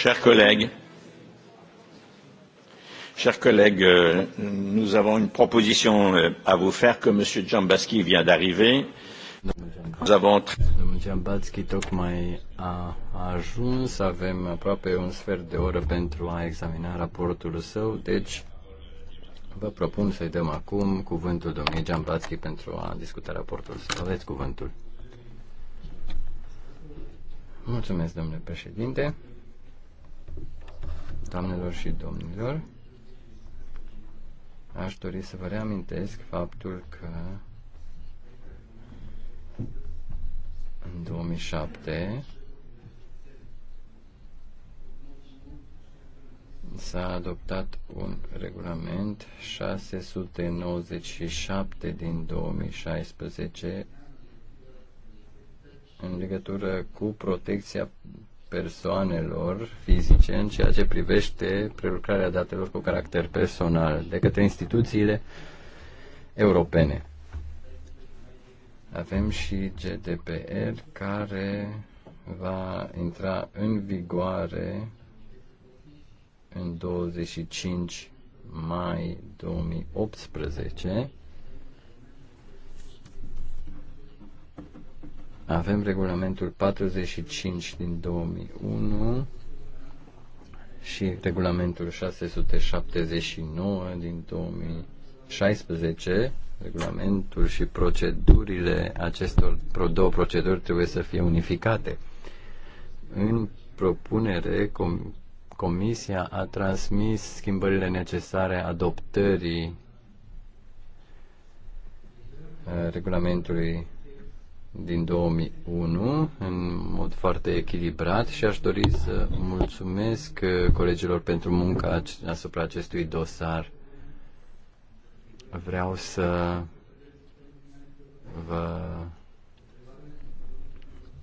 Chers collègues, chers collègues, euh, nous avons une proposition euh, à vous faire que M. Jambaski vient d'arriver. Nous avons... Domnul Jambatski tocmai a ajuns, avem aproape un sfert de oră pentru a examina raportul său, deci vă propun să-i dăm acum cuvântul domnului Jambatski pentru a discuta raportul său. Aveți cuvântul. Mulțumesc, domnule președinte. Doamnelor și domnilor, aș dori să vă reamintesc faptul că în 2007 s-a adoptat un regulament 697 din 2016 în legătură cu protecția persoanelor fizice în ceea ce privește prelucrarea datelor cu caracter personal de către instituțiile europene. Avem și GDPR care va intra în vigoare în 25 mai 2018 Avem regulamentul 45 din 2001 și regulamentul 679 din 2016. Regulamentul și procedurile acestor două proceduri trebuie să fie unificate. În propunere, com Comisia a transmis schimbările necesare adoptării uh, regulamentului din 2001 în mod foarte echilibrat și aș dori să mulțumesc uh, colegilor pentru munca asupra acestui dosar. Vreau să vă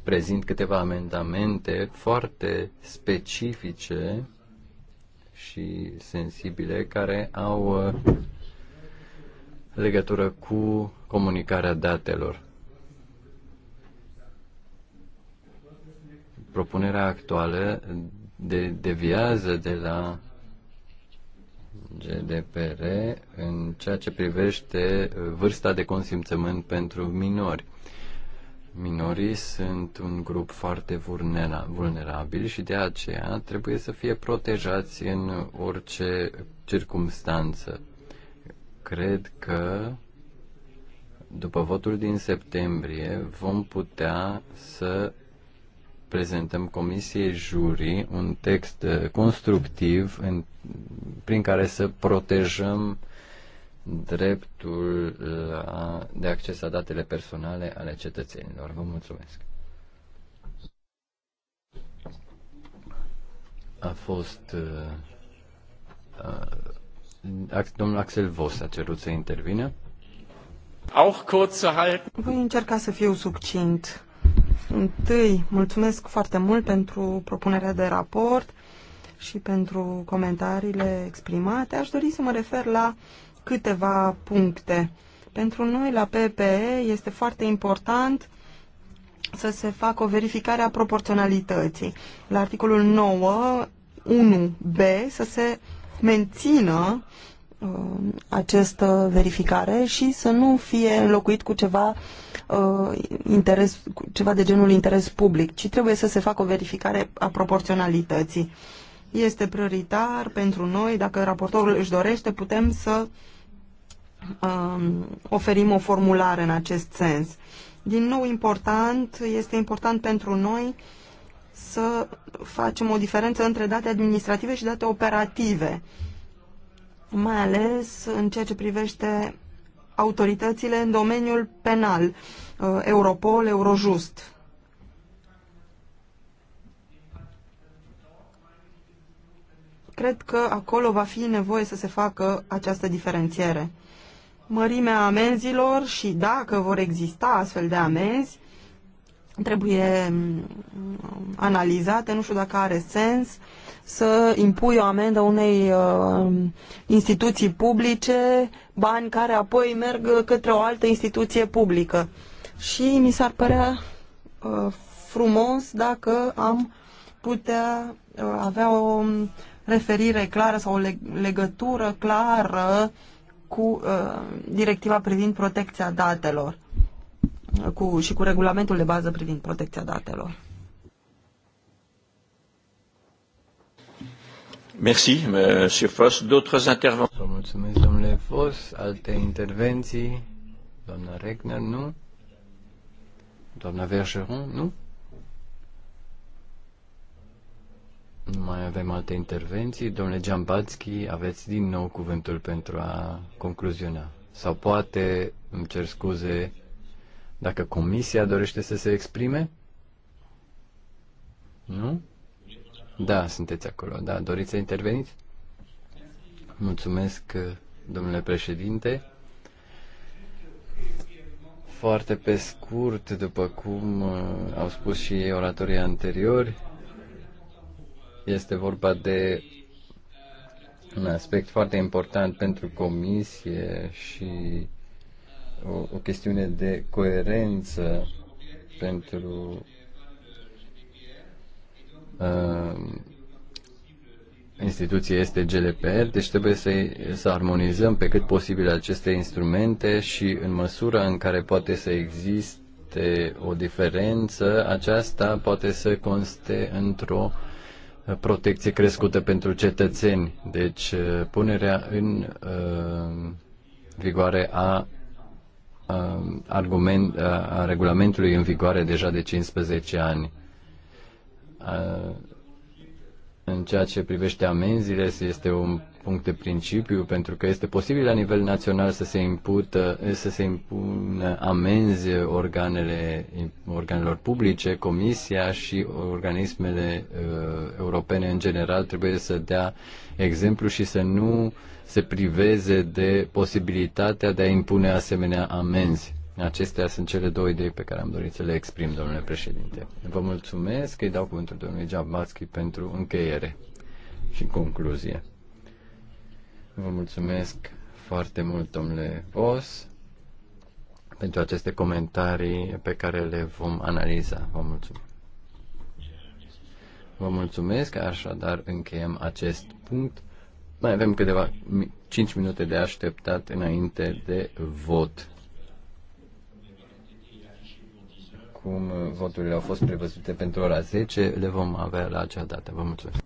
prezint câteva amendamente foarte specifice și sensibile care au uh, legătură cu comunicarea datelor propunerea actuală de, deviază de la GDPR în ceea ce privește vârsta de consimțământ pentru minori. Minorii sunt un grup foarte vulnerabil și de aceea trebuie să fie protejați în orice circumstanță. Cred că după votul din septembrie vom putea să prezentăm Comisiei Jurii un text uh, constructiv în, prin care să protejăm dreptul la, uh, de acces la datele personale ale cetățenilor. Vă mulțumesc. A fost uh, uh domnul Axel Vos a cerut să intervină. Voi încerca să fiu succint. Întâi, mulțumesc foarte mult pentru propunerea de raport și pentru comentariile exprimate. Aș dori să mă refer la câteva puncte. Pentru noi, la PPE, este foarte important să se facă o verificare a proporționalității. La articolul 9, 1b, să se mențină Uh, această verificare și să nu fie înlocuit cu ceva, uh, interes, cu ceva de genul interes public, ci trebuie să se facă o verificare a proporționalității. Este prioritar pentru noi, dacă raportorul își dorește, putem să uh, oferim o formulare în acest sens. Din nou, important, este important pentru noi să facem o diferență între date administrative și date operative. Uh, mai ales în ceea ce privește autoritățile în domeniul penal, uh, Europol, Eurojust. Cred că acolo va fi nevoie să se facă această diferențiere. Mărimea amenzilor și dacă vor exista astfel de amenzi, trebuie mm, analizate, nu știu dacă are sens, uh, să impui o amendă unei uh, instituții publice, bani care apoi merg către o altă instituție publică. Și mi s-ar părea uh, frumos dacă am putea uh, avea o referire clară sau o leg legătură clară cu uh, directiva privind protecția datelor uh, cu, și cu regulamentul de bază privind protecția datelor. Merci, Monsieur Foss. D'autres interventions? Vă mulțumesc, domnule Foss. Alte intervenții? Doamna Regner, nu? Doamna Vergeron, nu? Nu mai avem alte intervenții. Domnule Giambatski, aveți din nou cuvântul pentru a concluziona. Sau poate, îmi cer scuze, dacă comisia dorește să se exprime? Nu? Da, sunteți acolo. Da, doriți să interveniți? Mulțumesc, domnule președinte. Foarte pe scurt, după cum uh, au spus și oratorii anteriori, este vorba de un aspect foarte important pentru comisie și o, o chestiune de coerență pentru Uh, instituție este GDPR, deci trebuie să, să armonizăm pe cât posibil aceste instrumente și în măsura în care poate să existe o diferență, aceasta poate să conste într-o uh, protecție crescută pentru cetățeni. Deci uh, punerea în uh, vigoare a, uh, argument, a, a regulamentului în vigoare deja de 15 ani. În ceea ce privește amenziile, este un punct de principiu, pentru că este posibil la nivel național să se, impută, să se impună amenzi organele, organelor publice, comisia și organismele uh, europene în general trebuie să dea exemplu și să nu se priveze de posibilitatea de a impune asemenea amenzi. Acestea sunt cele două idei pe care am dorit să le exprim, domnule președinte. Vă mulțumesc, îi dau cuvântul domnului Jabatski pentru încheiere și concluzie. Vă mulțumesc foarte mult, domnule Vos, pentru aceste comentarii pe care le vom analiza. Vă mulțumesc. Vă mulțumesc, așadar încheiem acest punct. Mai avem câteva 5 minute de așteptat înainte de vot. acum voturile au fost prevăzute pentru ora 10, le vom avea la acea dată. Vă mulțumesc.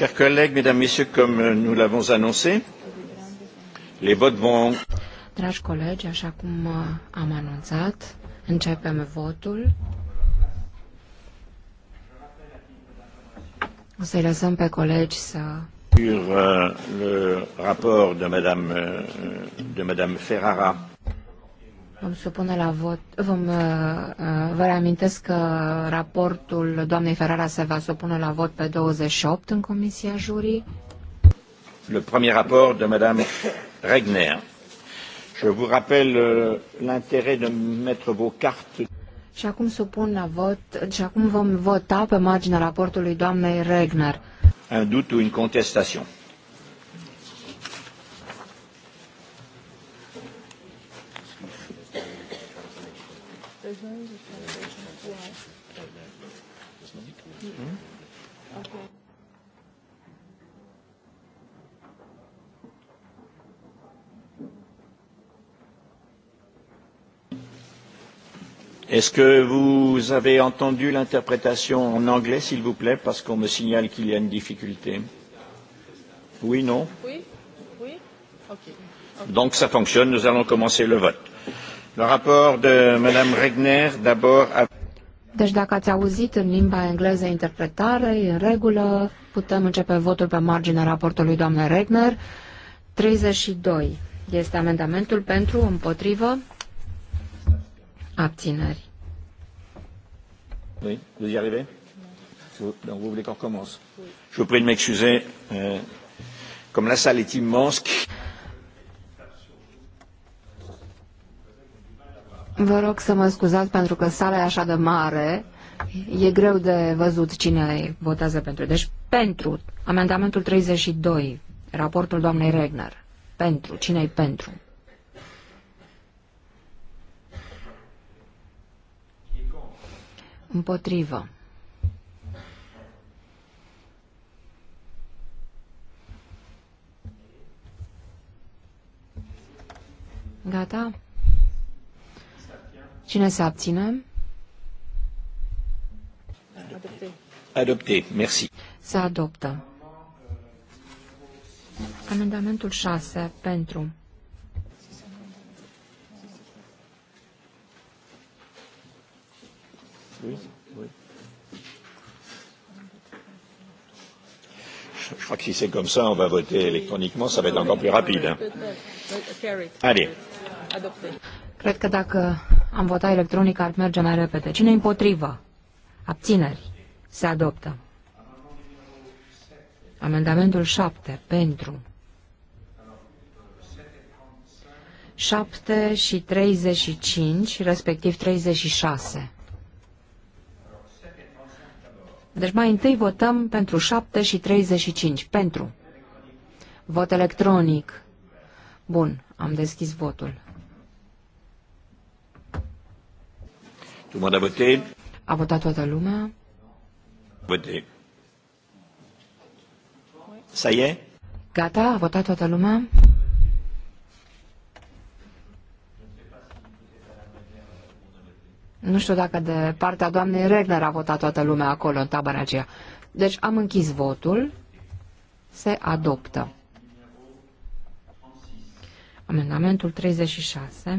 Chers collègues, mesdames, messieurs, comme euh, nous l'avons annoncé, les votes vont... Dragi colegi, așa cum uh, am anunțat, începem votul. O să-i lăsăm pe colegi să... Sur uh, le rapport de madame, uh, de madame Ferrara. Vom supune la vot, vom uh, Vă reamintesc că raportul doamnei Ferrara se va supune la vot pe 28 în Comisia Jurii. Le premier raport de Madame Regner. Je vous rappelle euh, l'intérêt de mettre vos cartes. Și acum supun la vot, și acum vom vota pe marginea raportului doamnei Regner. Un doute ou une contestation? Est-ce que vous avez entendu l'interprétation en anglais, s'il vous plaît, parce qu'on me signale qu'il y a une difficulté Oui, non Oui, oui. Okay. Okay. Donc ça fonctionne, nous allons commencer le vote. Le rapport de Mme Regner, d'abord. A... Deci dacă ați auzit în limba engleză interpretare, e în regulă, putem începe votul pe marginea raportului doamnei Regner. 32 este amendamentul pentru, împotrivă, abțineri. Oui, vous y arrivez vous, Donc vous voulez qu'on recommence oui. Je vous prie de m'excuser. Euh, comme la salle est immense. Vă rog să mă scuzați pentru că sala e așa de mare. E greu de văzut cine votează pentru. Deci pentru amendamentul 32, raportul doamnei Regner. Pentru. Cine-i pentru? Împotrivă. Gata? Cine se abține? Adopté. Merci. Se adoptă. Amendamentul 6 pentru Oui, Je crois que si c'est comme ça, on va voter électroniquement, ça va être encore plus rapide. Allez. Cred că dacă am votat electronic ar merge mai repede. Cine împotrivă? Abțineri. Se adoptă. Amendamentul 7. Pentru. 7 și 35, respectiv 36. Deci mai întâi votăm pentru 7 și 35. Pentru. Vot electronic. Bun, am deschis votul. A votat toată lumea. Voté. Ça Gata, a votat toată lumea. Nu știu dacă de partea doamnei Regner a votat toată lumea acolo, în tabăra aceea. Deci am închis votul. Se adoptă. Amendamentul 36.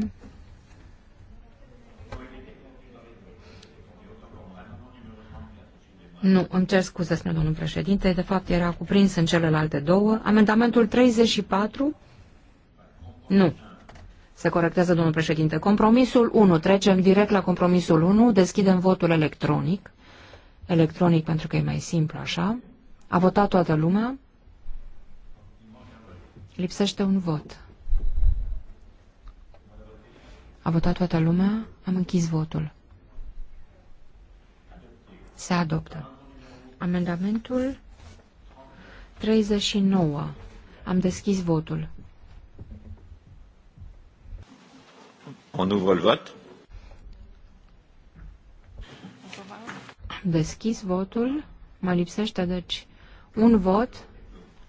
Nu, îmi cer scuze, spune domnul președinte, de fapt era cuprins în celelalte două. Amendamentul 34? Nu. Se corectează, domnul președinte. Compromisul 1. Trecem direct la compromisul 1. Deschidem votul electronic. Electronic pentru că e mai simplu așa. A votat toată lumea. Lipsește un vot. A votat toată lumea. Am închis votul. Se adoptă. Amendamentul 39. Am deschis votul. On ouvre le vote. deschis votul. Mă lipsește, deci, un vot.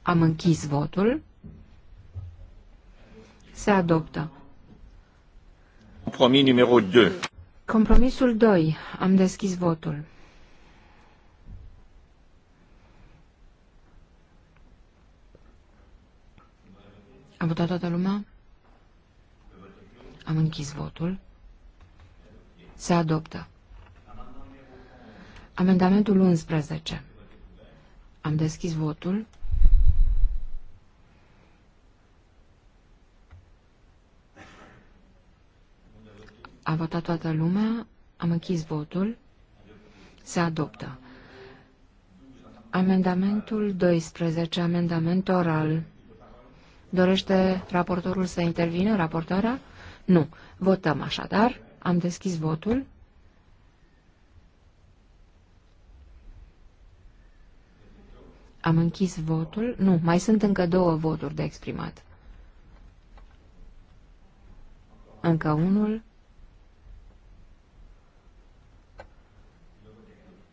Am închis votul. Se adoptă. Compromis numărul 2. Compromisul 2. Am deschis votul. A votat toată lumea? Am închis votul. Se adoptă. Amendamentul 11. Am deschis votul. A votat toată lumea. Am închis votul. Se adoptă. Amendamentul 12, amendament oral. Dorește raportorul să intervină, raportarea? Nu. Votăm așadar. Am deschis votul. Am închis votul. Nu, mai sunt încă două voturi de exprimat. Încă unul.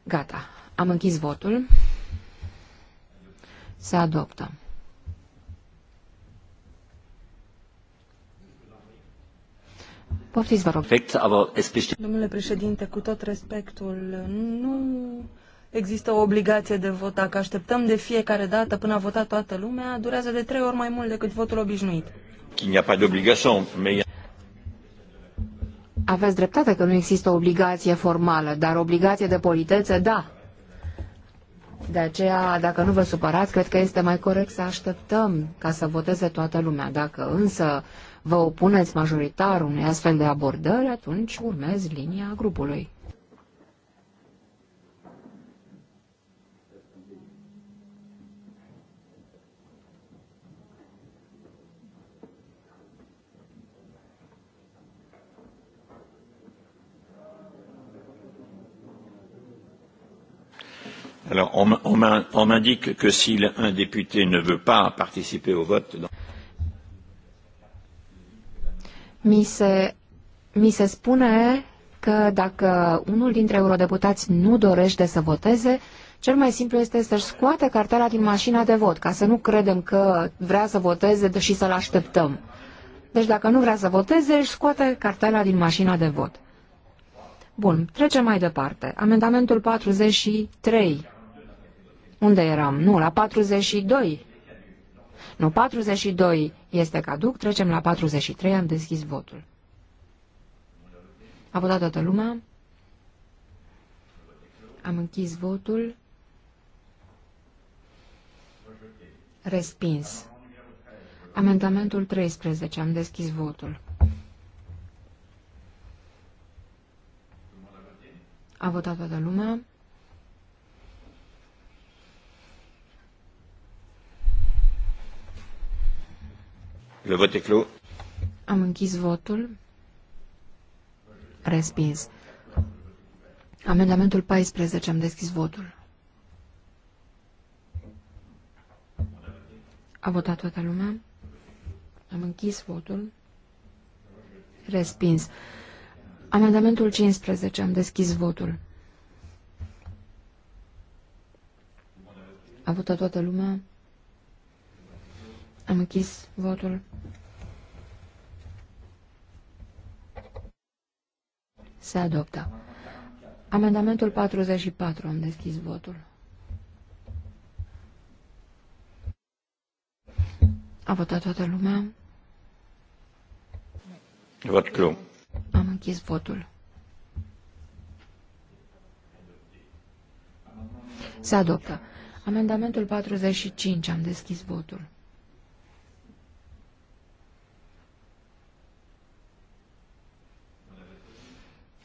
Gata. Am închis votul. Se adoptă. Poftiți, vă rog. Domnule președinte, cu tot respectul, nu există o obligație de vot. Dacă așteptăm de fiecare dată până a votat toată lumea, durează de trei ori mai mult decât votul obișnuit. Aveți dreptate că nu există o obligație formală, dar obligație de politețe, da. De aceea, dacă nu vă supărați, cred că este mai corect să așteptăm ca să voteze toată lumea. Dacă însă vă opuneți majoritar unei astfel de abordări, atunci urmezi linia grupului. Alors, on, on m'indique que si un député ne veut pas participer au vote. Dans... Mi se, mi se spune că dacă unul dintre eurodeputați nu dorește să voteze, cel mai simplu este să-și scoate cartela din mașina de vot, ca să nu credem că vrea să voteze și să-l așteptăm. Deci dacă nu vrea să voteze, își scoate cartela din mașina de vot. Bun, trecem mai departe. Amendamentul 43. Unde eram? Nu, la 42. Nu, 42 este caduc, trecem la 43, am deschis votul. A votat toată lumea. Am închis votul. Respins. Amendamentul 13. Am deschis votul. A votat toată lumea. Le vot clos. Am închis votul. Respins. Amendamentul 14. Am deschis votul. A votat toată lumea. Am închis votul. Respins. Amendamentul 15. Am deschis votul. A votat toată lumea. Am închis votul. Se adoptă. Amendamentul 44. Am deschis votul. A votat toată lumea? Vot clu. Am închis votul. Se adoptă. Amendamentul 45. Am deschis votul.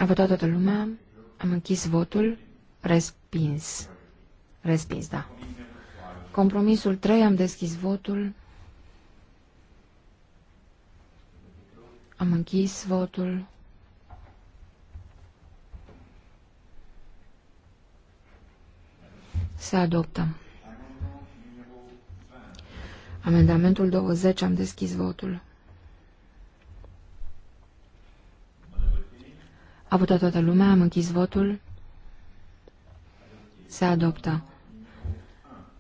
A votat toată lumea. Am închis votul. Respins. Respins, da. Compromisul 3, am deschis votul. Am închis votul. Se adoptă. Amendamentul 20, am deschis votul. A votat toată lumea, am închis votul. Se adoptă.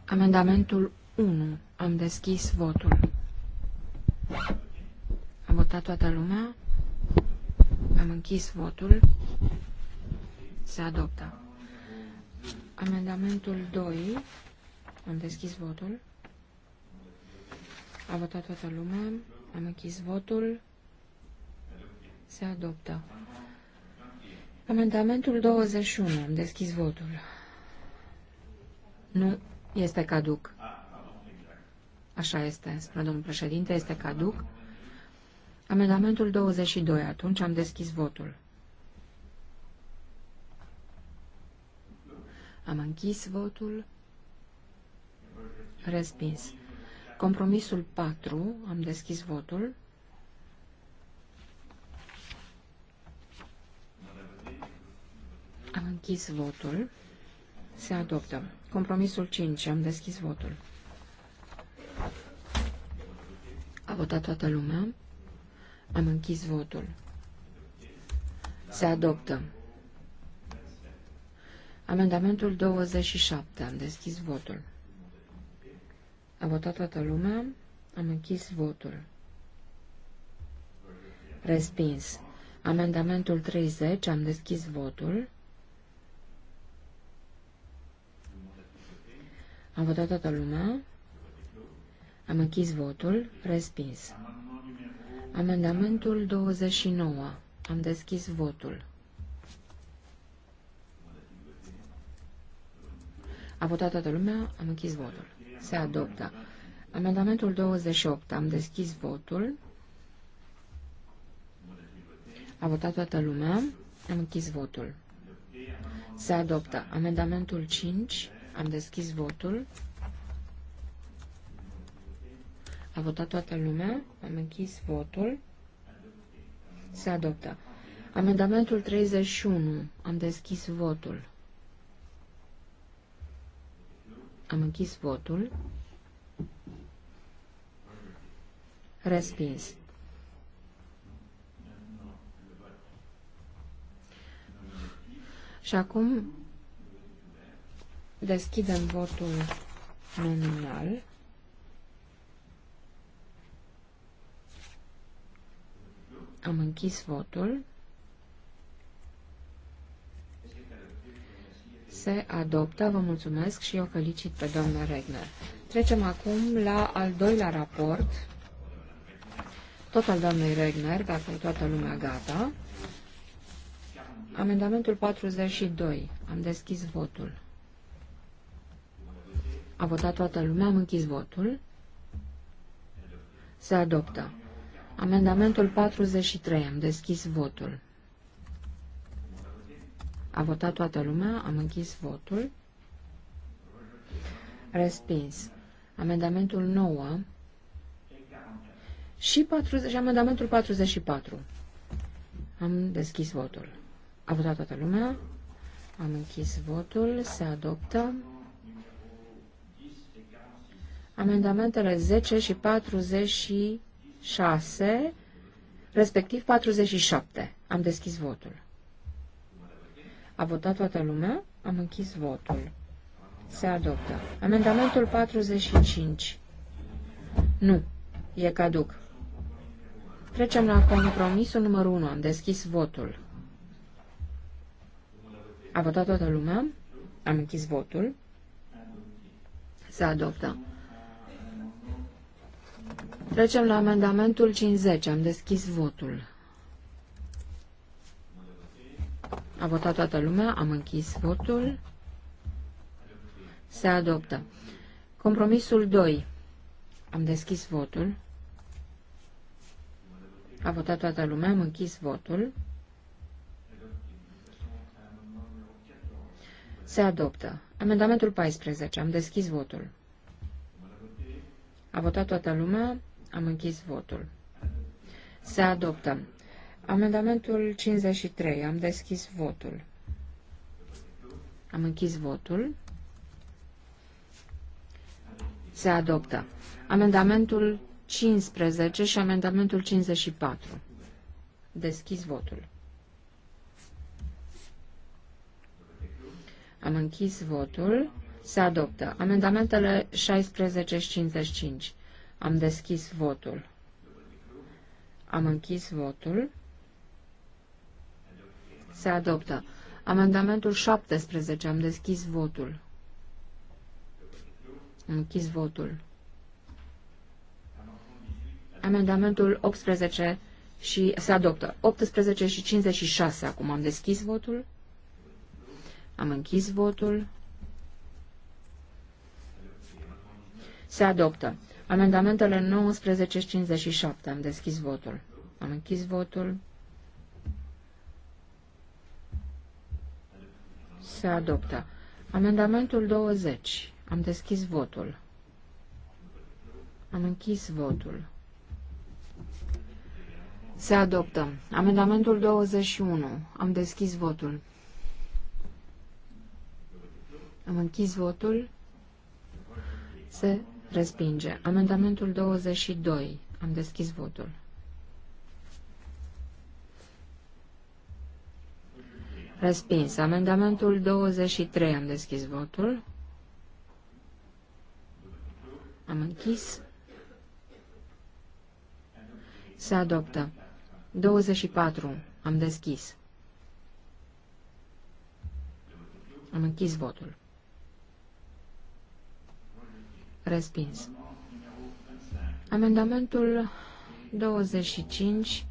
Amendamentul 1. Am deschis votul. A votat toată lumea. Am închis votul. Se adoptă. Amendamentul 2. Am deschis votul. A votat toată lumea. Am închis votul. Se adoptă. Amendamentul 21. Am deschis votul. Nu, este caduc. Așa este, spune domnul președinte, este caduc. Amendamentul 22. Atunci am deschis votul. Am închis votul. Respins. Compromisul 4. Am deschis votul. Am închis votul. Se adoptă. Compromisul 5. Am deschis votul. A votat toată lumea. Am închis votul. Se adoptă. Amendamentul 27. Am deschis votul. A votat toată lumea. Am închis votul. Respins. Amendamentul 30. Am deschis votul. A votat toată lumea. Am închis votul. Respins. Amendamentul 29. Am deschis votul. A votat toată lumea. Am închis votul. Se adoptă. Amendamentul 28. Am deschis votul. A votat toată lumea. Am închis votul. Se adoptă. Amendamentul 5. Am deschis votul. A votat toată lumea. Am închis votul. Se adoptă. Amendamentul 31. Am deschis votul. Am închis votul. Respins. Și acum Deschidem votul nominal. Am închis votul. Se adoptă. Vă mulțumesc și eu felicit pe doamna Regner. Trecem acum la al doilea raport, tot al doamnei Regner, dacă e toată lumea gata. Amendamentul 42. Am deschis votul. A votat toată lumea, am închis votul. Se adoptă. Amendamentul 43. Am deschis votul. A votat toată lumea, am închis votul. Respins. Amendamentul 9 și, 40, și amendamentul 44. Am deschis votul. A votat toată lumea, am închis votul, se adoptă. Amendamentele 10 și 46, respectiv 47. Am deschis votul. A votat toată lumea? Am închis votul. Se adoptă. Amendamentul 45. Nu. E caduc. Trecem la compromisul numărul 1. Am deschis votul. A votat toată lumea. Am închis votul. Se adoptă. Trecem la amendamentul 50. Am deschis votul. A votat toată lumea, am închis votul. Se adoptă. Compromisul 2. Am deschis votul. A votat toată lumea, am închis votul. Se adoptă. Amendamentul 14. Am deschis votul. A votat toată lumea, am închis votul. Se adoptă. Amendamentul 53. Am deschis votul. Am închis votul. Se adoptă. Amendamentul 15 și amendamentul 54. Deschis votul. Am închis votul. Se adoptă. Amendamentele 16 și 55. Am deschis votul. Am închis votul. Se adoptă. Amendamentul 17. Am deschis votul. Am închis votul. Amendamentul 18 și se adoptă. 18 și 56. Acum am deschis votul. Am închis votul. Se adoptă. Amendamentele 19 și 57. Am deschis votul. Am închis votul. Se adoptă. Amendamentul 20. Am deschis votul. Am închis votul. Se adoptă. Amendamentul 21. Am deschis votul. Am închis votul. Se Respinge. Amendamentul 22. Am deschis votul. Respins. Amendamentul 23. Am deschis votul. Am închis. Se adoptă. 24. Am deschis. Am închis votul. Respins. Amendamentul 25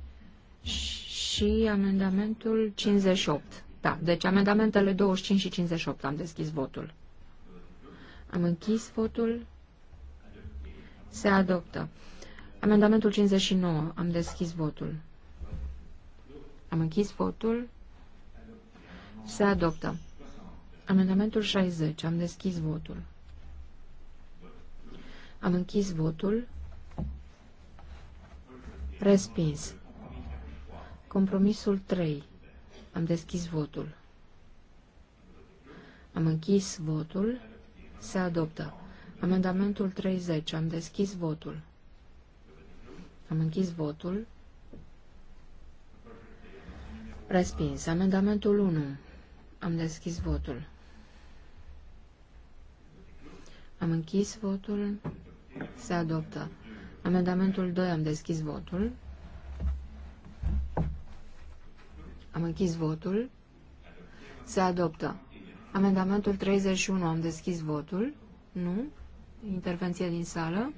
și amendamentul 58. Da, deci amendamentele 25 și 58. Am deschis votul. Am închis votul. Se adoptă. Amendamentul 59. Am deschis votul. Am închis votul. Se adoptă. Amendamentul 60. Am deschis votul. Am închis votul. Respins. Compromisul 3. Am deschis votul. Am închis votul. Se adoptă. Amendamentul 30. Am deschis votul. Am închis votul. Respins. Amendamentul 1. Am deschis votul. Am închis votul. Se adoptă. Amendamentul 2. Am deschis votul. Am închis votul. Se adoptă. Amendamentul 31. Am deschis votul. Nu. Intervenție din sală.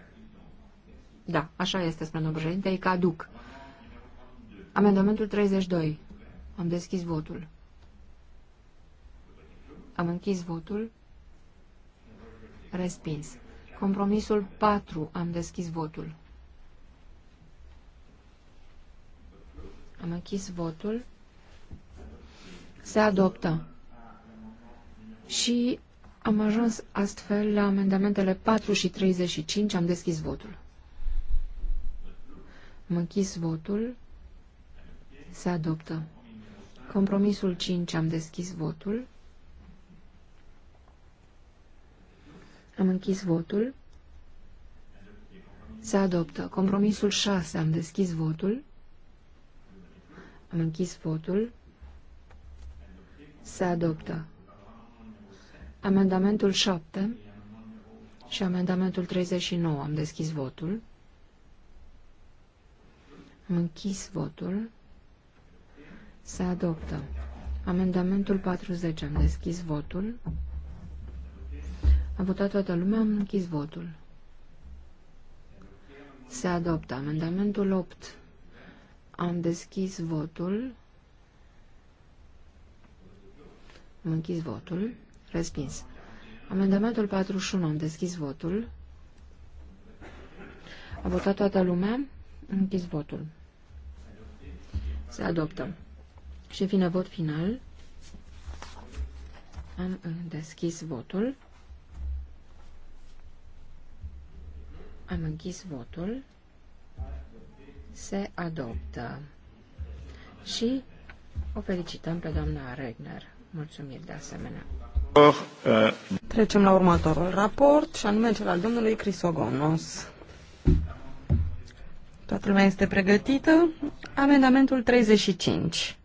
Da, așa este, spre domnul președinte, e caduc. Amendamentul 32. Am deschis votul. Am închis votul. Respins. Compromisul 4. Am deschis votul. Am închis votul. Se adoptă. Și am ajuns astfel la amendamentele 4 și 35. Am deschis votul. Am închis votul. Se adoptă. Compromisul 5. Am deschis votul. Am închis votul. Se adoptă. Compromisul 6. Am deschis votul. Am închis votul. Se adoptă. Amendamentul 7 și amendamentul 39. Am deschis votul. Am închis votul. Se adoptă. Amendamentul 40. Am deschis votul. A votat toată lumea, am închis votul. Se adoptă amendamentul 8. Am deschis votul. Am închis votul. Respins. Amendamentul 41. Am deschis votul. A votat toată lumea. Am închis votul. Se adoptă. Și vine vot final. Am deschis votul. Am închis votul. Se adoptă. Și o felicităm pe doamna Regner. Mulțumiri de asemenea. Trecem la următorul raport și anume cel al domnului Crisogonos. Toată lumea este pregătită. Amendamentul 35.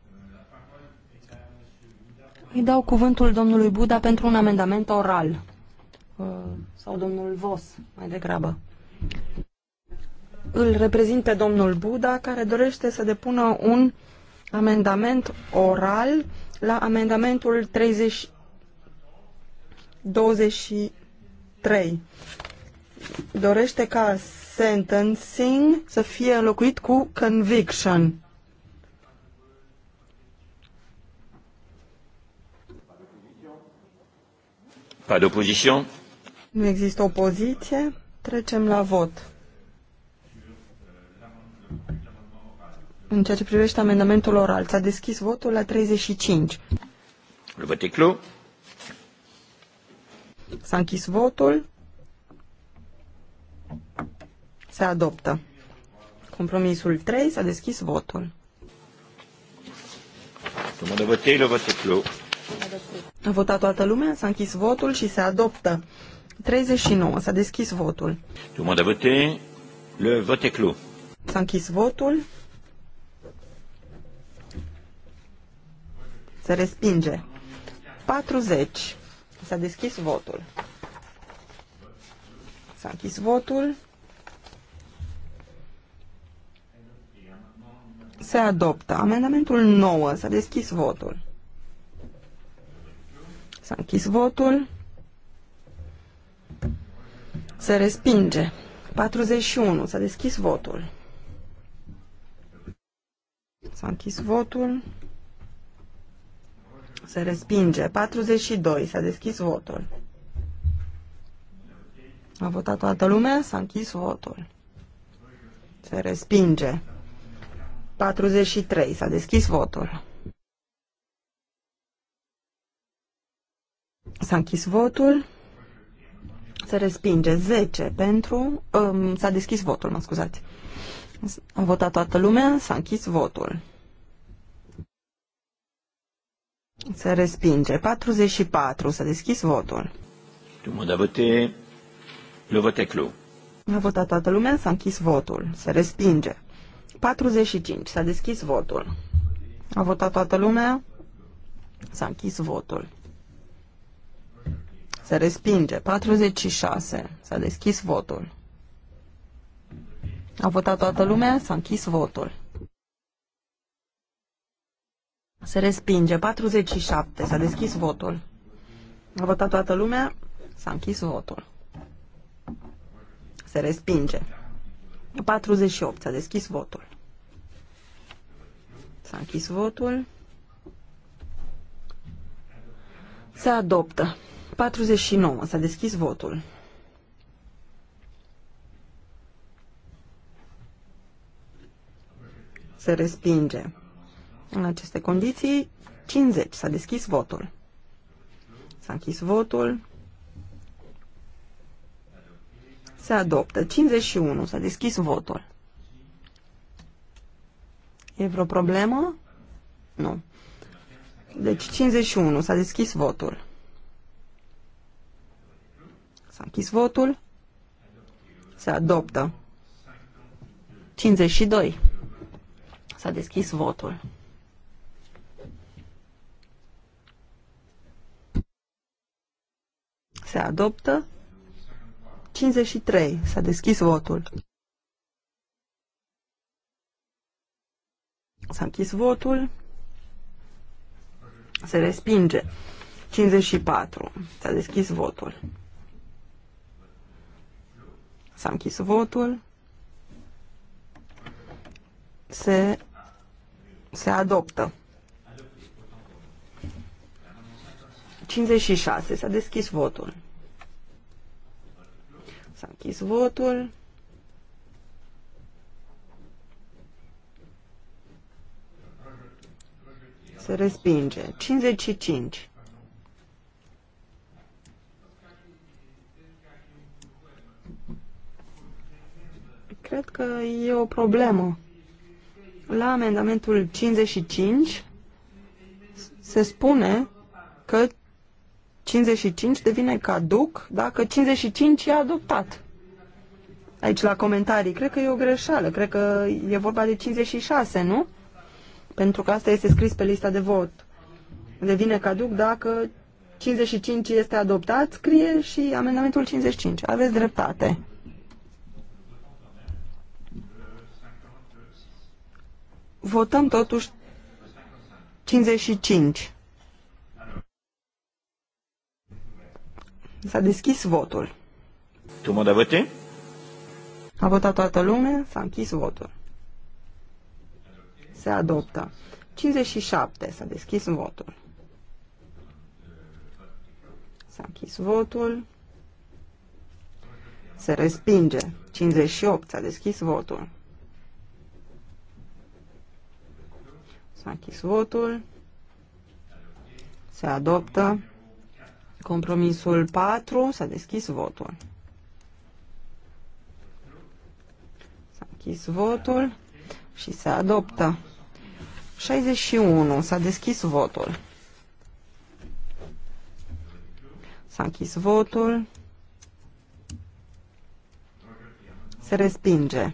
Îi dau cuvântul domnului Buda pentru un amendament oral. Uh, sau domnul Vos, mai degrabă. Îl pe domnul Buda, care dorește să depună un amendament oral la amendamentul 30... 23. Dorește ca sentencing să fie înlocuit cu conviction. Pas d'opposition? Nu există opoziție. Trecem la vot. În ceea ce privește amendamentul oral, s-a deschis votul la 35. vot clos. S-a închis votul. Se adoptă. Compromisul 3 s-a deschis votul. voté, le vote clos. A votat toată lumea, s-a închis votul și se adoptă. 39. S-a deschis votul. Tout le monde a Le vote est clos. S-a închis votul. Se respinge. 40. S-a deschis votul. S-a închis votul. Se adoptă. Amendamentul 9. S-a deschis votul. S-a închis votul. Se respinge. 41. S-a deschis votul. S-a închis votul. Se respinge. 42. S-a deschis votul. A votat toată lumea, s-a închis votul. Se respinge. 43. S-a deschis votul. S-a închis votul. Se respinge. 10 pentru... Um, s-a deschis votul, mă scuzați. A votat toată lumea, s-a închis votul. Se respinge. 44. S-a deschis votul. Tout le monde a voté. Le vote clou. A votat toată lumea, s-a închis votul. Se respinge. 45. S-a deschis votul. A votat toată lumea, s-a închis votul. Se respinge. 46. S-a deschis votul. A votat toată lumea? S-a închis votul. Se respinge. 47. S-a deschis votul. A votat toată lumea? S-a închis votul. Se respinge. 48. S-a deschis votul. S-a închis votul. Se adoptă. 149. S-a deschis votul. Se respinge. În aceste condiții, 50. S-a deschis votul. S-a închis votul. Se adoptă. 51. S-a deschis votul. E vreo problemă? Nu. Deci 51. S-a deschis votul. S-a închis votul. Se adoptă. 52. S-a deschis votul. Se adoptă. 53. S-a deschis votul. S-a închis votul. Se respinge. 54. S-a deschis votul. S-a închis votul. Se, se adoptă. 56. S-a deschis votul. S-a închis votul. Se respinge. 55. Cred că e o problemă. La amendamentul 55 se spune că 55 devine caduc dacă 55 e adoptat. Aici la comentarii, cred că e o greșeală, cred că e vorba de 56, nu? Pentru că asta este scris pe lista de vot. Devine caduc dacă 55 este adoptat, scrie și amendamentul 55. Aveți dreptate. Votăm totuși 55. S-a deschis votul. Tu mă dăvăte? a A votat toată lumea, s-a închis votul. Se adoptă. 57. S-a deschis votul. S-a închis votul. Se respinge. 58. S-a deschis votul. S-a închis votul. Se adoptă. Compromisul 4. S-a deschis votul. S-a închis votul și se adoptă. 61. S-a deschis votul. S-a închis votul. Se respinge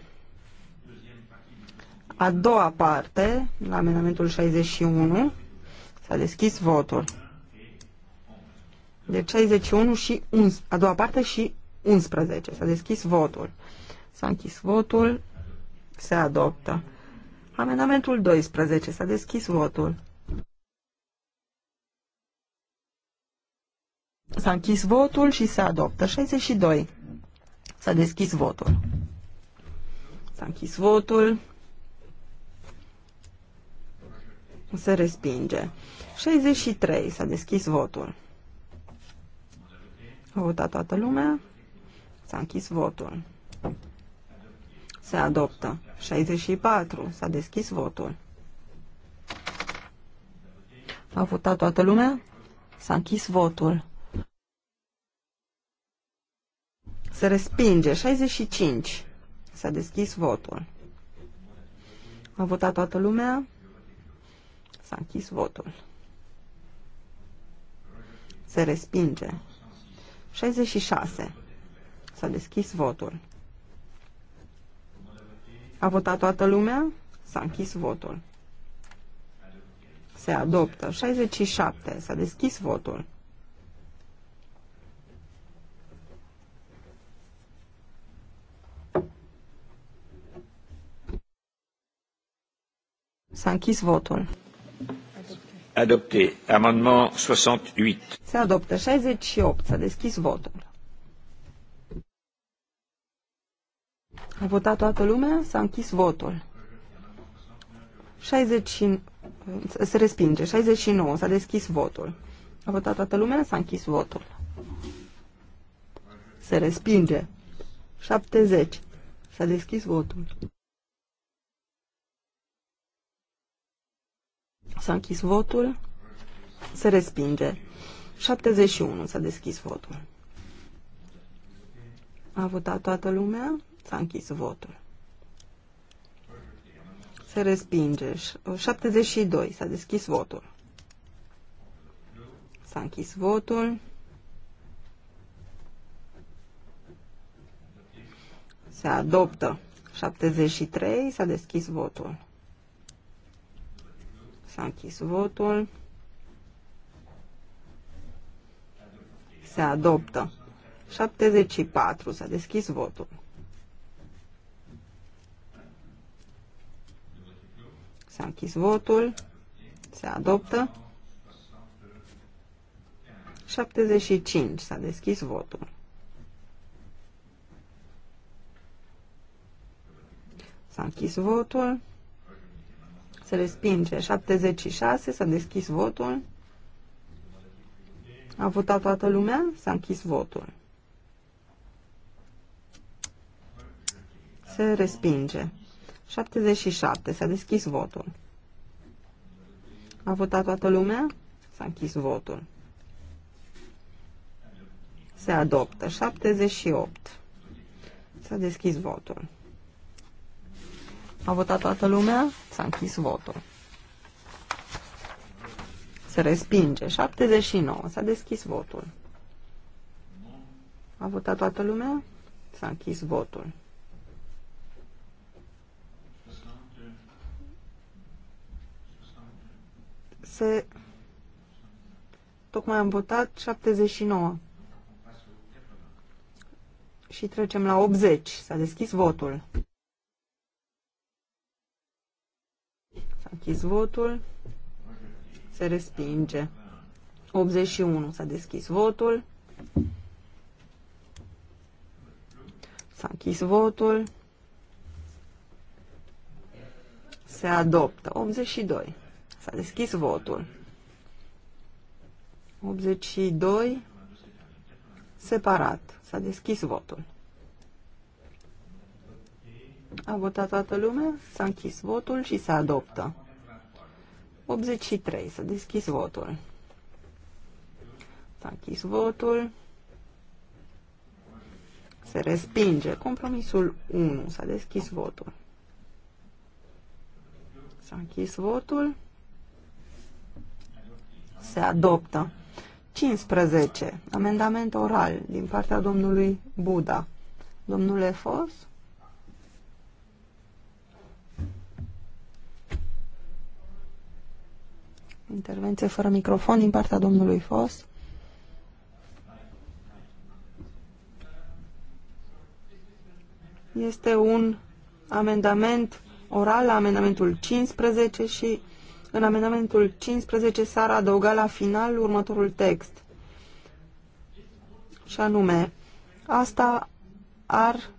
a doua parte, la amendamentul 61, s-a deschis votul. Deci 61 și 11, a doua parte și 11, s-a deschis votul. S-a închis votul, se adoptă. Amendamentul 12, s-a deschis votul. S-a închis votul și se adoptă. 62. S-a deschis votul. S-a închis votul, Se respinge. 63. S-a deschis votul. A votat toată lumea. S-a închis votul. Se adoptă. 64. S-a deschis votul. A votat toată lumea? S-a închis votul. Se respinge. 65. S-a deschis votul. A votat toată lumea? S-a închis votul. Se respinge. 66. S-a deschis votul. A votat toată lumea? S-a închis votul. Se adoptă. 67. S-a deschis votul. S-a închis votul adopté. Amendement 68. Se adoptă 68. S-a deschis votul. A votat toată lumea? S-a închis votul. 60 se respinge. 69. S-a deschis votul. A votat toată lumea? S-a închis votul. Se respinge. 70. S-a deschis votul. S-a închis votul. Se respinge. 71 s-a deschis votul. A votat toată lumea. S-a închis votul. Se respinge. 72 s-a deschis votul. S-a închis votul. Se adoptă. 73 s-a deschis votul. S-a închis votul. Se adoptă. 74. S-a deschis votul. S-a închis votul. Se adoptă. 75. S-a deschis votul. S-a închis votul se respinge. 76, s-a deschis votul. A votat toată lumea, s-a închis votul. Se respinge. 77, s-a deschis votul. A votat toată lumea, s-a închis votul. Se adoptă. 78. S-a deschis votul. A votat toată lumea? S-a închis votul. Se respinge. 79. S-a deschis votul. A votat toată lumea? S-a închis votul. Se... Tocmai am votat 79. Și trecem la 80. S-a deschis votul. deschis votul. Se respinge. 81 s-a deschis votul. S-a închis votul. Se adoptă. 82. S-a deschis votul. 82. Separat. S-a deschis votul. A votat toată lumea, s-a închis votul și se adoptă. 83. Să deschis votul. S-a închis votul. Se respinge. Compromisul 1. S-a deschis votul. S-a închis votul. Se adoptă. 15. Amendament oral din partea domnului Buda. Domnule Fos? intervenție fără microfon din partea domnului Fos. Este un amendament oral la amendamentul 15 și în amendamentul 15 s-ar adăuga la final următorul text. Și anume, asta ar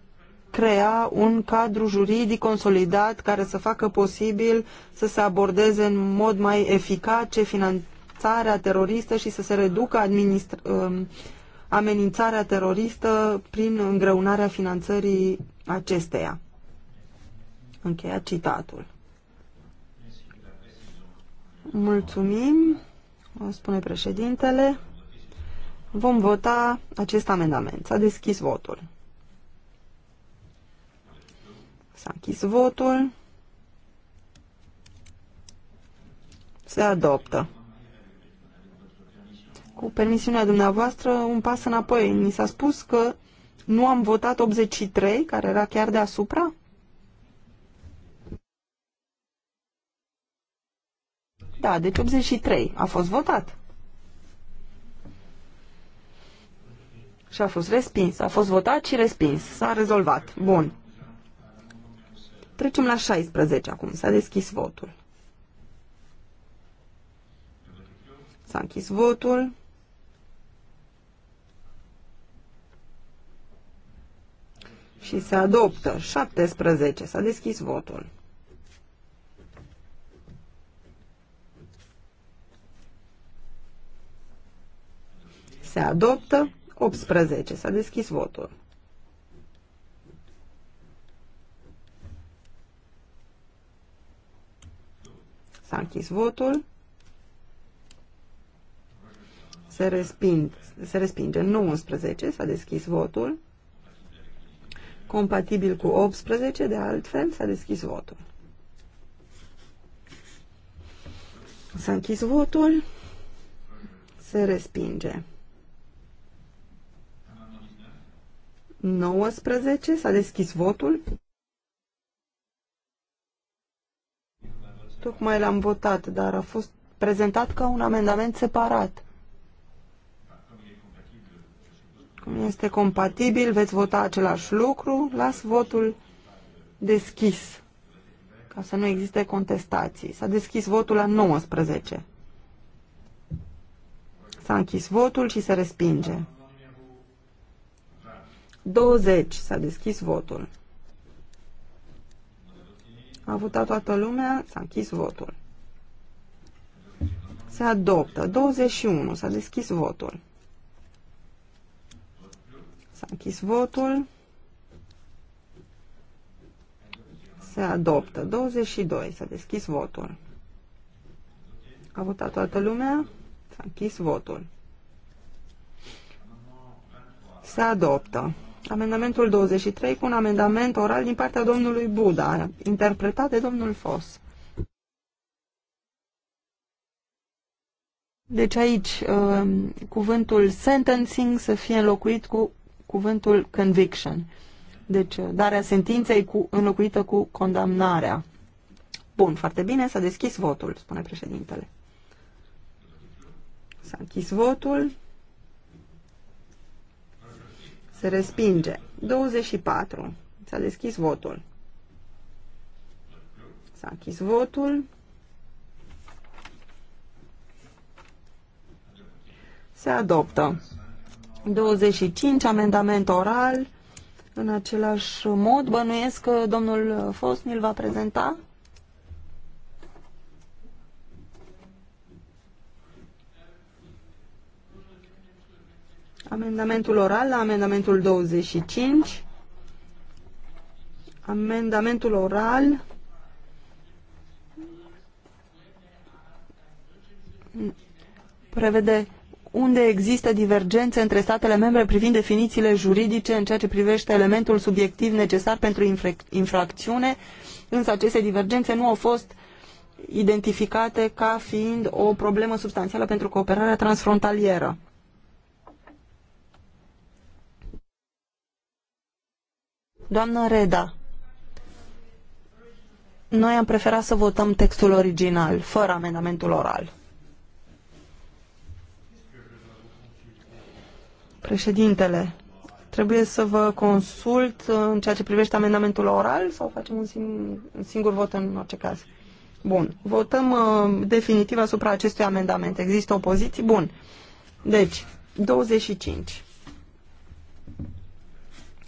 crea un cadru juridic consolidat care să facă posibil să se abordeze în mod mai eficace finanțarea teroristă și să se reducă um, amenințarea teroristă prin îngreunarea finanțării acesteia. Încheia citatul. Mulțumim, spune președintele. Vom vota acest amendament. S-a deschis votul. S-a închis votul. Se adoptă. Cu permisiunea dumneavoastră, un pas înapoi. Mi s-a spus că nu am votat 83, care era chiar deasupra? Da, deci 83 a fost votat. Și a fost respins. A fost votat și respins. S-a rezolvat. Bun. Trecem la 16 acum. S-a deschis votul. S-a închis votul. Și se adoptă 17. S-a deschis votul. Se adoptă 18. S-a deschis votul. S-a închis votul. Se, resping, se respinge 19, s-a deschis votul. Compatibil cu 18, de altfel, s-a deschis votul. S-a închis votul. Se respinge. 19. S-a deschis votul. Tocmai l-am votat, dar a fost prezentat ca un amendament separat. Cum este compatibil, veți vota același lucru, las votul deschis, ca să nu existe contestații. S-a deschis votul la 19. S-a închis votul și se respinge. 20. S-a deschis votul. A votat toată lumea, s-a închis votul. Se adoptă. 21. S-a deschis votul. S-a închis votul. Se adoptă. 22. S-a deschis votul. A votat toată lumea. S-a închis votul. Se adoptă amendamentul 23 cu un amendament oral din partea domnului Buda, interpretat de domnul Fos. Deci aici um, cuvântul sentencing să fie înlocuit cu cuvântul conviction. Deci uh, darea sentinței cu, înlocuită cu condamnarea. Bun, foarte bine, s-a deschis votul, spune președintele. S-a închis votul. Se respinge. 24. S-a deschis votul. S-a închis votul. Se adoptă. 25. Amendament oral. În același mod, bănuiesc că domnul Fosnil va prezenta. Amendamentul oral la amendamentul 25. Amendamentul oral prevede unde există divergențe între statele membre privind definițiile juridice în ceea ce privește elementul subiectiv necesar pentru infracțiune, însă aceste divergențe nu au fost identificate ca fiind o problemă substanțială pentru cooperarea transfrontalieră. Doamnă Reda, noi am preferat să votăm textul original, fără amendamentul oral. Președintele, trebuie să vă consult în ceea ce privește amendamentul oral sau facem un, un singur vot în orice caz? Bun. Votăm uh, definitiv asupra acestui amendament. Există opoziții? Bun. Deci, 25.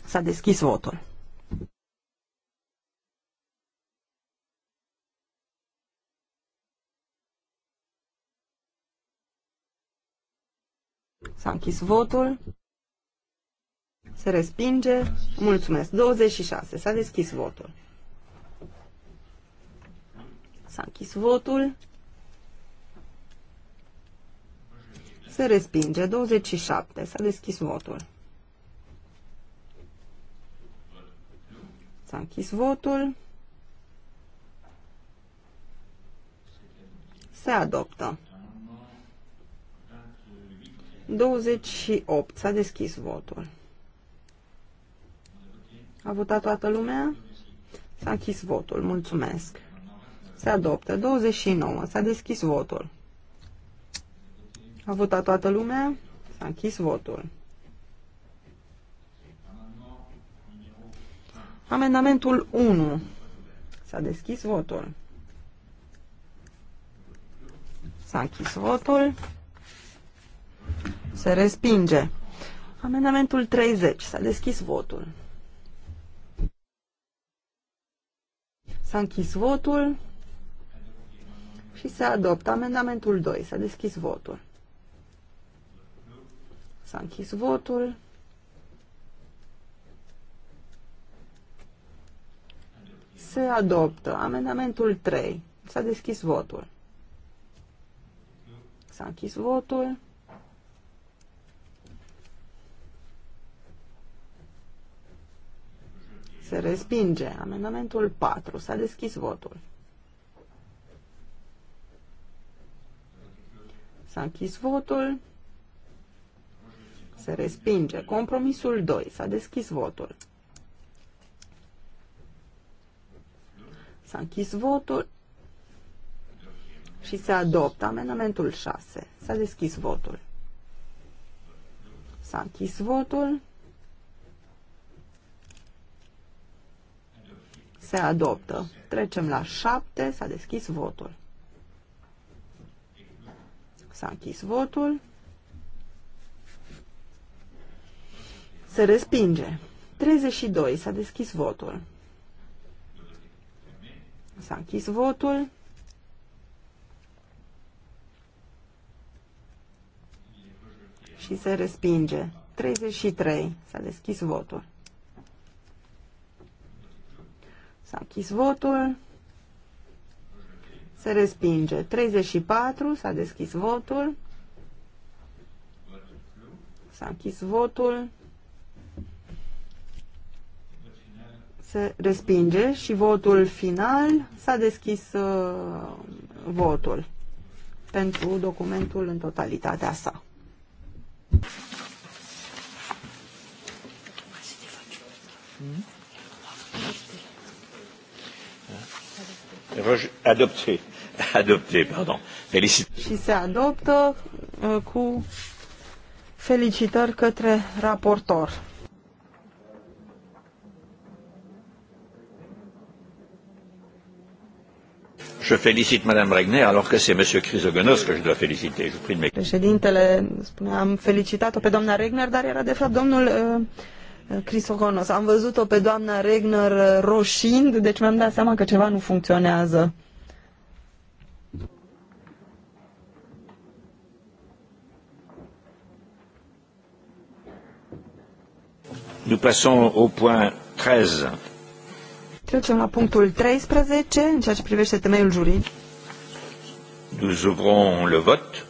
S-a deschis votul. S-a închis votul. Se respinge. Mulțumesc. 26. S-a deschis votul. S-a închis votul. Se respinge. 27. S-a deschis votul. S-a închis votul. Se adoptă. 28. S-a deschis votul. A votat toată lumea? S-a închis votul. Mulțumesc. Se adoptă. 29. S-a deschis votul. A votat toată lumea? S-a închis votul. Amendamentul 1. S-a deschis votul. S-a închis votul. Se respinge. Amendamentul 30. S-a deschis votul. S-a închis votul și se adoptă amendamentul 2. S-a deschis votul. S-a închis votul. Se adoptă amendamentul 3. S-a deschis votul. S-a închis votul. se respinge. Amendamentul 4. S-a deschis votul. S-a închis votul. Se respinge. Compromisul 2. S-a deschis votul. S-a închis votul și se adoptă amendamentul 6. S-a deschis votul. S-a închis votul se adoptă. Trecem la 7, s-a deschis votul. S-a închis votul. Se respinge. 32, s-a deschis votul. S-a închis votul. Și se respinge. 33, s-a deschis votul. S-a închis votul. Se respinge. 34. S-a deschis votul. S-a închis votul. Se respinge și votul final s-a deschis uh, votul pentru documentul în totalitatea sa. Mm-hmm. Adopté. Adopté, pardon. Felicitări. Și se adoptă uh, cu felicitări către raportor. Je félicite Madame Regner, alors que c'est Monsieur Chrysogonos que je dois féliciter. Je prie de mes... Președintele spunea, am felicitat-o pe doamna Regner, dar era de fapt domnul uh, Crisogonos. Am văzut-o pe doamna Regner uh, roșind, deci mi-am dat seama că ceva nu funcționează. Nous passons au point 13. Trecem la punctul 13, în ceea ce privește temeiul juridic. Nous ouvrons le vote.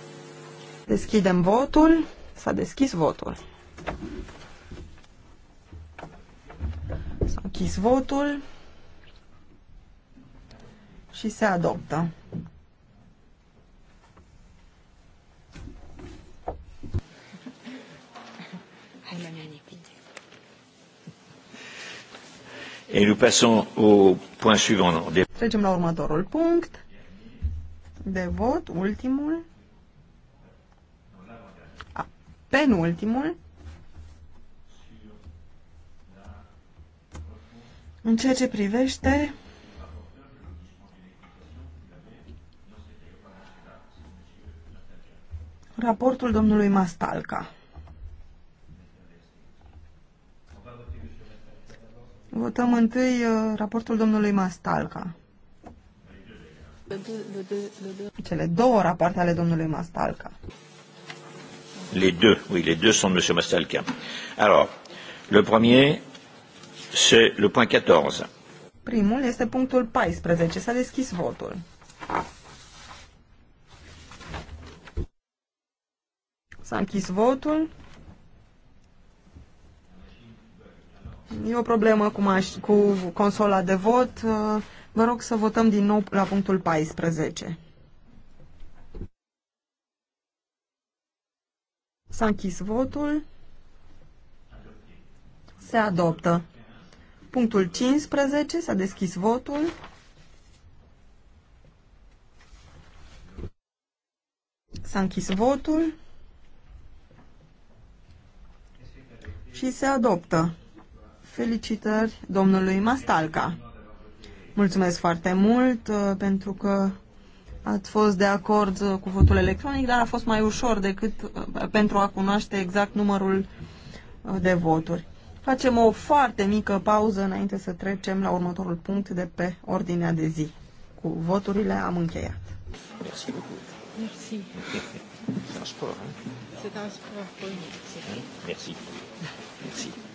Deschidem votul. S-a deschis votul. S-a închis votul și se adoptă. Et nous passons au point suivant. Trecem la următorul punct de vot, ultimul, A, penultimul, În ceea ce privește raportul domnului Mastalca. Votăm întâi uh, raportul domnului Mastalca. Cele două rapoarte ale domnului Mastalca. Les deux, oui, les deux sont de M. Mastalca. Alors, le premier, c'est le point 14. Primul este punctul 14. S-a deschis votul. S-a închis votul. E o problemă cu, cu consola de vot. Vă rog să votăm din nou la punctul 14. S-a închis votul. Se adoptă. Punctul 15, s-a deschis votul. S-a închis votul și se adoptă. Felicitări domnului Mastalca. Mulțumesc foarte mult uh, pentru că ați fost de acord uh, cu votul electronic, dar a fost mai ușor decât uh, pentru a cunoaște exact numărul de voturi. Facem o foarte mică pauză înainte să trecem la următorul punct de pe ordinea de zi. Cu voturile am încheiat. Merci beaucoup. Merci. C'est un sport. Hein? C'est un sport, Merci. Merci.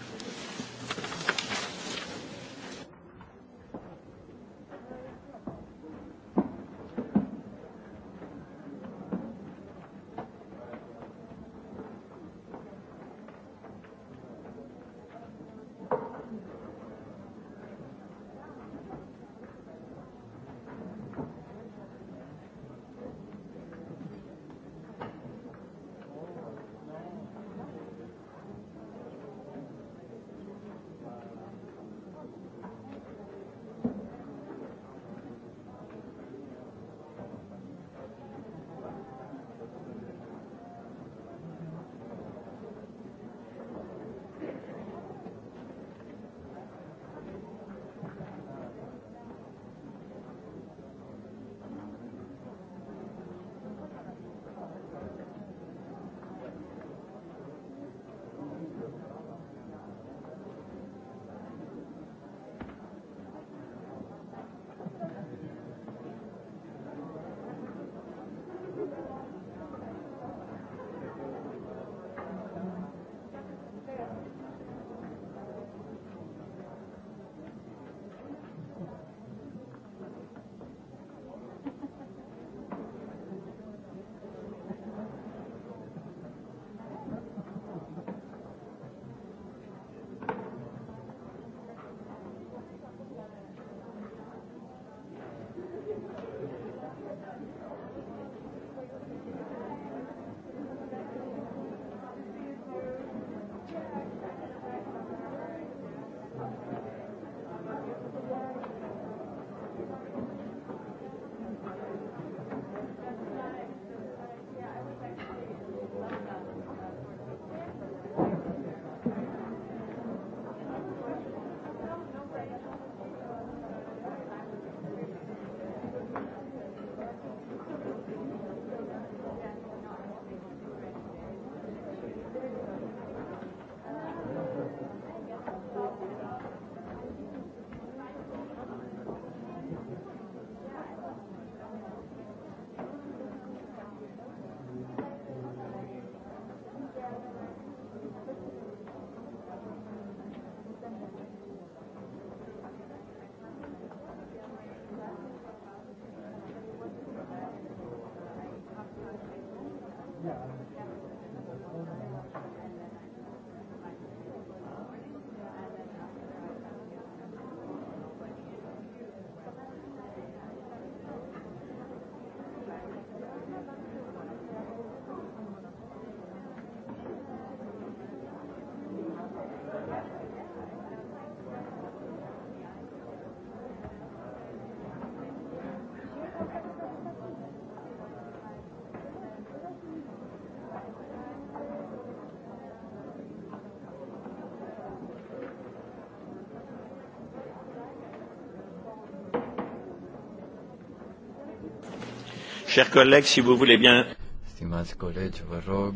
Chers collègues, si vous voulez bien. Stimați colegi, vă rog,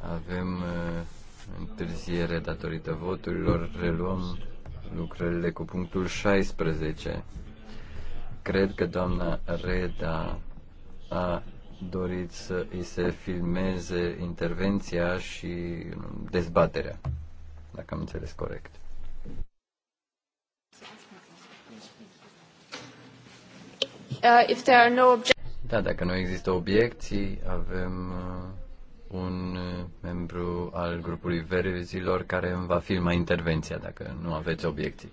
avem uh, întârziere datorită voturilor. Reluăm lucrările cu punctul 16. Cred că doamna Reda a dorit să îi se filmeze intervenția și dezbaterea, dacă am înțeles corect. Uh, if there are no da, dacă nu există obiecții, avem uh, un uh, membru al grupului verzilor care îmi va filma intervenția, dacă nu aveți obiecții.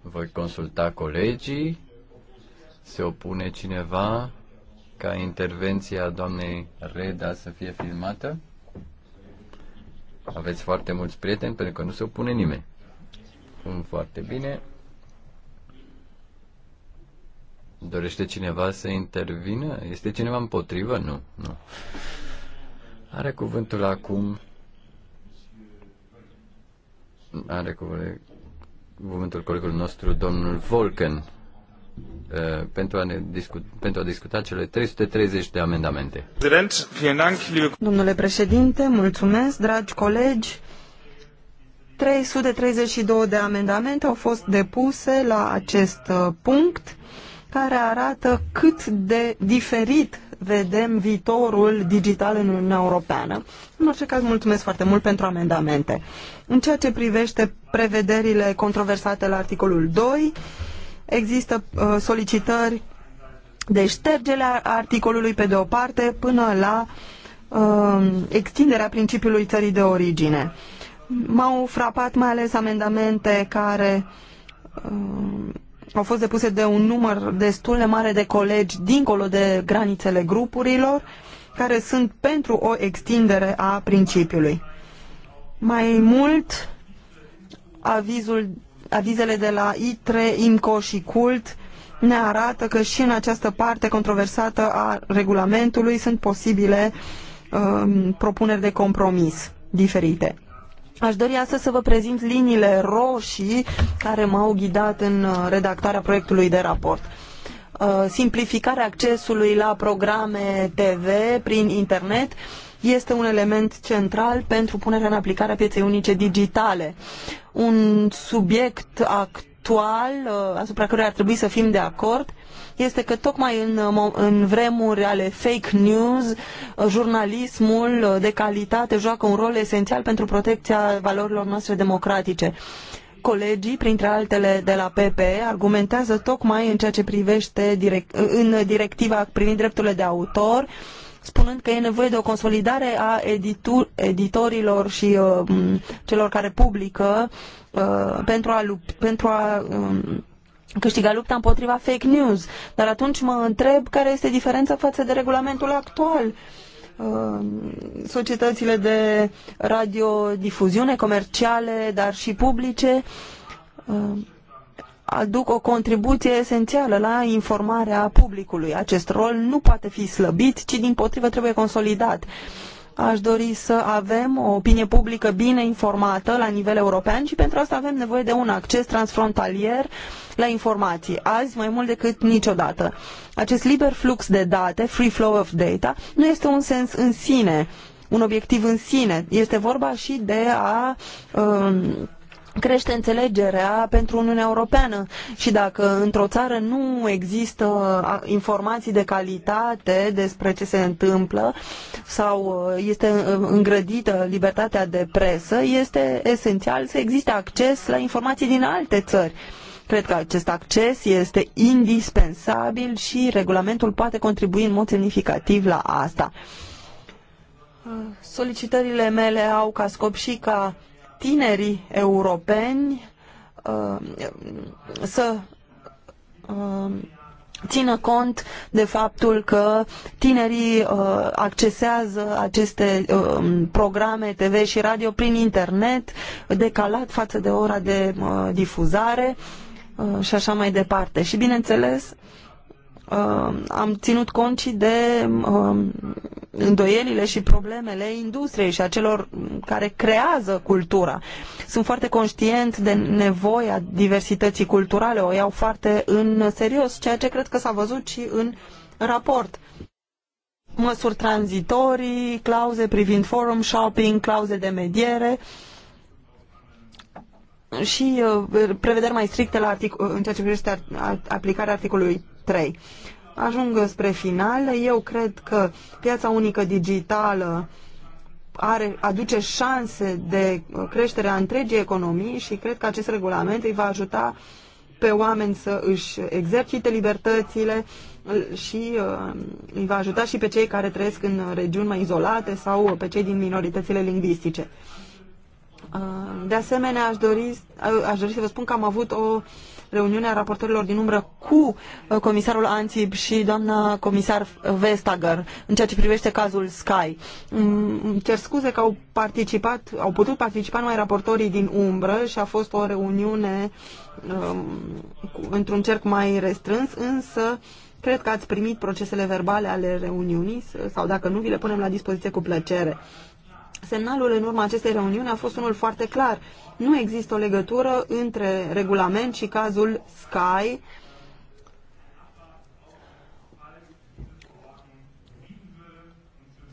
Voi consulta colegii, se opune cineva ca intervenția doamnei Reda să fie filmată. Aveți foarte mulți prieteni pentru că nu se opune nimeni. Sunt foarte bine. Dorește cineva să intervină? Este cineva împotrivă? Nu, nu. Are cuvântul acum. Are cuvântul colegul nostru, domnul Volken, uh, pentru a, ne discu- pentru a discuta cele 330 de amendamente. Domnule președinte, mulțumesc, dragi colegi. 332 de amendamente au fost depuse la acest uh, punct care arată cât de diferit vedem viitorul digital în Uniunea Europeană. În orice caz, mulțumesc foarte mult pentru amendamente. În ceea ce privește prevederile controversate la articolul 2, există uh, solicitări de ștergere a articolului pe de o parte până la uh, extinderea principiului țării de origine. M-au frapat mai ales amendamente care uh, au fost depuse de un număr destul de mare de colegi dincolo de granițele grupurilor, care sunt pentru o extindere a principiului. Mai mult, avizul, avizele de la ITRE, IMCO și CULT ne arată că și în această parte controversată a regulamentului sunt posibile uh, propuneri de compromis diferite. Aș dori astăzi să vă prezint liniile roșii care m-au ghidat în uh, redactarea proiectului de raport. Uh, simplificarea accesului la programe TV prin internet este un element central pentru punerea în aplicare a pieței unice digitale. Un subiect actual actual, uh, asupra căruia ar trebui să fim de acord, este că tocmai în, uh, în vremuri ale fake news, uh, jurnalismul de calitate joacă un rol esențial pentru protecția valorilor noastre democratice. Colegii, printre altele de la PPE, argumentează tocmai în ceea ce privește direct, în directiva privind drepturile de autor, uh, spunând că e nevoie de o consolidare a editur, editorilor și uh, celor care publică uh, pentru a, lup, pentru a uh, câștiga lupta împotriva fake news. Dar atunci mă întreb care este diferența față de regulamentul actual. Uh, societățile de radiodifuziune comerciale, dar și publice uh, aduc o contribuție esențială la informarea publicului. Acest rol nu poate fi slăbit, ci din potrivă trebuie consolidat. Aș dori să avem o opinie publică bine informată la nivel european și pentru asta avem nevoie de un acces transfrontalier la informații, azi mai mult decât niciodată. Acest liber flux de date, free flow of data, nu este un sens în sine, un obiectiv în sine. Este vorba și de a um, crește înțelegerea pentru Uniunea Europeană și dacă într-o țară nu există informații de calitate despre ce se întâmplă sau este îngrădită libertatea de presă, este esențial să existe acces la informații din alte țări. Cred că acest acces este indispensabil și regulamentul poate contribui în mod semnificativ la asta. Solicitările mele au ca scop și ca tinerii europeni uh, să uh, țină cont de faptul că tinerii uh, accesează aceste programe TV și radio prin internet, decalat față de ora de difuzare și așa mai departe. Și bineînțeles, uh, uh, am ținut cont și de uh, îndoielile și problemele industriei și a celor care creează cultura. Sunt foarte conștient de nevoia diversității culturale, o iau foarte în serios, ceea ce cred că s-a văzut și în raport. Măsuri tranzitorii, clauze privind forum shopping, clauze de mediere, și uh, prevederi mai stricte la artic- în ceea ce privește aplicarea articolului 3. Ajung spre final, eu cred că piața unică digitală are, aduce șanse de creștere a întregii economii și cred că acest regulament îi va ajuta pe oameni să își exercite libertățile și uh, îi va ajuta și pe cei care trăiesc în regiuni mai izolate sau pe cei din minoritățile lingvistice. Uh, de asemenea, aș dori, uh, aș dori să vă spun că am avut o reuniunea raportorilor din umbră cu uh, comisarul Ansip și doamna comisar Vestager în ceea ce privește cazul Sky. Mm, îmi cer scuze că au participat, au putut participa numai raportorii din umbră și a fost o reuniune um, într-un cerc mai restrâns, însă Cred că ați primit procesele verbale ale reuniunii sau dacă nu, vi le punem la dispoziție cu plăcere. Semnalul în urma acestei reuniuni a fost unul foarte clar. Nu există o legătură între regulament și cazul Sky.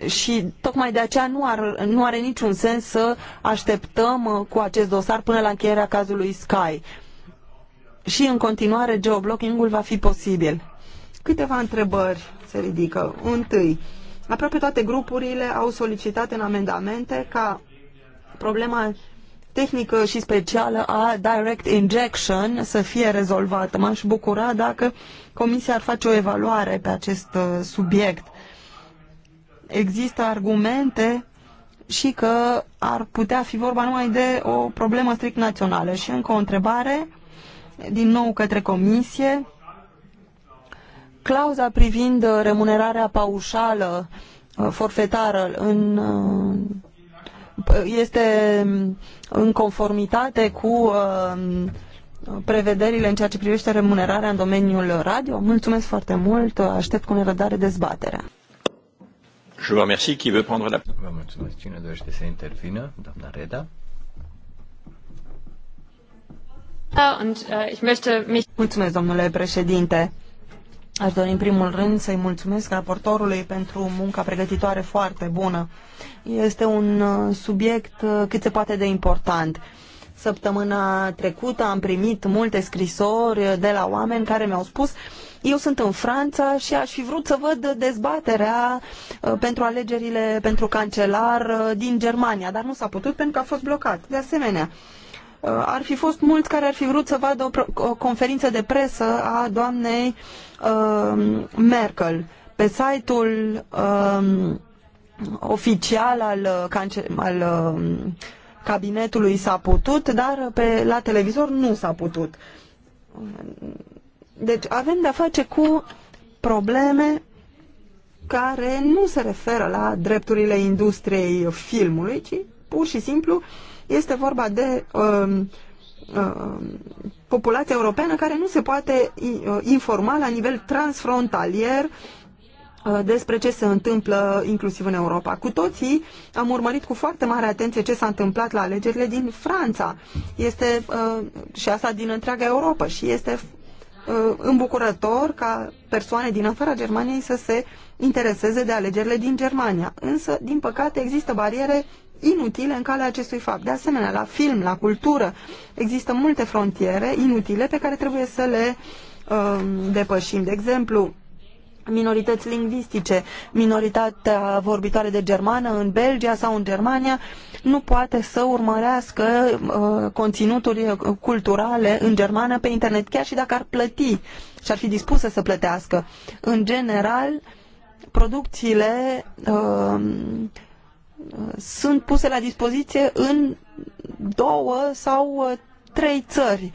Și tocmai de aceea nu, ar, nu are niciun sens să așteptăm uh, cu acest dosar până la încheierea cazului Sky. Și în continuare geoblocking-ul va fi posibil. Câteva întrebări se ridică. Întâi, Aproape toate grupurile au solicitat în amendamente ca problema tehnică și specială a direct injection să fie rezolvată. M-aș bucura dacă Comisia ar face o evaluare pe acest uh, subiect. Există argumente și că ar putea fi vorba numai de o problemă strict națională. Și încă o întrebare, din nou către Comisie clauza privind uh, remunerarea paușală uh, forfetară în, uh, este în conformitate cu prevederile în ceea ce privește remunerarea în domeniul radio. Mulțumesc foarte mult, aștept cu nerăbdare dezbaterea. Je vous remercie. Qui veut prendre la... Vă mulțumesc. Cine dorește să intervină? Doamna Reda. Äh, mulțumesc, domnule președinte. Aș dori în primul rând să-i mulțumesc raportorului pentru munca pregătitoare foarte bună. Este un uh, subiect uh, cât se poate de important. Săptămâna trecută am primit multe scrisori uh, de la oameni care mi-au spus eu sunt în Franța și aș fi vrut să văd dezbaterea pentru alegerile pentru cancelar din Germania, dar nu s-a putut pentru că a fost blocat. De asemenea, Uh, ar fi fost mulți care ar fi vrut să vadă o, o conferință de presă a doamnei uh, Merkel. Pe site-ul uh, oficial al, uh, al uh, cabinetului s-a putut, dar pe, la televizor nu s-a putut. Deci avem de-a face cu probleme care nu se referă la drepturile industriei filmului, ci pur și simplu uh, este vorba de uh, populația europeană care nu se poate uh, informa la nivel transfrontalier uh, despre ce se întâmplă inclusiv în Europa. Cu toții am urmărit cu foarte mare atenție ce s-a întâmplat la alegerile din Franța. Este uh, și asta din întreaga Europa și este îmbucurător ca persoane din afara Germaniei să se intereseze de alegerile din Germania. Însă, din păcate, există bariere inutile în calea acestui fapt. De asemenea, la film, la cultură, există multe frontiere inutile pe care trebuie să le uh, depășim. De exemplu, minorități lingvistice, minoritatea vorbitoare de germană în Belgia sau în Germania nu poate să urmărească uh, conținuturi uh, culturale în germană pe internet, chiar și dacă ar plăti și ar fi dispusă să plătească. În general, producțiile uh, sunt puse la dispoziție în două sau uh, trei țări.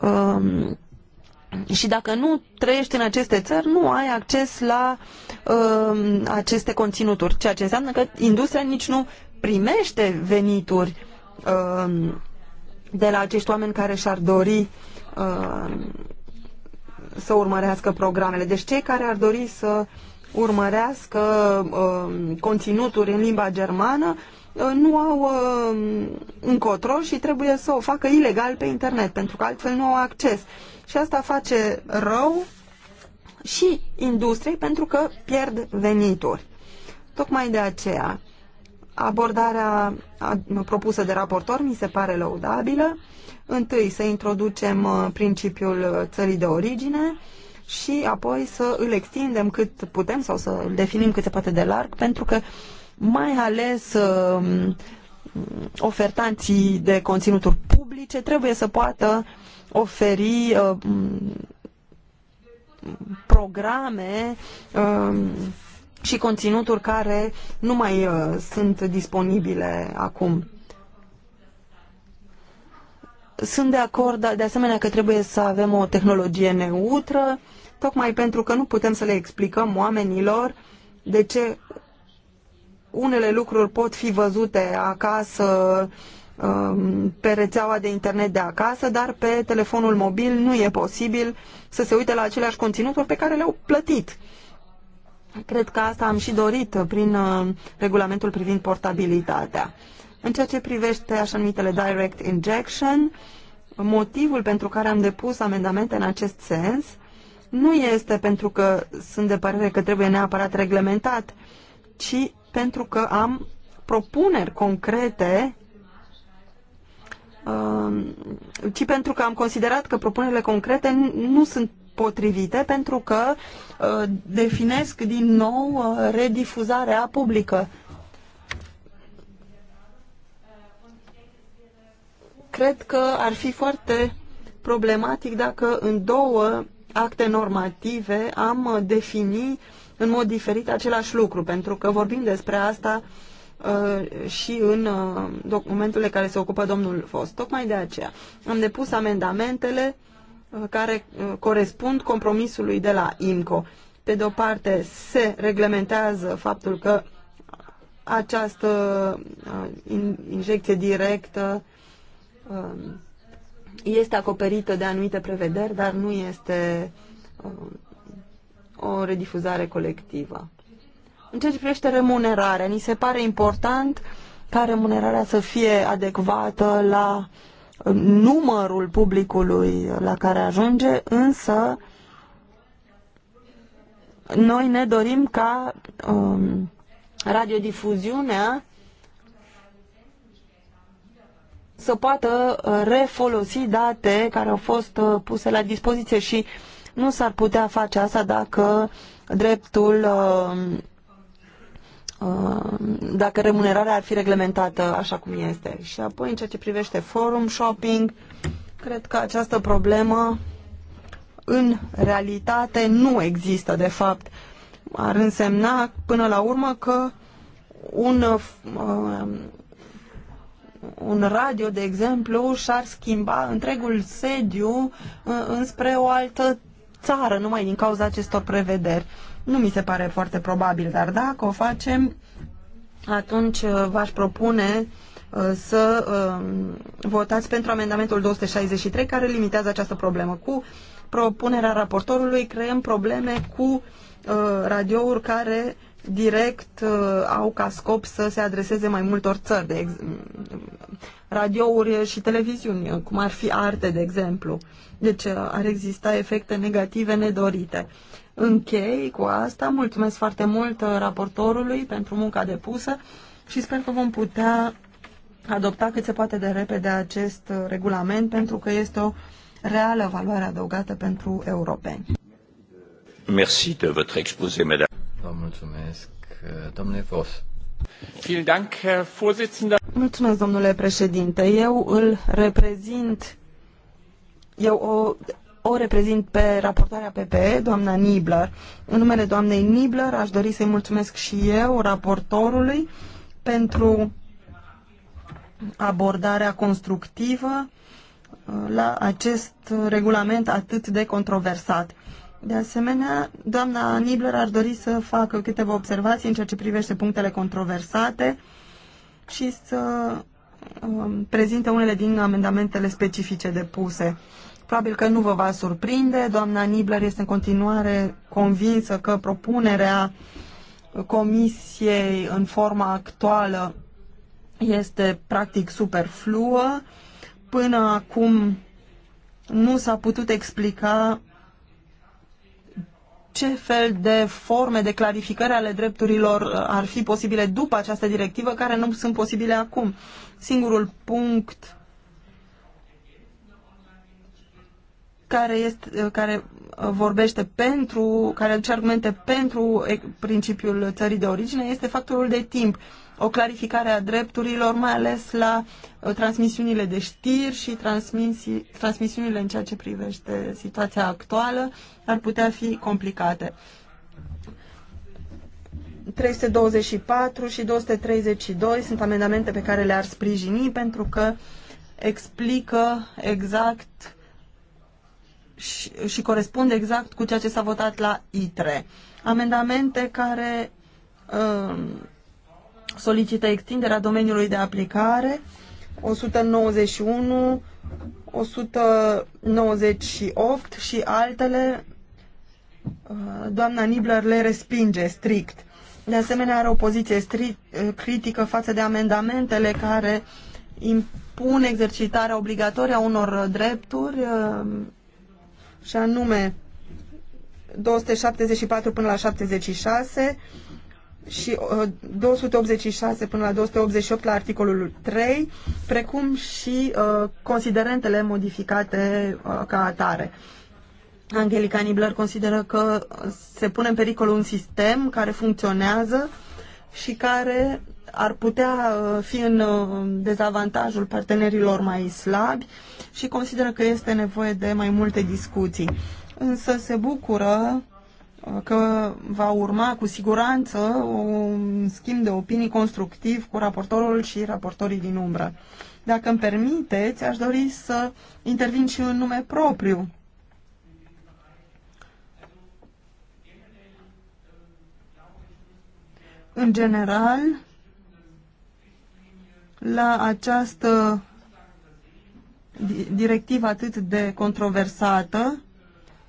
Um, și dacă nu trăiești în aceste țări, nu ai acces la um, aceste conținuturi, ceea ce înseamnă că industria nici nu primește venituri um, de la acești oameni care și-ar dori să urmărească programele. Deci cei care ar dori să uh, urmărească uh, conținuturi în limba germană uh, nu au uh, încotro și trebuie să o facă ilegal pe internet, pentru că altfel nu au acces. Și asta face rău și industriei pentru că pierd venituri. Tocmai de aceea, abordarea propusă de raportor mi se pare lăudabilă. Întâi să introducem uh, principiul uh, țării de origine, și apoi să îl extindem cât putem sau să îl definim cât se poate de larg, pentru că mai ales um, ofertanții de conținuturi publice trebuie să poată oferi uh, programe um, și conținuturi care nu mai uh, sunt disponibile acum. Sunt de acord, de asemenea, că trebuie să avem o tehnologie neutră, tocmai pentru că nu putem să le explicăm oamenilor de ce unele lucruri pot fi văzute acasă, um, pe rețeaua de internet de acasă, dar pe telefonul mobil nu e posibil să se uite la aceleași conținuturi pe care le-au plătit. Cred că asta am și dorit prin uh, regulamentul privind portabilitatea. În ceea ce privește așa numitele direct injection, motivul pentru care am depus amendamente în acest sens nu este pentru că sunt de părere că trebuie neapărat reglementat, ci pentru că am propuneri concrete um, ci pentru că am considerat că propunerile concrete nu sunt potrivite pentru că uh, definesc din nou uh, redifuzarea publică. Cred că ar fi foarte problematic dacă în două acte normative am uh, defini în mod diferit același lucru, pentru că vorbim despre asta uh, și în uh, documentele care se ocupă domnul Fost. Tocmai de aceea am depus amendamentele care corespund compromisului de la IMCO. Pe de o parte se reglementează faptul că această injecție directă um, este acoperită de anumite prevederi, dar nu este uh, o redifuzare colectivă. În ceea ce privește remunerarea, ni se pare important ca remunerarea să fie adecvată la uh, numărul publicului la care ajunge, însă noi ne dorim ca um, radiodifuziunea să poată uh, refolosi date care au fost uh, puse la dispoziție și nu s-ar putea face asta dacă dreptul uh, dacă remunerarea ar fi reglementată așa cum este. Și apoi, în ceea ce privește forum shopping, cred că această problemă în realitate nu există, de fapt. Ar însemna, până la urmă, că un un radio, de exemplu, și-ar schimba întregul sediu uh, înspre o altă țară, numai din cauza acestor prevederi. Nu mi se pare foarte probabil, dar dacă o facem, atunci uh, v-aș propune uh, să um, votați pentru amendamentul 263 care limitează această problemă. Cu propunerea raportorului creăm probleme cu radiouri care direct uh, au ca scop să se adreseze mai multor țări, de radiouri și televiziuni, uh, cum ar fi arte, de exemplu. Deci uh, ar exista efecte negative nedorite. Închei cu asta, mulțumesc foarte mult raportorului pentru munca depusă și sper că vom putea adopta cât se poate de repede acest regulament pentru că este o reală valoare adăugată pentru europeni. Merci de votre exposé, madame mulțumesc, domnule Mulțumesc, domnule președinte. Eu îl reprezint, eu o, o reprezint pe raportarea PPE, doamna Nibler. În numele doamnei Nibler aș dori să-i mulțumesc și eu, raportorului, pentru abordarea constructivă uh, la acest regulament atât de controversat. De asemenea, doamna Nibler ar dori să facă câteva observații în ceea ce privește punctele controversate și să um, prezinte unele din amendamentele specifice depuse. Probabil că nu vă va surprinde, doamna Nibler este în continuare convinsă că propunerea comisiei în forma actuală este practic superfluă. Până acum nu s-a putut explica ce fel de forme de clarificare ale drepturilor uh, ar fi posibile după această directivă, care nu sunt posibile acum. Singurul punct care, este, uh, care uh, vorbește pentru, care aduce argumente pentru principiul țării de origine este factorul de timp o clarificare a drepturilor, mai ales la uh, transmisiunile de știri și transmisiunile în ceea ce privește situația actuală, ar putea fi complicate. 324 și 232 sunt amendamente pe care le-ar sprijini pentru că explică exact și, și corespund exact cu ceea ce s-a votat la ITRE. Amendamente care um, solicită extinderea domeniului de aplicare 191, 198 și altele uh, doamna Nibler le respinge strict. De asemenea, are o poziție strict, critică față de amendamentele care impun exercitarea obligatorie a unor drepturi uh, și anume 274 până la 76, și 286 uh, până la 288 la articolul 3, precum și uh, considerentele modificate uh, ca atare. Angelica Nibler consideră că se pune în pericol un sistem care funcționează și care ar putea uh, fi în uh, dezavantajul partenerilor mai slabi și consideră că este nevoie de mai multe discuții. Însă se bucură Uh, că va urma cu siguranță un schimb de opinii constructiv cu raportorul și raportorii din umbră. Dacă îmi permiteți, aș dori să intervin și în nume propriu. În general, la această directivă atât de controversată,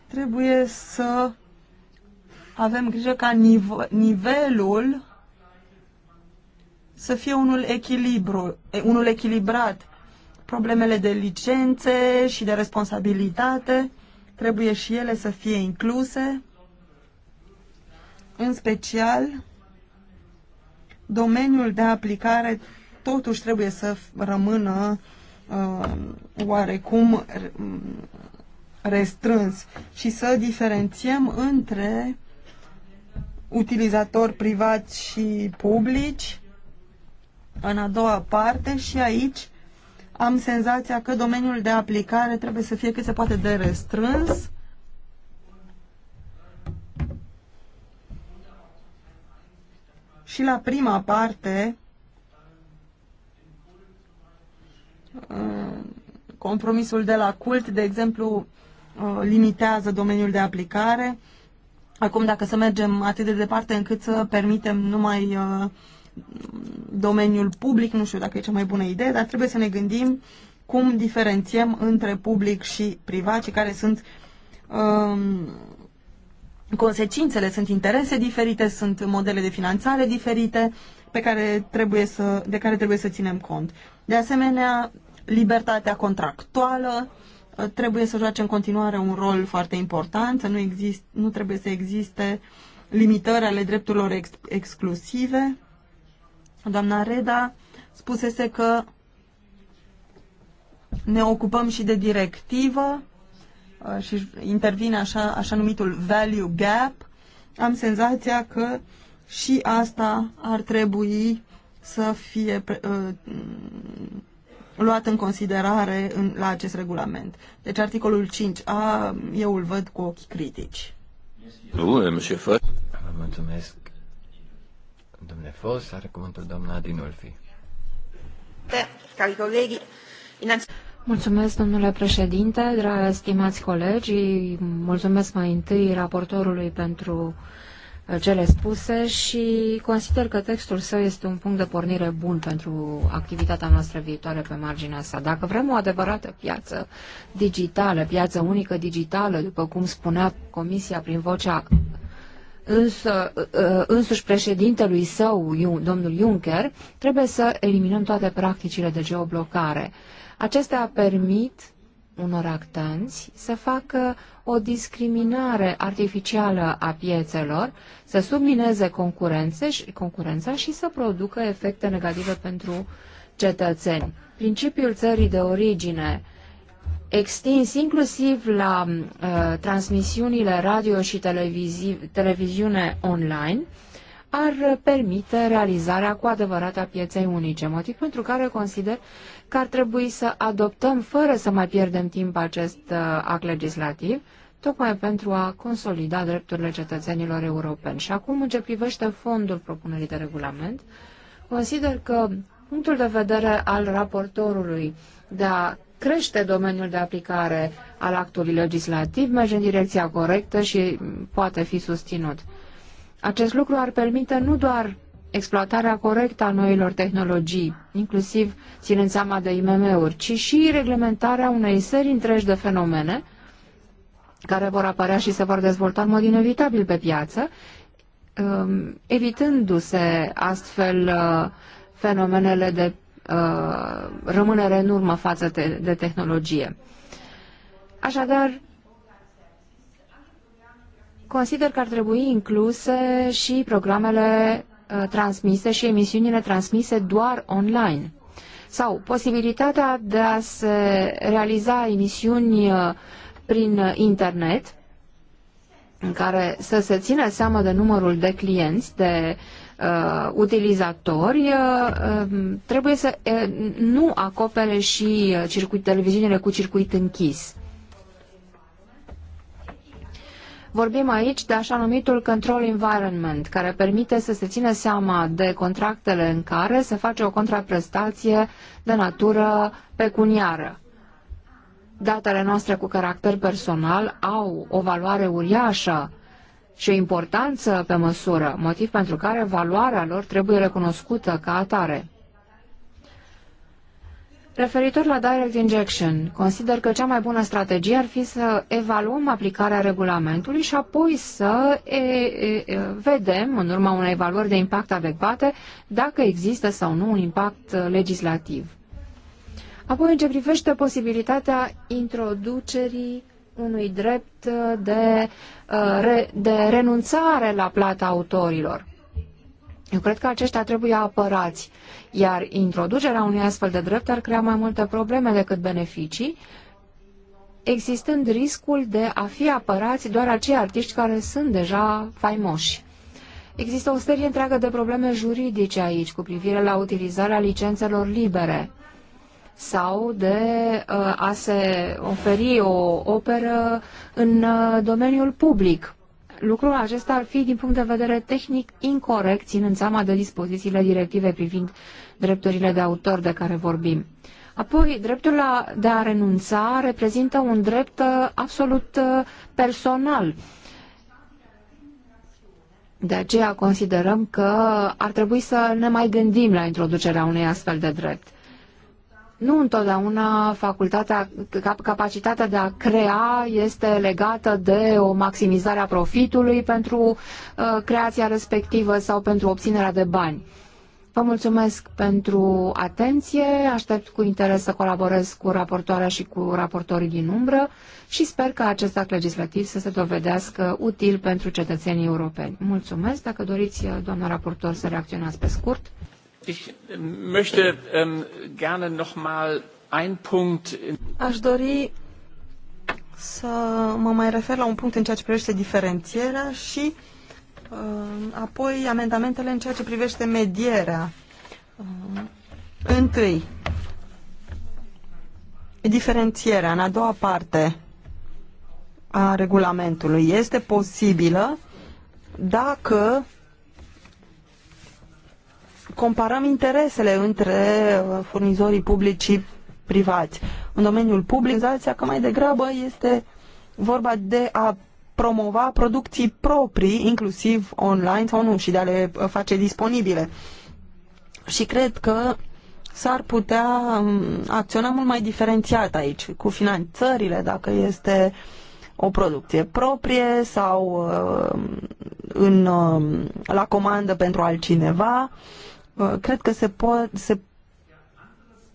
trebuie să avem grijă ca nivelul să fie unul, echilibru, unul echilibrat. Problemele de licențe și de responsabilitate trebuie și ele să fie incluse, în special domeniul de aplicare totuși trebuie să rămână uh, oarecum restrâns și să diferențiem între utilizatori privați și publici în a doua parte și aici am senzația că domeniul de aplicare trebuie să fie cât se poate de restrâns și la prima parte uh, compromisul de la cult, de exemplu, uh, limitează domeniul de aplicare Acum, dacă să mergem atât de departe încât să permitem numai uh, domeniul public, nu știu dacă e cea mai bună idee, dar trebuie să ne gândim cum diferențiem între public și privat și care sunt um, consecințele, sunt interese diferite, sunt modele de finanțare diferite pe care trebuie să, de care trebuie să ținem cont. De asemenea, libertatea contractuală, uh, trebuie să joace în continuare un rol foarte important, să nu, exist, nu trebuie să existe limitări ale drepturilor ex, exclusive. Doamna Reda spusese că ne ocupăm și de directivă uh, și intervine așa, așa numitul value gap. Am senzația că și asta ar trebui să fie uh, luat în considerare în, la acest regulament. Deci articolul 5a eu îl văd cu ochi critici. Vă mulțumesc. Domnule Fos, are cuvântul doamna Dinolfi. Cari Mulțumesc, domnule președinte, dragi stimați colegi, mulțumesc mai întâi raportorului pentru uh, Uh, cele spuse și consider că textul său este un punct de pornire bun pentru activitatea noastră viitoare pe marginea sa. Dacă vrem o adevărată piață digitală, piață unică digitală, după cum spunea Comisia prin vocea însă, uh, însuși președintelui său, domnul Juncker, trebuie să eliminăm toate practicile de geoblocare. Acestea permit unor actanți să facă o discriminare artificială a piețelor, să submineze concurențe și, concurența și să producă efecte negative pentru cetățeni. Principiul țării de origine extins inclusiv la uh, transmisiunile radio și televizi televiziune online, ar permite realizarea cu adevărat a pieței unice, motiv pentru care consider că ar trebui să adoptăm, fără să mai pierdem timp, acest uh, act legislativ, tocmai pentru a consolida drepturile cetățenilor europeni. Și acum, în ce privește fondul propunerii de regulament, consider că punctul de vedere al raportorului de a crește domeniul de aplicare al actului legislativ merge în direcția corectă și poate fi susținut. Acest lucru ar permite nu doar exploatarea corectă a noilor tehnologii, inclusiv ținând seama de IMM-uri, ci și reglementarea unei serii întregi de fenomene care vor apărea și se vor dezvolta în mod inevitabil pe piață, um, evitându-se astfel uh, fenomenele de uh, rămânere în urmă față de tehnologie. Așadar, consider că ar trebui incluse și programele Uh, transmise și emisiunile transmise doar online. Sau posibilitatea de a se realiza emisiuni uh, prin internet, în care să se țină seama de numărul de clienți, de uh, utilizatori, uh, um, trebuie să uh, nu acopere și uh, circuit, televiziunile cu circuit închis. Vorbim aici de așa numitul control environment, care permite să se țină seama de contractele în care se face o contraprestație de natură pecuniară. Datele noastre cu caracter personal au o valoare uriașă și o importanță pe măsură, motiv pentru care valoarea lor trebuie recunoscută ca atare. Referitor la direct injection, consider că cea mai bună strategie ar fi să evaluăm aplicarea regulamentului și apoi să e, e, vedem, în urma unei evaluări de impact adecvate, dacă există sau nu un impact legislativ. Apoi, în ce privește posibilitatea introducerii unui drept de, uh, de renunțare la plata autorilor. Eu cred că aceștia trebuie apărați, iar introducerea unui astfel de drept ar crea mai multe probleme decât beneficii, existând riscul de a fi apărați doar acei artiști care sunt deja faimoși. Există o serie întreagă de probleme juridice aici cu privire la utilizarea licențelor libere sau de uh, a se oferi o operă în uh, domeniul public. Lucrul acesta ar fi, din punct de vedere tehnic, incorrect, ținând seama de dispozițiile directive privind drepturile de autor de care vorbim. Apoi, dreptul de a renunța reprezintă un drept uh, absolut uh, personal. De aceea considerăm că ar trebui să ne mai gândim la introducerea unui astfel de drept. Nu întotdeauna facultatea, capacitatea de a crea este legată de o maximizare a profitului pentru uh, creația respectivă sau pentru obținerea de bani. Vă mulțumesc pentru atenție, aștept cu interes să colaborez cu raportoarea și cu raportorii din umbră și sper că acest act legislativ să se dovedească util pentru cetățenii europeni. Mulțumesc, dacă doriți, doamna raportor, să reacționați pe scurt. Äh, ähm, Aș dori să mă mai refer la un punct în ceea ce privește diferențierea și uh, apoi amendamentele în ceea ce privește medierea. Uh, întâi, diferențierea în a doua parte a regulamentului este posibilă dacă comparăm interesele între uh, furnizorii publici și privați. În domeniul public, zația că mai degrabă este vorba de a promova producții proprii, inclusiv online sau nu, și de a le uh, face disponibile. Și cred că s-ar putea um, acționa mult mai diferențiat aici, cu finanțările, dacă este o producție proprie sau uh, în, um, la comandă pentru altcineva. Uh, Uh, cred că se, po- se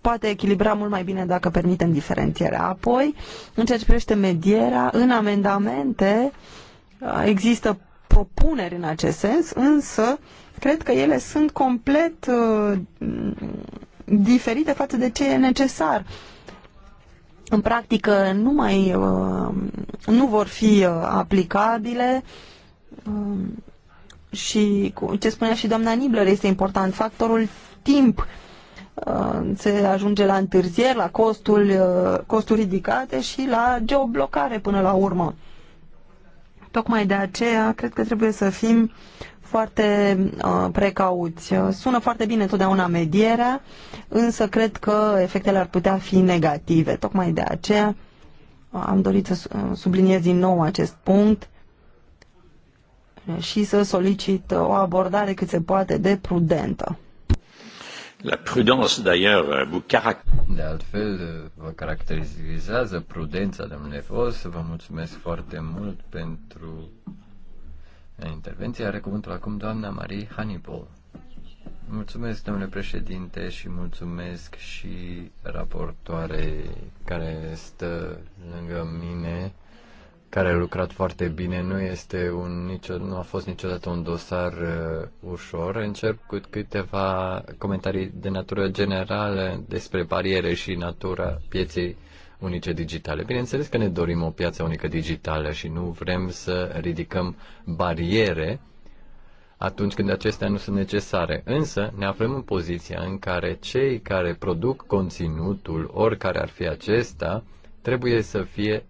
poate echilibra mult mai bine dacă permitem diferențierea. Apoi, în ceea ce privește medierea, în amendamente uh, există propuneri în acest sens, însă cred că ele sunt complet uh, diferite față de ce e necesar. În practică nu mai uh, nu vor fi uh, aplicabile uh, și ce spunea și doamna Nibler este important, factorul timp uh, se ajunge la întârzieri, la costul, uh, costuri ridicate și la geoblocare până la urmă. Tocmai de aceea cred că trebuie să fim foarte uh, precauți. Sună foarte bine totdeauna medierea, însă cred că efectele ar putea fi negative. Tocmai de aceea am dorit să subliniez din nou acest punct și să solicit o abordare cât se poate de prudentă. La prudence, d'ailleurs, vous caractérise. De altfel, vă caracterizează prudența, domnule Vos. Vă mulțumesc foarte mult pentru intervenția Are cuvântul acum doamna Marie Hannibal. Mulțumesc, domnule președinte, și mulțumesc și raportoare care stă lângă mine care a lucrat foarte bine. Nu, este un, nicio, nu a fost niciodată un dosar uh, ușor. Încep cu câteva comentarii de natură generală despre bariere și natura pieței unice digitale. Bineînțeles că ne dorim o piață unică digitală și nu vrem să ridicăm bariere atunci când acestea nu sunt necesare. Însă ne aflăm în poziția în care cei care produc conținutul, oricare ar fi acesta, trebuie să fie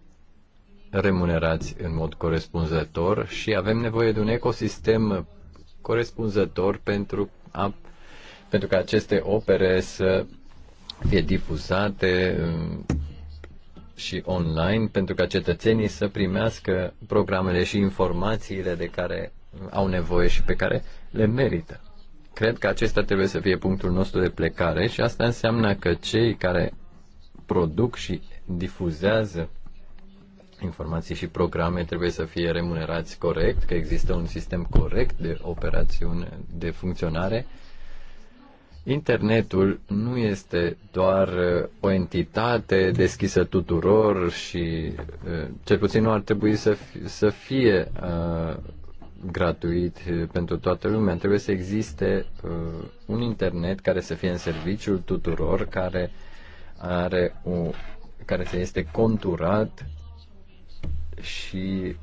remunerați în mod corespunzător și avem nevoie de un ecosistem corespunzător pentru, a, pentru ca aceste opere să fie difuzate um, și online, pentru ca cetățenii să primească programele și informațiile de care au nevoie și pe care le merită. Cred că acesta trebuie să fie punctul nostru de plecare și asta înseamnă că cei care produc și difuzează informații și programe trebuie să fie remunerați corect, că există un sistem corect de operațiune, de funcționare. Internetul nu este doar uh, o entitate deschisă tuturor și uh, cel puțin nu ar trebui să fie, să fie uh, gratuit uh, pentru toată lumea. Trebuie să existe uh, un internet care să fie în serviciul tuturor, care are o care se este conturat și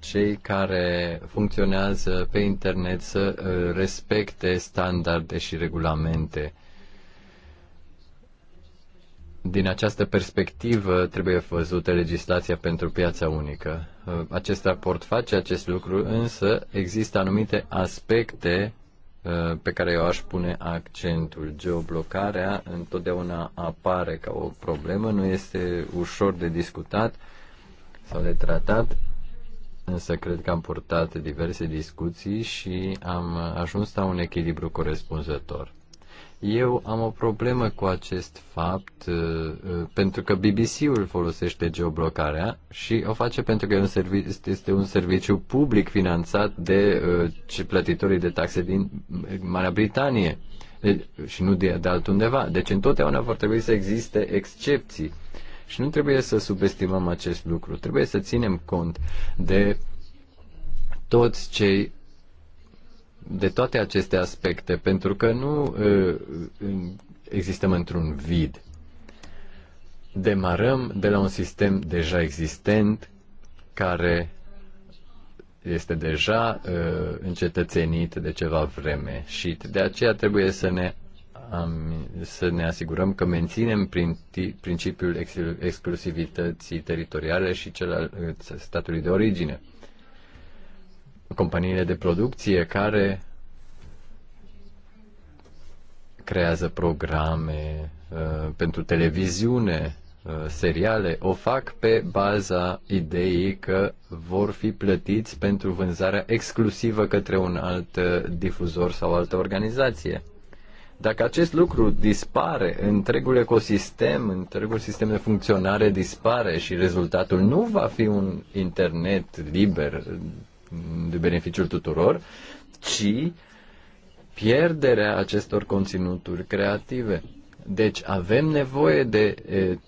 cei care funcționează pe internet să uh, respecte standarde și regulamente. Din această perspectivă trebuie văzută legislația pentru piața unică. Uh, acest raport face acest lucru, însă există anumite aspecte uh, pe care eu aș pune accentul. Geoblocarea întotdeauna apare ca o problemă, nu este ușor de discutat sau de tratat, însă cred că am purtat diverse discuții și am ajuns la un echilibru corespunzător. Eu am o problemă cu acest fapt uh, uh, pentru că BBC-ul folosește geoblocarea și o face pentru că este un serviciu public finanțat de uh, plătitorii de taxe din Marea Britanie deci, și nu de, de altundeva. Deci întotdeauna vor trebui să existe excepții și nu trebuie să subestimăm acest lucru. Trebuie să ținem cont de toți cei de toate aceste aspecte, pentru că nu existăm într-un vid. Demarăm de la un sistem deja existent care este deja uh, încetățenit de ceva vreme și de aceea trebuie să ne să ne asigurăm că menținem prin principiul exclusivității teritoriale și cel al statului de origine. Companiile de producție care creează programe uh, pentru televiziune, uh, seriale, o fac pe baza ideii că vor fi plătiți pentru vânzarea exclusivă către un alt uh, difuzor sau altă organizație dacă acest lucru dispare, întregul ecosistem, întregul sistem de funcționare dispare și rezultatul nu va fi un internet liber de beneficiul tuturor, ci pierderea acestor conținuturi creative. Deci avem nevoie de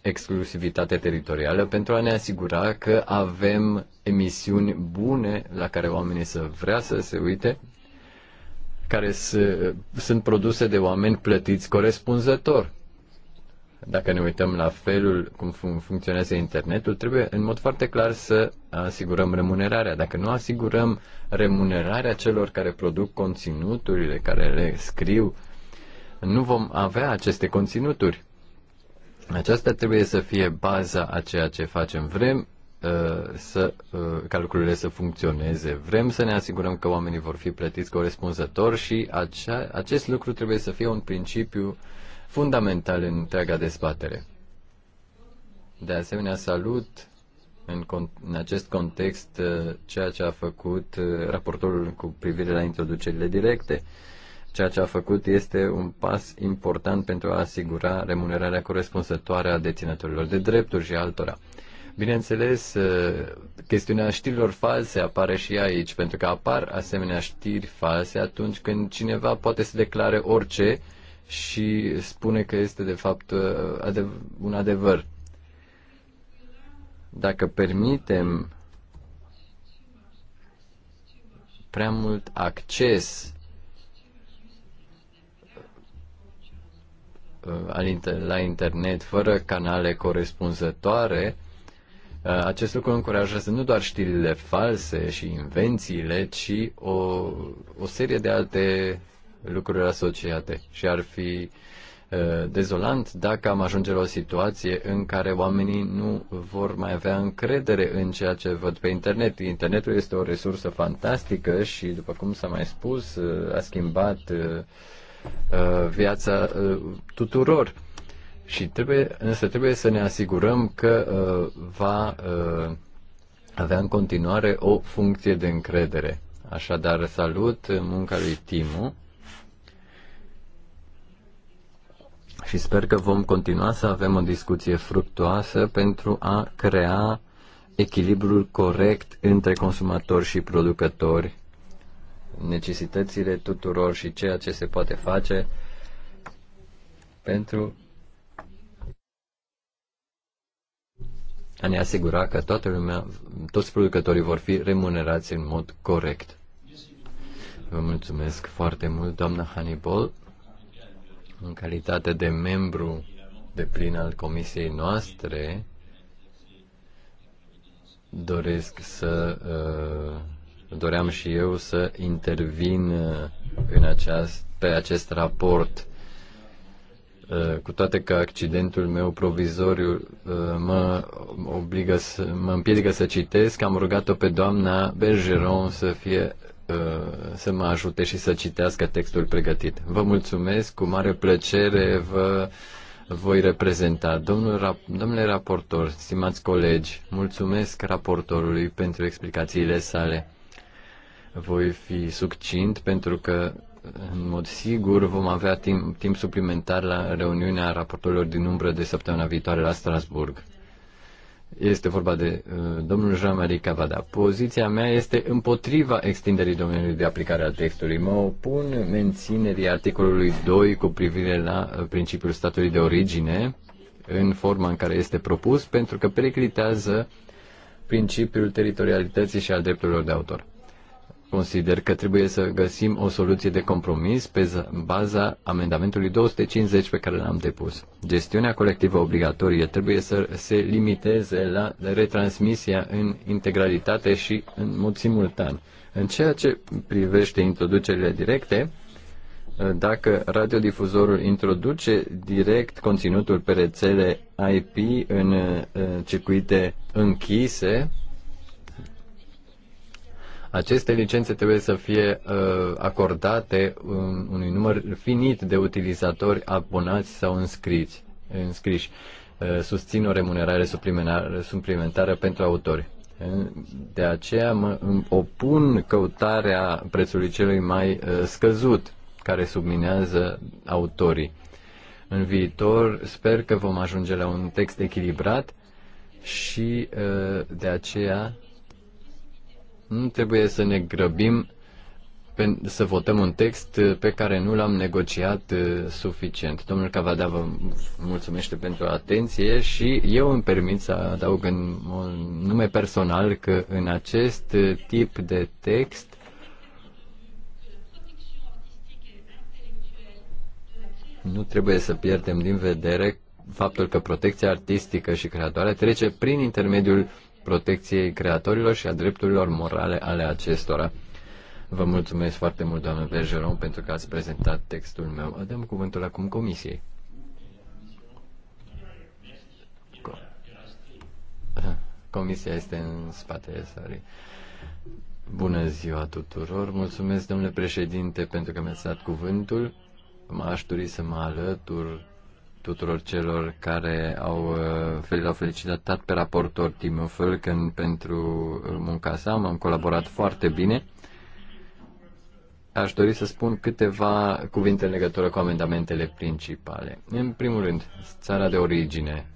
exclusivitate teritorială pentru a ne asigura că avem emisiuni bune la care oamenii să vrea să se uite care sunt produse de oameni plătiți corespunzător. Dacă ne uităm la felul cum funcționează internetul, trebuie în mod foarte clar să asigurăm remunerarea. Dacă nu asigurăm remunerarea celor care produc conținuturile, care le scriu, nu vom avea aceste conținuturi. Aceasta trebuie să fie baza a ceea ce facem. Vrem Uh, să, uh, ca lucrurile să funcționeze. Vrem să ne asigurăm că oamenii vor fi plătiți corespunzător și acea, acest lucru trebuie să fie un principiu fundamental în întreaga dezbatere. De asemenea, salut în, con- în acest context uh, ceea ce a făcut raportorul cu privire la introducerile directe. Ceea ce a făcut este un pas important pentru a asigura remunerarea corespunzătoare a deținătorilor de drepturi și altora Bineînțeles, uh, chestiunea știrilor false apare și aici, pentru că apar asemenea știri false atunci când cineva poate să declare orice și spune că este de fapt uh, un adevăr. Dacă permitem prea mult acces uh, la internet fără canale corespunzătoare, Uh, acest lucru încurajează nu doar știrile false și invențiile, ci o, o serie de alte lucruri asociate. Și ar fi uh, dezolant dacă am ajunge la o situație în care oamenii nu vor mai avea încredere în ceea ce văd pe internet. Internetul este o resursă fantastică și, după cum s-a mai spus, uh, a schimbat viața tuturor și trebuie, însă trebuie să ne asigurăm că uh, va uh, avea în continuare o funcție de încredere. Așadar, salut munca lui Timu și sper că vom continua să avem o discuție fructuoasă pentru a crea echilibrul corect între consumatori și producători, necesitățile tuturor și ceea ce se poate face pentru a ne asigura că toată lumea, toți producătorii vor fi remunerați în mod corect. Vă mulțumesc foarte mult, doamna Hannibal, în calitate de membru de plin al comisiei noastre, doresc să uh, doream și eu să intervin uh, în aceast, pe acest raport Eh, cu toate că accidentul meu provizoriu eh, mă obligă să, mă împiedică să citesc, am rugat-o pe doamna Bergeron să fie eh, să mă ajute și să citească textul pregătit. Vă mulțumesc, cu mare plăcere vă voi reprezenta. Domnul, domnule raportor, stimați colegi, mulțumesc raportorului pentru explicațiile sale. Voi fi succint pentru că în mod sigur vom avea timp, timp suplimentar la reuniunea raportorilor din umbră de săptămâna viitoare la Strasburg. Este vorba de uh, domnul Jean-Marie Cavada. Poziția mea este împotriva extinderii domeniului de aplicare al textului. Mă opun menținerii articolului 2 cu privire la uh, principiul statului de origine în forma în care este propus, pentru că periclitează principiul teritorialității și al drepturilor de autor. Consider că trebuie să găsim o soluție de compromis pe baza amendamentului 250 pe care l-am depus. Gestiunea colectivă obligatorie trebuie să se limiteze la retransmisia în integralitate și în mod simultan. În ceea ce privește introducerile directe, dacă radiodifuzorul introduce direct conținutul pe rețele IP în uh, circuite închise, aceste licențe trebuie să fie uh, acordate um, unui număr finit de utilizatori abonați sau înscriți, înscriși. Uh, susțin o remunerare suplimentară, suplimentară pentru autori. Uh, de aceea mă opun căutarea prețului celui mai uh, scăzut care subminează autorii. În viitor sper că vom ajunge la un text echilibrat și uh, de aceea nu trebuie să ne grăbim să votăm un text uh, pe care nu l-am negociat uh, suficient. Domnul Cavada vă mulțumește pentru atenție și eu îmi permit să adaug în nume personal că în acest uh, tip de text nu trebuie să pierdem din vedere faptul că protecția artistică și creatoare trece prin intermediul protecției creatorilor și a drepturilor morale ale acestora. Vă mulțumesc foarte mult, doamnă Bergeron, pentru că ați prezentat textul meu. Dăm cuvântul acum comisiei. Comisia este în spatele sorry. Bună ziua tuturor! Mulțumesc, domnule președinte, pentru că mi-ați dat cuvântul. M-aș dori să mă alătur tuturor celor care au, uh, fel au felicitat pe raportor Timofel când pentru munca sa. am colaborat foarte bine. Aș dori să spun câteva cuvinte în legătură cu amendamentele principale. În primul rând, țara de origine.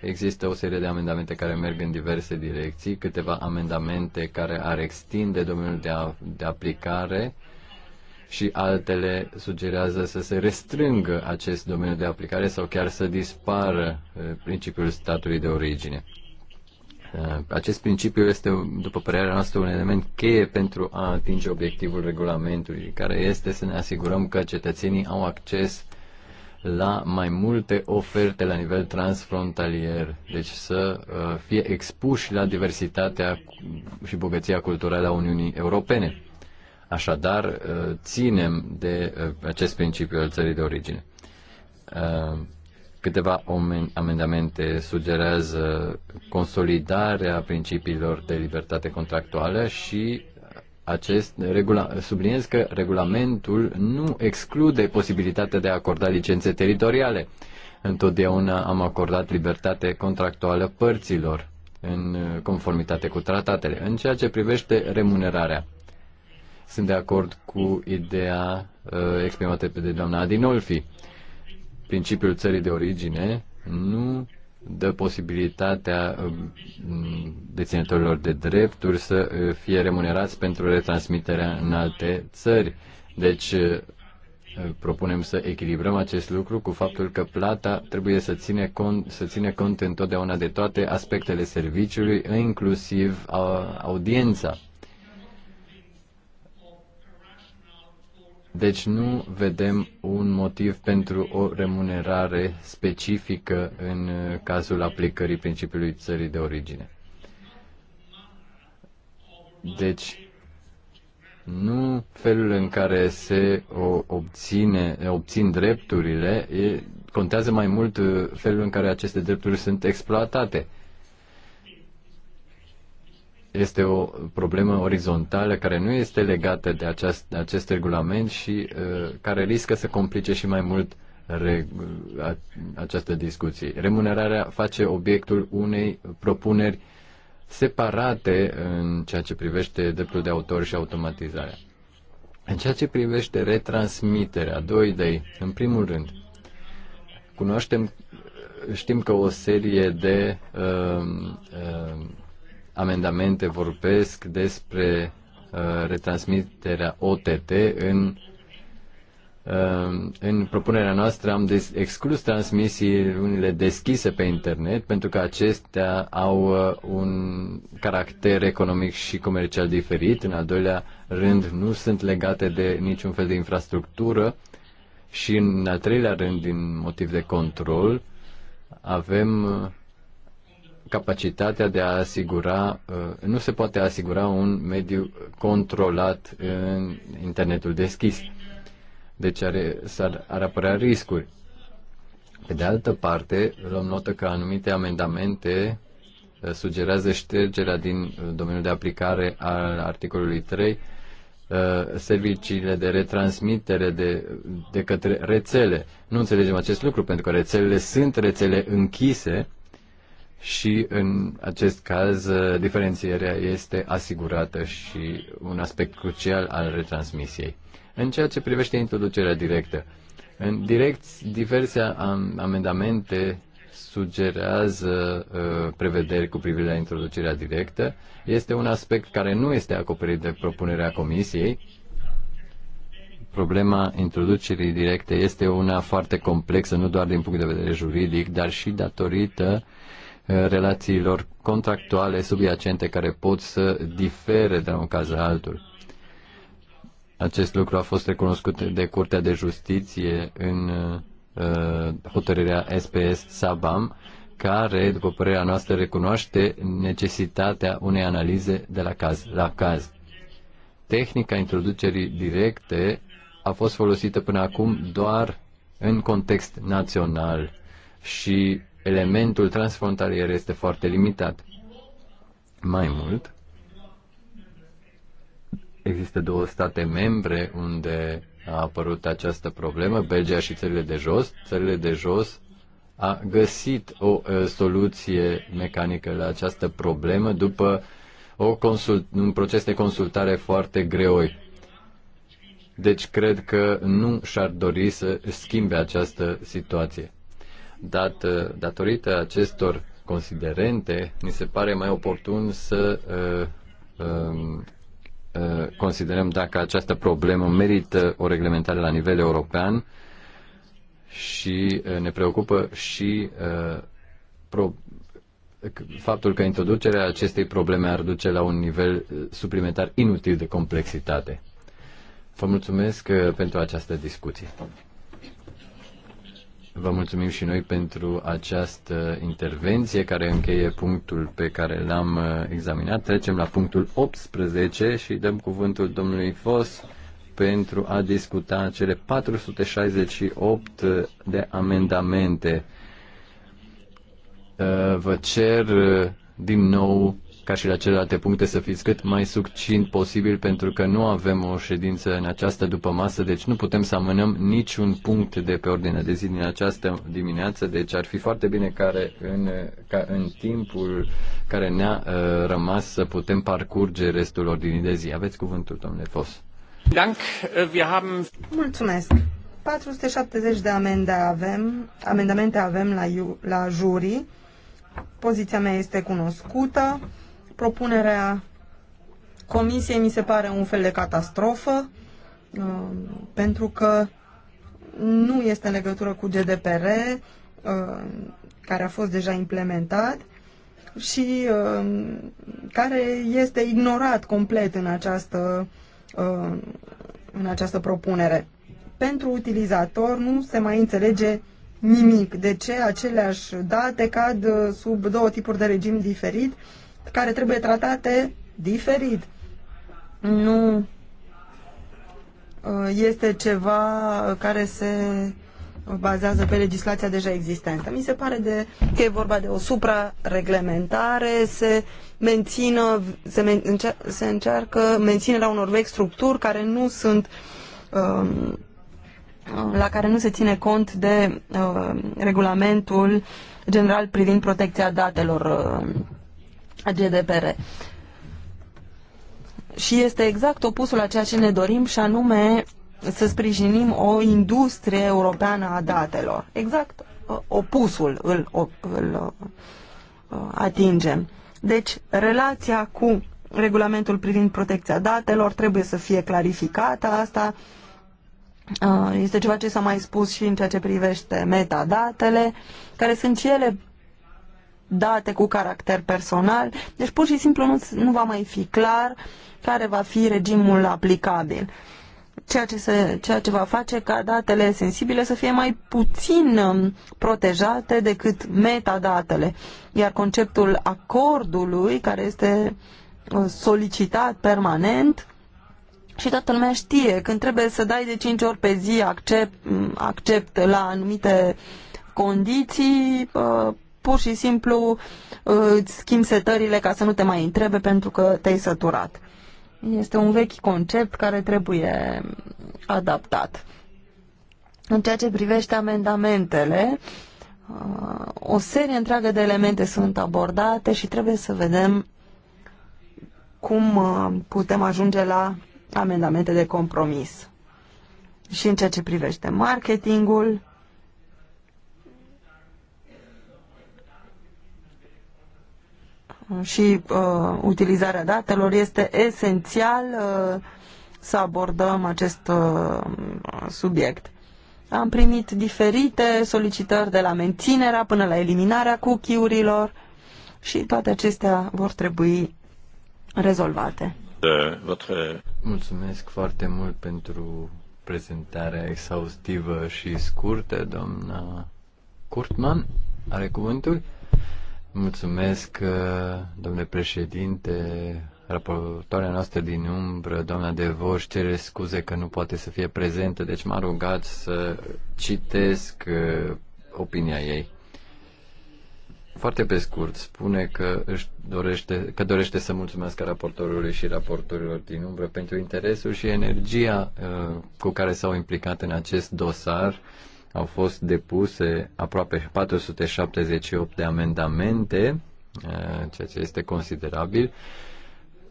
Există o serie de amendamente care merg în diverse direcții, câteva amendamente care ar extinde domeniul de, a, de aplicare uh, și altele sugerează să se restrângă acest domeniu de aplicare sau chiar să dispară eh, principiul statului de origine. Eh, acest principiu este, după părerea noastră, un element cheie pentru a atinge obiectivul regulamentului, care este să ne asigurăm că cetățenii au acces la mai multe oferte la nivel transfrontalier, deci să eh, fie expuși la diversitatea și bogăția culturală a Uniunii Europene. Așadar, uh, ținem de uh, acest principiu al țării de origine. Uh, câteva amendamente sugerează consolidarea principiilor de libertate contractuală și acest regula, subliniez că regulamentul nu exclude posibilitatea de a acorda licențe teritoriale. Întotdeauna am acordat libertate contractuală părților în conformitate cu tratatele. În ceea ce privește remunerarea, sunt de acord cu ideea uh, exprimată de doamna Adinolfi. Principiul țării de origine nu dă posibilitatea uh, deținătorilor de drepturi să uh, fie remunerați pentru retransmiterea în alte țări. Deci, uh, propunem să echilibrăm acest lucru cu faptul că plata trebuie să ține cont, să ține cont întotdeauna de toate aspectele serviciului, inclusiv audiența Deci nu vedem un motiv pentru o remunerare specifică în cazul aplicării principiului țării de origine. Deci, nu felul în care se obține, obțin drepturile, e, contează mai mult felul în care aceste drepturi sunt exploatate este o problemă orizontală care nu este legată de aceast, de acest regulament și uh, care riscă să complice și mai mult re, a, această discuție. Remunerarea face obiectul unei propuneri separate în ceea ce privește dreptul de autor și automatizarea. În ceea ce privește retransmiterea, două idei. În primul rând, cunoaștem, știm că o serie de uh, uh, amendamente vorbesc despre uh, retransmiterea OTT în uh, în propunerea noastră am exclus unele deschise pe internet pentru că acestea au uh, un caracter economic și comercial diferit. În al doilea rând, nu sunt legate de niciun fel de infrastructură și în al treilea rând, din motiv de control, avem capacitatea de a asigura, uh, nu se poate asigura un mediu controlat în internetul deschis. Deci are, ar, ar apărea riscuri. Pe de altă parte, luăm notă că anumite amendamente uh, sugerează ștergerea din uh, domeniul de aplicare al articolului 3 serviciile de retransmitere de, de către rețele. Nu înțelegem acest lucru, pentru că rețelele sunt rețele închise și în acest caz uh, diferențierea este asigurată și un aspect crucial al retransmisiei. În ceea ce privește introducerea directă, în direct diverse amendamente sugerează uh, prevederi cu privire la introducerea directă. Este un aspect care nu este acoperit de propunerea Comisiei. Problema introducerii directe este una foarte complexă, nu doar din punct de vedere juridic, dar și datorită uh, relațiilor contractuale subiacente care pot să difere de la un caz la altul. Acest lucru a fost recunoscut de Curtea de Justiție în uh, hotărârea SPS Sabam, care, după părerea noastră, recunoaște necesitatea unei analize de la caz la caz. Tehnica introducerii directe a fost folosită până acum doar în context național și elementul transfrontalier este foarte limitat. Mai mult, există două state membre unde a apărut această problemă, Belgia și țările de jos. Țările de jos a găsit o soluție mecanică la această problemă după o consult, un proces de consultare foarte greoi. Deci cred că nu și-ar dori să schimbe această situație. Dat, uh, datorită acestor considerente, mi se pare mai oportun să uh, uh, uh, considerăm dacă această problemă merită o reglementare la nivel european și uh, ne preocupă și uh, pro- faptul că introducerea acestei probleme ar duce la un nivel uh, suplimentar inutil de complexitate. Vă mulțumesc uh, pentru această discuție. Vă mulțumim și noi pentru această intervenție care încheie punctul pe care l-am uh, examinat. Trecem la punctul 18 și dăm cuvântul domnului Fos pentru a discuta cele 468 uh, de amendamente. Uh, vă cer din nou ca și la celelalte puncte, să fiți cât mai succint posibil, pentru că nu avem o ședință în această după masă, deci nu putem să amânăm niciun punct de pe ordinea de zi din această dimineață, deci ar fi foarte bine care în, ca în timpul care ne-a uh, rămas să putem parcurge restul ordinii de zi. Aveți cuvântul, domnule Fos. Uh, Mulțumesc. 470 de amende avem, amendamente avem la, la jurii. Poziția mea este cunoscută. Propunerea Comisiei mi se pare un fel de catastrofă, uh, pentru că nu este în legătură cu GDPR, uh, care a fost deja implementat și uh, care este ignorat complet în această, în această propunere. Pentru utilizator nu se mai înțelege nimic de ce aceleași date cad sub două tipuri de regim diferit care trebuie tratate diferit. Nu uh, este ceva uh, care se bazează pe legislația deja existentă. Mi se pare de, că e vorba de o suprareglementare, se, mențină, se, men, se încearcă menținerea unor vechi structuri care nu sunt um, la care nu se ține cont de uh, regulamentul general privind protecția datelor uh, GDPR. Și este exact opusul a ceea ce ne dorim și anume să sprijinim o industrie europeană a datelor. Exact uh, opusul îl, îl uh, atingem. Deci, relația cu regulamentul privind protecția datelor trebuie să fie clarificată. Asta uh, este ceva ce s-a mai spus și în ceea ce privește metadatele, care sunt și ele date cu caracter personal, deci pur și simplu nu, nu va mai fi clar care va fi regimul aplicabil. Ceea ce, se, ceea ce va face ca datele sensibile să fie mai puțin um, protejate decât metadatele. Iar conceptul acordului, care este uh, solicitat permanent, și toată lumea știe, când trebuie să dai de 5 ori pe zi accept, accept la anumite condiții, uh, pur și simplu uh, îți schimbi setările ca să nu te mai întrebe pentru că te-ai săturat. Este un vechi concept care trebuie adaptat. În ceea ce privește amendamentele, uh, o serie întreagă de elemente sunt abordate și trebuie să vedem cum uh, putem ajunge la amendamente de compromis. Și în ceea ce privește marketingul, și uh, utilizarea datelor, este esențial uh, să abordăm acest uh, subiect. Am primit diferite solicitări de la menținerea până la eliminarea cookie-urilor și toate acestea vor trebui rezolvate. Mulțumesc foarte mult pentru prezentarea exhaustivă și scurtă, doamna Kurtman, Are cuvântul? Mulțumesc, uh, domnule președinte. Raportoarea noastră din umbră, doamna voș, cere scuze că nu poate să fie prezentă, deci m-a rugat să citesc uh, opinia ei. Foarte pe scurt, spune că, își dorește, că dorește să mulțumesc raportorului și raportorilor din umbră pentru interesul și energia uh, cu care s-au implicat în acest dosar uh, au fost depuse aproape 478 de amendamente, eh, ceea ce este considerabil.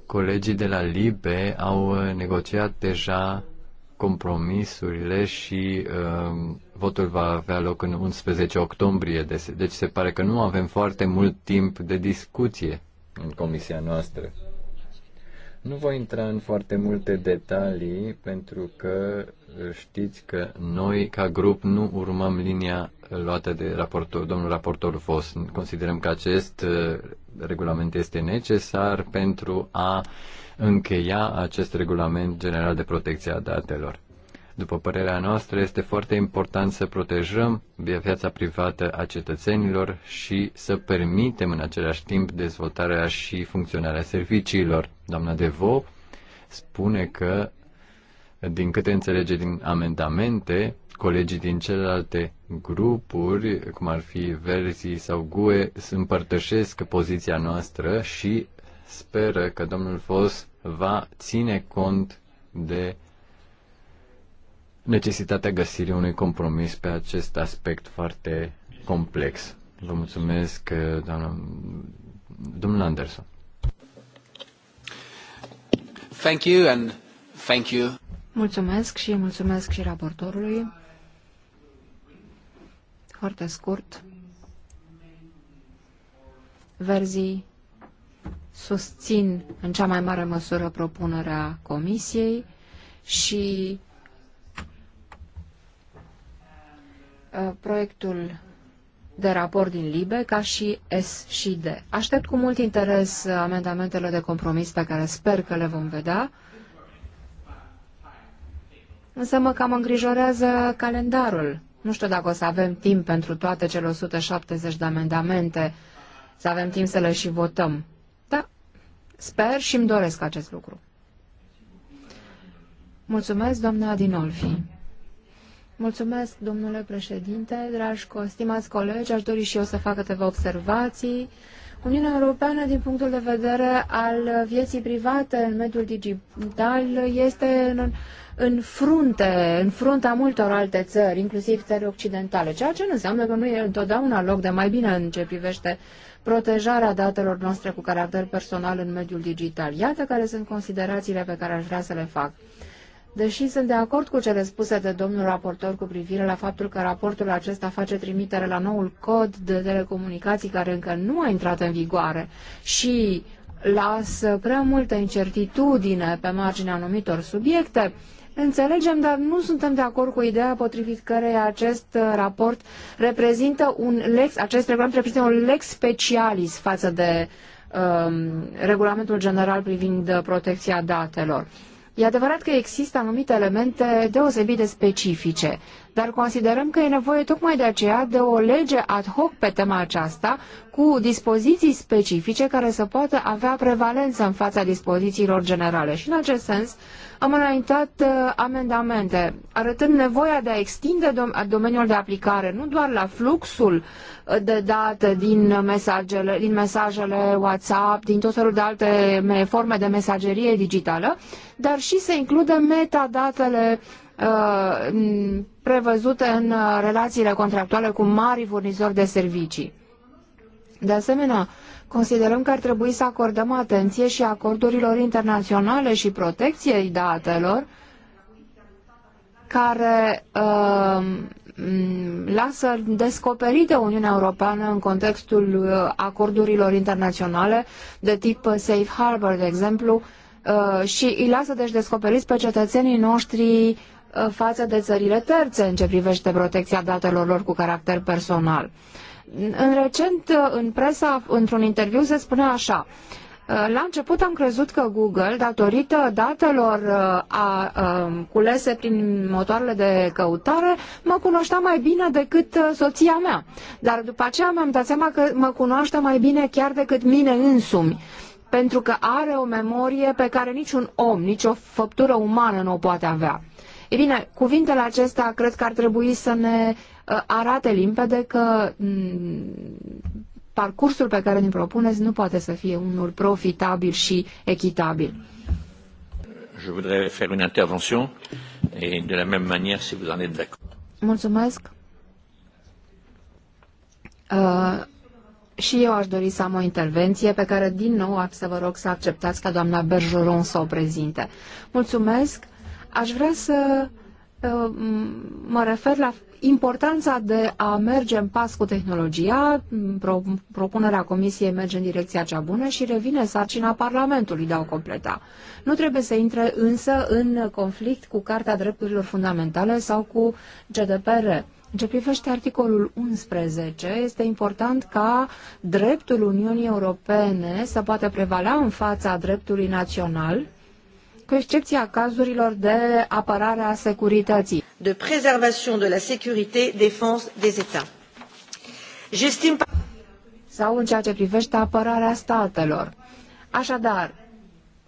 Colegii de la LIBE au eh, negociat deja compromisurile și uh, votul va avea loc în 11 octombrie. Deci, deci se pare că nu avem foarte mult timp de discuție în comisia noastră. Nu voi intra în foarte multe detalii pentru că uh, știți că noi, ca grup, nu urmăm linia luată de raportor, domnul raportor Vos. Considerăm că acest uh, regulament este necesar pentru a încheia acest regulament general de protecție a datelor. După părerea noastră, este foarte important să protejăm viața privată a cetățenilor și să permitem în același timp dezvoltarea și funcționarea serviciilor. Doamna Devo spune că, din câte înțelege din amendamente, colegii din celelalte grupuri, cum ar fi Verzii sau GUE, împărtășesc poziția noastră și speră că domnul Fos va ține cont de necesitatea găsirii unui compromis pe acest aspect foarte complex. Vă mulțumesc, doamna, domnul Anderson. Thank you and thank you. Mulțumesc și mulțumesc și raportorului. Foarte scurt. Verzii susțin în cea mai mare măsură propunerea comisiei și Uh, proiectul de raport din LIBE ca și S și D. Aștept cu mult interes amendamentele de compromis pe care sper că le vom vedea, însă mă cam îngrijorează calendarul. Nu știu dacă o să avem timp pentru toate cele 170 de amendamente, să avem timp să le și votăm. Da, sper și îmi doresc acest lucru. Mulțumesc, doamna Adinolfi. Mulțumesc, domnule președinte, dragi stimați colegi, aș dori și eu să fac câteva observații. Uniunea Europeană, din punctul de vedere al vieții private în mediul digital, este în, în frunte, în frunta multor alte țări, inclusiv țări occidentale, ceea ce nu înseamnă că nu e întotdeauna loc de mai bine în ce privește protejarea datelor noastre cu caracter personal în mediul digital. Iată care sunt considerațiile pe care aș vrea să le fac. Deși sunt de acord cu cele spuse de domnul raportor cu privire la faptul că raportul acesta face trimitere la noul cod de telecomunicații care încă nu a intrat în vigoare și lasă prea multă incertitudine pe marginea anumitor subiecte, înțelegem, dar nu suntem de acord cu ideea potrivit căreia acest uh, raport reprezintă un lex, acest regulament reprezintă un lex specialis față de um, regulamentul general privind uh, protecția datelor. E adevărat că există anumite elemente deosebit de specifice, dar considerăm că e nevoie tocmai de aceea de o lege ad hoc pe tema aceasta, cu dispoziții specifice care să poată avea prevalență în fața dispozițiilor generale. Și în acest sens am înaintat uh, amendamente, arătând nevoia de a extinde dom- domeniul de aplicare, nu doar la fluxul uh, de date din mesajele, din mesajele WhatsApp, din tot felul de alte forme de mesagerie digitală, dar și să includă metadatele Uh, prevăzute în uh, relațiile contractuale cu mari furnizori de servicii. De asemenea, considerăm că ar trebui să acordăm atenție și acordurilor internaționale și protecției datelor care uh, lasă descoperite Uniunea Europeană în contextul uh, acordurilor internaționale de tip Safe Harbor, de exemplu, și îi lasă deci descoperiți pe cetățenii noștri Uh, față de țările terțe în ce privește protecția datelor lor cu caracter personal. În recent, uh, în presa, într-un interviu, se spunea așa. Uh, la început am crezut că Google, datorită datelor a, a, um, culese prin motoarele de căutare, mă cunoștea mai bine decât soția mea. Dar după aceea mi-am dat seama că mă cunoaște mai bine chiar decât mine însumi pentru că are o memorie pe care niciun om, nicio făptură umană nu o poate avea. E bine, cuvintele acestea cred că ar trebui să ne uh, arate limpede că mm, parcursul pe care ne propuneți nu poate să fie unul profitabil și echitabil. Je voudrais faire une intervention et de la même manière si vous en êtes d'accord. Mulțumesc. Uh, și eu aș dori să am o intervenție pe care din nou să vă rog să acceptați ca doamna Bergeron să o prezinte. Mulțumesc. Aș vrea să uh, mă refer la importanța de a merge în pas cu tehnologia. Propunerea Comisiei merge în direcția cea bună și revine sarcina Parlamentului de a o completa. Nu trebuie să intre însă în conflict cu Carta Drepturilor Fundamentale sau cu GDPR. În ce privește articolul 11, este important ca dreptul Uniunii Europene să poată prevala în fața dreptului național cu excepția cazurilor de apărare a securității. De préservation de la sécurité, défense des États. J'estime sau în ceea ce privește apărarea statelor. Așadar,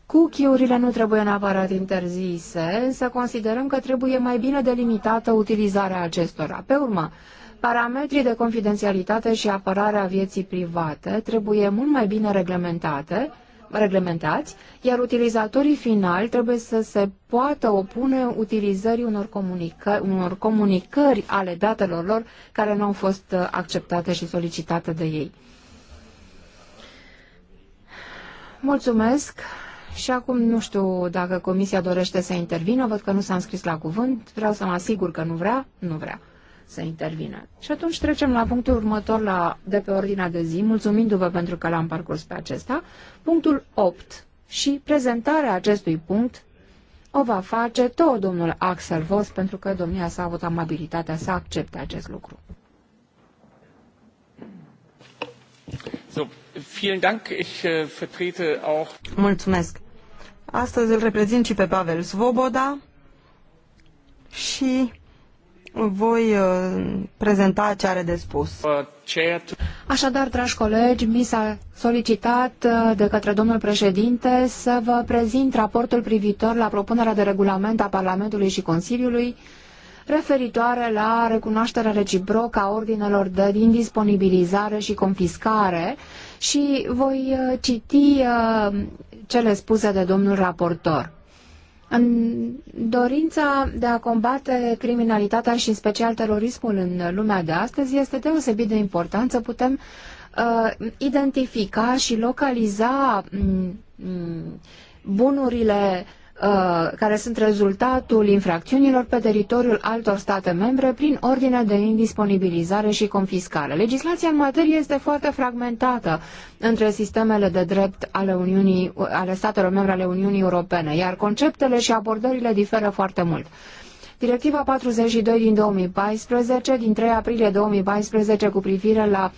Cookie-urile nu trebuie neapărat interzise, însă considerăm că trebuie mai bine delimitată utilizarea acestora. Pe urmă, parametrii de confidențialitate și apărarea vieții private trebuie mult mai bine reglementate reglementați, iar utilizatorii finali trebuie să se poată opune utilizării unor, comunica- unor comunicări ale datelor lor care nu au fost uh, acceptate și solicitate de ei. Mulțumesc! Și acum nu știu dacă comisia dorește să intervină, văd că nu s-a înscris la cuvânt, vreau să mă asigur că nu vrea, nu vrea să intervină. Și atunci trecem la punctul următor la, de pe ordinea de zi, mulțumindu-vă pentru că l-am parcurs pe acesta, punctul 8. Și prezentarea acestui punct o va face tot domnul Axel Vos, pentru că domnia s-a avut amabilitatea să accepte acest lucru. So, vielen Dank. Ich uh, vertrete auch... Mulțumesc. Astăzi îl reprezint și pe Pavel Svoboda și voi uh, prezenta ce are de spus. Uh, Așadar, dragi colegi, mi s-a solicitat uh, de către domnul președinte să vă prezint raportul privitor la propunerea de regulament a Parlamentului și Consiliului referitoare la recunoașterea reciprocă a ordinelor de indisponibilizare și confiscare și voi citi cele spuse de domnul raportor. În dorința de a combate criminalitatea și în special terorismul în lumea de astăzi este deosebit de important să putem uh, identifica și localiza um, bunurile uh, Uh, care sunt rezultatul infracțiunilor pe teritoriul altor state membre prin ordine de indisponibilizare și confiscare. Legislația în materie este foarte fragmentată între sistemele de drept ale, Uniunii, ale statelor membre ale Uniunii Europene, iar conceptele și abordările diferă foarte mult. Directiva 42 din 2014, din 3 aprilie 2014, cu privire la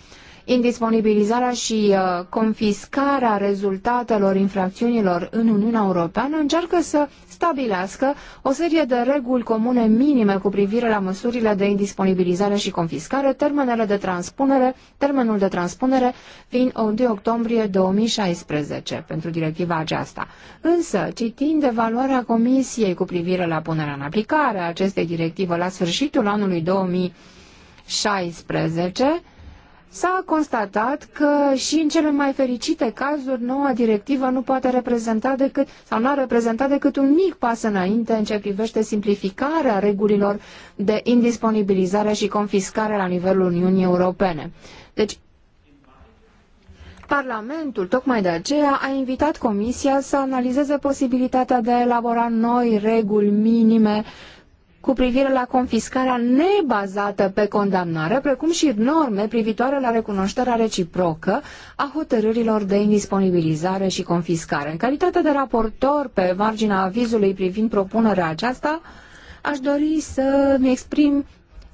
indisponibilizarea și uh, confiscarea rezultatelor infracțiunilor în Uniunea Europeană încearcă să stabilească o serie de reguli comune minime cu privire la măsurile de indisponibilizare și confiscare, termenele de transpunere, termenul de transpunere fiind 1 octombrie 2016 pentru directiva aceasta. Însă, citind evaluarea Comisiei cu privire la punerea în aplicare a acestei directive la sfârșitul anului 2016, S-a constatat că și în cele mai fericite cazuri noua directivă nu poate reprezenta decât sau nu a reprezentat decât un mic pas înainte în ce privește simplificarea regulilor de indisponibilizare și confiscare la nivelul Uniunii Europene. Deci Parlamentul, tocmai de aceea, a invitat Comisia să analizeze posibilitatea de a elabora noi reguli minime uh, cu privire la confiscarea nebazată pe condamnare, precum și norme privitoare la recunoașterea reciprocă a hotărârilor de indisponibilizare și confiscare. În calitate de raportor pe marginea avizului privind propunerea aceasta, aș dori să-mi exprim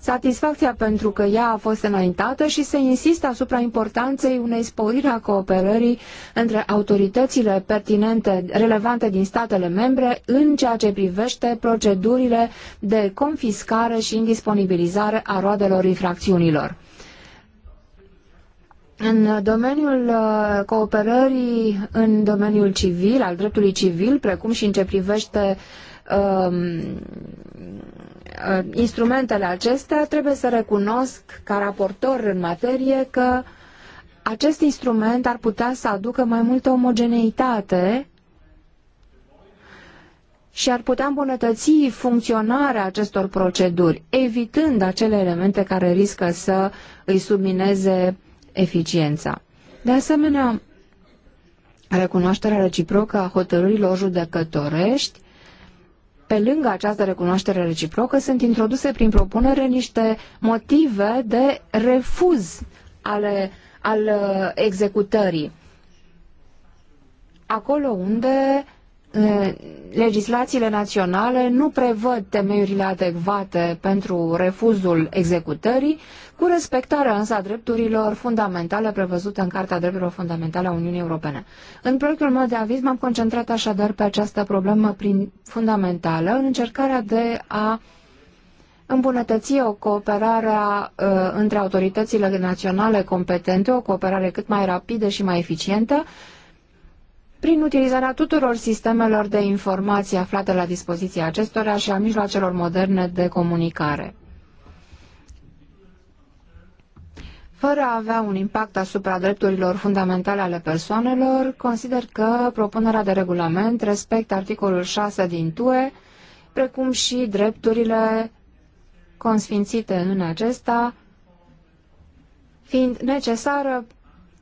satisfacția pentru că ea a fost înaintată și se insistă asupra importanței unei sporiri a cooperării între autoritățile pertinente, relevante din statele membre în ceea ce privește procedurile de confiscare și indisponibilizare a roadelor infracțiunilor. În domeniul uh, cooperării în domeniul civil, al dreptului civil, precum și în ce privește um, Uh, instrumentele acestea, trebuie să recunosc ca raportor în materie că acest instrument ar putea să aducă mai multă omogeneitate și ar putea îmbunătăți funcționarea acestor proceduri, evitând acele elemente care riscă să îi submineze eficiența. De asemenea, recunoașterea reciprocă a hotărârilor judecătorești pe lângă această recunoaștere reciprocă sunt introduse prin propunere niște motive de refuz ale, al uh, executării. Acolo unde Uh, legislațiile naționale nu prevăd temeiurile adecvate pentru refuzul executării, cu respectarea însă a drepturilor fundamentale prevăzute în Carta Drepturilor Fundamentale a Uniunii Europene. În proiectul meu de aviz m-am concentrat așadar pe această problemă prin fundamentală în încercarea de a îmbunătăți o cooperare uh, între autoritățile naționale competente, o cooperare cât mai rapidă și mai eficientă, uh, prin utilizarea tuturor sistemelor de informații aflate la dispoziția acestora și a mijloacelor moderne de comunicare. Fără a avea un impact asupra drepturilor fundamentale ale persoanelor, consider că propunerea de regulament respectă articolul 6 din TUE, precum și drepturile consfințite în acesta, fiind necesară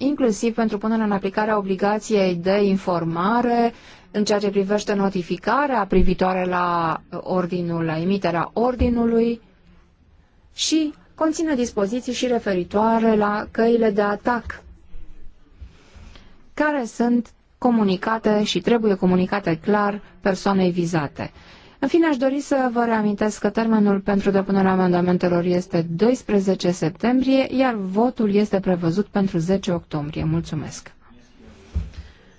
inclusiv pentru punerea în aplicare a obligației de informare în ceea ce privește notificarea privitoare la ordinul, la emiterea ordinului și conține dispoziții și referitoare la căile de atac care sunt comunicate și trebuie comunicate clar persoanei vizate. În fine, aș dori să vă reamintesc că termenul pentru depunerea amendamentelor este 12 septembrie, iar votul este prevăzut pentru 10 octombrie. Mulțumesc!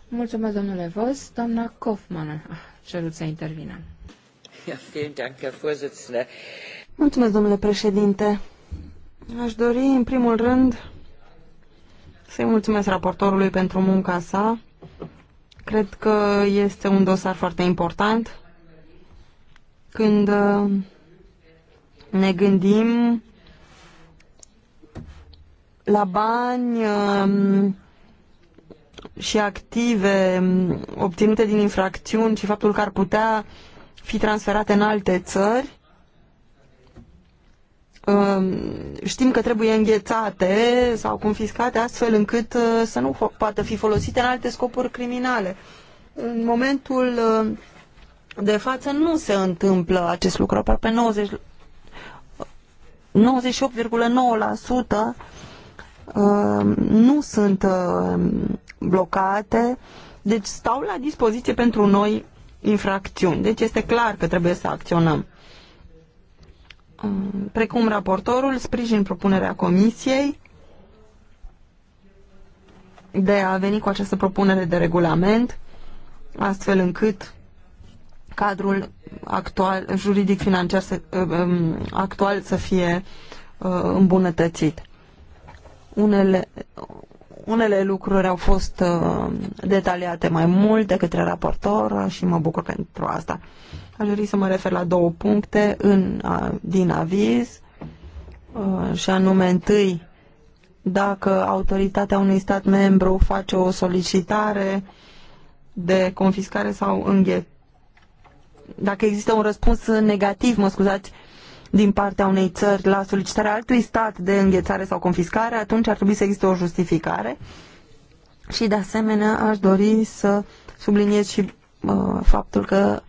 Mulțumesc, domnule Vos. Doamna Kaufmann a cerut să intervină. Mulțumesc, domnule președinte. Aș dori, în primul rând, să-i mulțumesc raportorului pentru munca sa. Cred că este un dosar foarte important când uh, ne gândim la bani um, și active um, obținute din infracțiuni și faptul că ar putea fi transferate în alte țări, um, știm că trebuie înghețate sau confiscate astfel încât uh, să nu poată fi folosite în alte scopuri criminale. În momentul uh, de față nu se întâmplă acest lucru. Aproape 90, 98,9% uh, nu sunt uh, blocate, deci stau la dispoziție pentru noi infracțiuni. Deci este clar că trebuie să acționăm. Uh, precum raportorul, sprijin propunerea comisiei de a veni cu această propunere de regulament, astfel încât cadrul actual, juridic financiar se, uh, um, actual să fie uh, îmbunătățit. Unele, unele lucruri au fost uh, detaliate mai mult de către raportor și mă bucur pentru asta. Aș dori să mă refer la două puncte în, din aviz și anume întâi dacă autoritatea unui stat membru face o solicitare de confiscare sau înghețare dacă există un răspuns negativ, mă scuzați, din partea unei țări la solicitarea altui stat de înghețare sau confiscare, atunci ar trebui să existe o justificare. Și de asemenea aș dori să subliniez și uh, faptul că,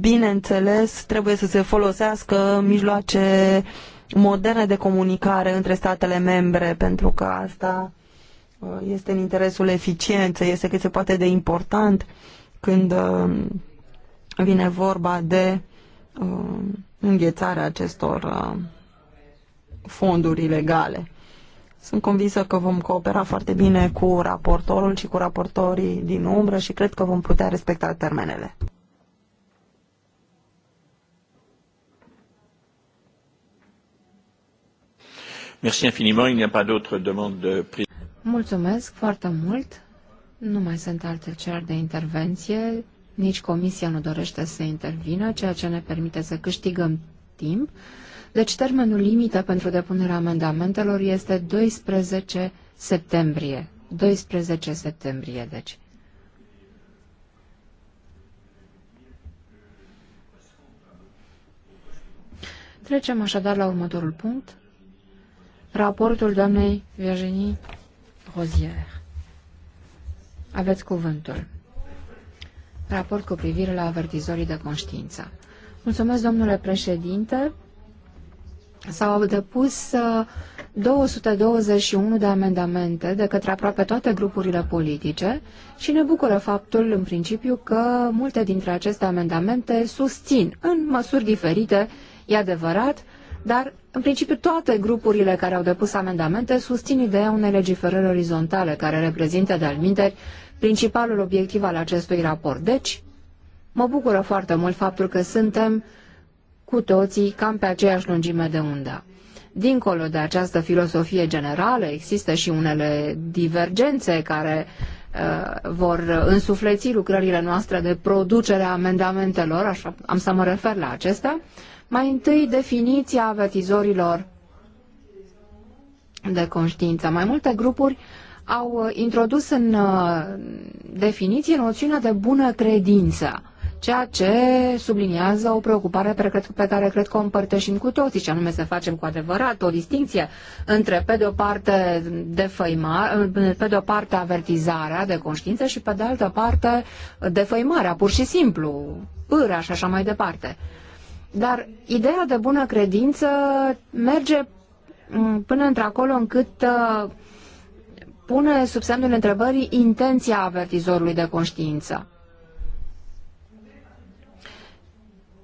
bineînțeles, trebuie să se folosească mijloace moderne de comunicare între statele membre, pentru că asta uh, este în interesul eficienței, este cât se poate de important când uh, vine vorba de uh, înghețarea acestor uh, fonduri ilegale. Sunt convinsă că vom coopera foarte bine cu raportorul și cu raportorii din umbră și cred că vom putea respecta termenele. Merci infiniment. Il n'y a pas d'autres demandes de prise. Mulțumesc foarte mult. Nu mai sunt alte cereri de intervenție. Nici comisia nu dorește să intervină, ceea ce ne permite să câștigăm timp. Deci termenul limită pentru depunerea amendamentelor este 12 septembrie. 12 septembrie, deci. Trecem așadar la următorul punct. Raportul doamnei Virginie Rozier. Aveți cuvântul raport cu privire la avertizorii de conștiință. Mulțumesc, domnule președinte. S-au depus 221 uh, de amendamente de către aproape toate grupurile politice și ne bucură faptul, în principiu, că multe dintre aceste amendamente susțin, în măsuri diferite, e adevărat, dar, în principiu, toate grupurile care au depus amendamente susțin ideea unei legiferări orizontale, care reprezintă, de-al principalul obiectiv al acestui raport. Deci, mă bucură foarte mult faptul că suntem cu toții cam pe aceeași lungime de undă. Dincolo de această filosofie generală, există și unele divergențe care uh, vor însufleți lucrările noastre de producere a amendamentelor, așa am să mă refer la acestea. Mai întâi, definiția avertizorilor de conștiință. Mai multe grupuri uh, au uh, introdus în uh, definiție noțiunea de bună credință, ceea ce subliniază o preocupare pe care cred că o împărtășim cu toții, și anume să facem cu adevărat o distinție între, pe de o parte, defăima, pe de o parte avertizarea de conștiință și, pe de altă parte, defăimarea, pur și simplu, pâră și așa mai departe. Dar ideea de bună credință merge până într-acolo încât uh, pune sub semnul întrebării intenția avertizorului de conștiință.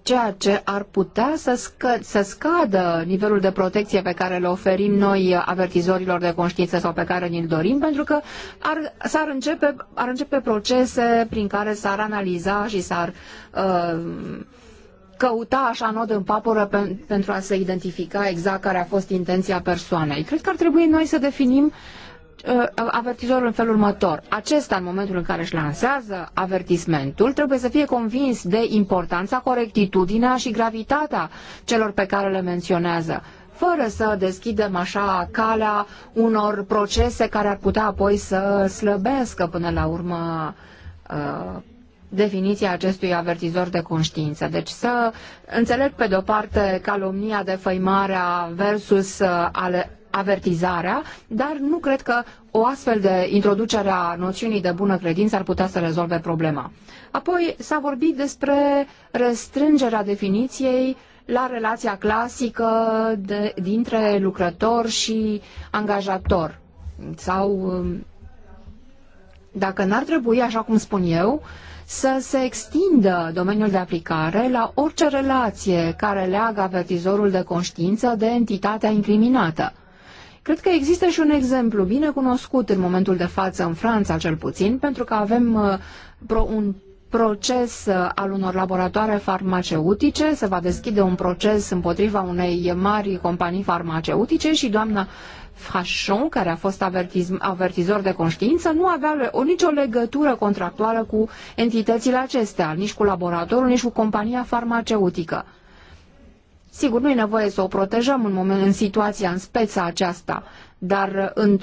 ceea ce ar putea să, scă- să scadă nivelul de protecție pe care le oferim noi avertizorilor de conștiință sau pe care ni-l dorim, pentru că ar, s-ar începe, ar începe procese prin care s-ar analiza și s-ar uh, căuta așa nod în papură pe, pentru a se identifica exact care a fost intenția persoanei. Cred că ar trebui noi să definim uh, Uh, avertizorul în felul următor. Acesta, în momentul în care își lansează avertismentul, trebuie să fie convins de importanța, corectitudinea și gravitatea celor pe care le menționează fără să deschidem așa calea unor procese care ar putea apoi să slăbească până la urmă uh, definiția acestui avertizor de conștiință. Deci să înțeleg pe de-o parte calomnia, de făimarea versus uh, ale, avertizarea, dar nu cred că o astfel de introducere a noțiunii de bună credință ar putea să rezolve problema. Apoi s-a vorbit despre restrângerea definiției la relația clasică de, dintre lucrător și angajator. Sau um, dacă n-ar trebui, așa cum spun eu, să se extindă domeniul de aplicare la orice relație care leagă avertizorul de conștiință de entitatea incriminată. Cred că există și un exemplu bine cunoscut în momentul de față, în Franța cel puțin, pentru că avem uh, un proces uh, al unor laboratoare farmaceutice, se va deschide un proces împotriva unei mari companii farmaceutice și doamna Frachon, care a fost avertiz, avertizor de conștiință, nu avea o, nicio legătură contractuală cu entitățile acestea, nici cu laboratorul, nici cu compania farmaceutică. Sigur, nu e nevoie să o protejăm în, moment, în situația, în speța aceasta, dar în,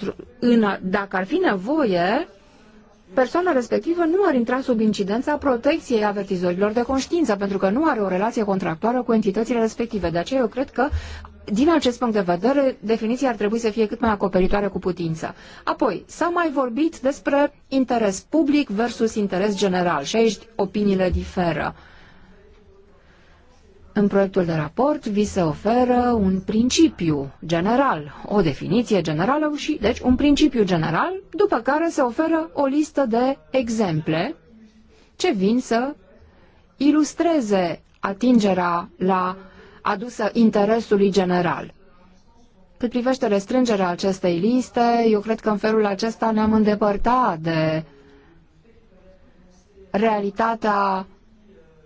dacă ar fi nevoie, persoana respectivă nu ar intra sub incidența protecției avertizorilor de conștiință, pentru că nu are o relație contractuală cu entitățile respective. De aceea eu cred că, din acest punct de vedere, definiția ar trebui să fie cât mai acoperitoare cu putință. Apoi, s-a mai vorbit despre interes public versus interes general și aici opiniile diferă. Uh, în proiectul de raport vi se oferă un principiu general, o definiție generală și, deci, un principiu general, după care se oferă o listă de exemple ce vin să ilustreze atingerea la adusă interesului general. Cât privește restrângerea acestei liste, eu cred că în felul acesta ne-am îndepărtat de realitatea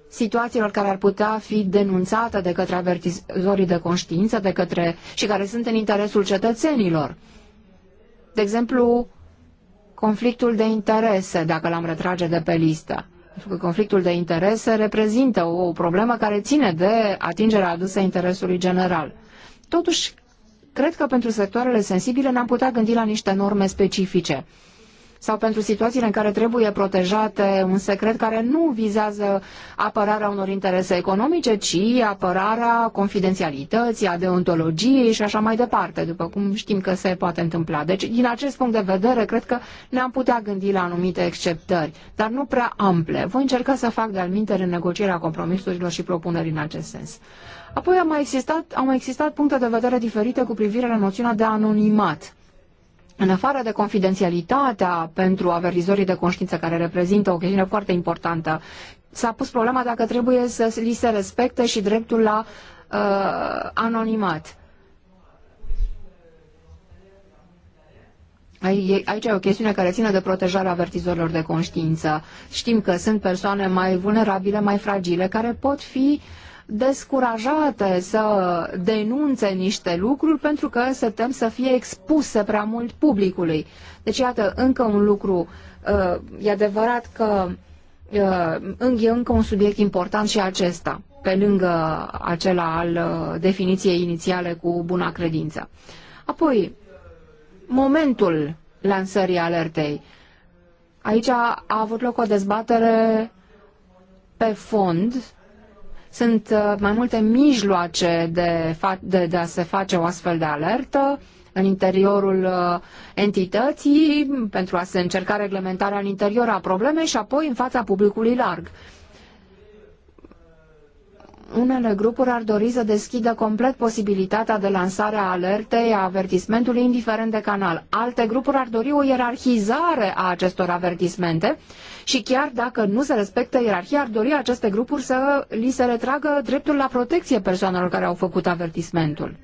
situațiilor care ar putea fi denunțate de către avertizorii de conștiință de către, și care sunt în interesul cetățenilor. De exemplu, conflictul de interese, dacă l-am retrage de pe listă. Pentru că conflictul de interese reprezintă o problemă care ține de atingerea adusă interesului general. Totuși, cred că pentru sectoarele sensibile ne-am putea gândi la niște norme specifice sau pentru situațiile în care trebuie protejate un secret care nu vizează apărarea unor interese economice, ci apărarea confidențialității, a deontologiei și așa mai departe, după cum știm că se poate întâmpla. Deci, din acest punct de vedere, cred că ne-am putea gândi la anumite exceptări, dar nu prea ample. Voi încerca să fac de-al în negocierea compromisurilor și propunerii în acest sens. Apoi au mai existat, au mai existat puncte de vedere diferite cu privire la noțiunea de anonimat în afară de confidențialitatea pentru avertizorii de conștiință, care reprezintă o chestiune foarte importantă, s-a pus problema dacă trebuie să li se respecte și dreptul la uh, anonimat. Aici e o chestiune care ține de protejarea avertizorilor de conștiință. Știm că sunt persoane mai vulnerabile, mai fragile, care pot fi uh, descurajate să denunțe niște lucruri pentru că se tem să fie expuse prea mult publicului. Deci, iată, încă un lucru. Uh, e adevărat că uh, e încă un subiect important și acesta, pe lângă acela al uh, definiției inițiale cu buna credință. Apoi, momentul lansării alertei. Aici a avut loc o dezbatere pe fond sunt uh, mai multe mijloace de, de, de a se face o astfel de alertă în interiorul uh, entității, pentru a se încerca reglementarea în interior a problemei și apoi în fața publicului larg. Unele grupuri ar dori să deschidă complet posibilitatea de lansare a alertei, a avertismentului, indiferent de canal. Alte grupuri ar dori o ierarhizare a acestor avertismente și chiar dacă nu se respectă ierarhia, ar dori aceste grupuri să li se retragă dreptul la protecție persoanelor care au făcut avertismentul.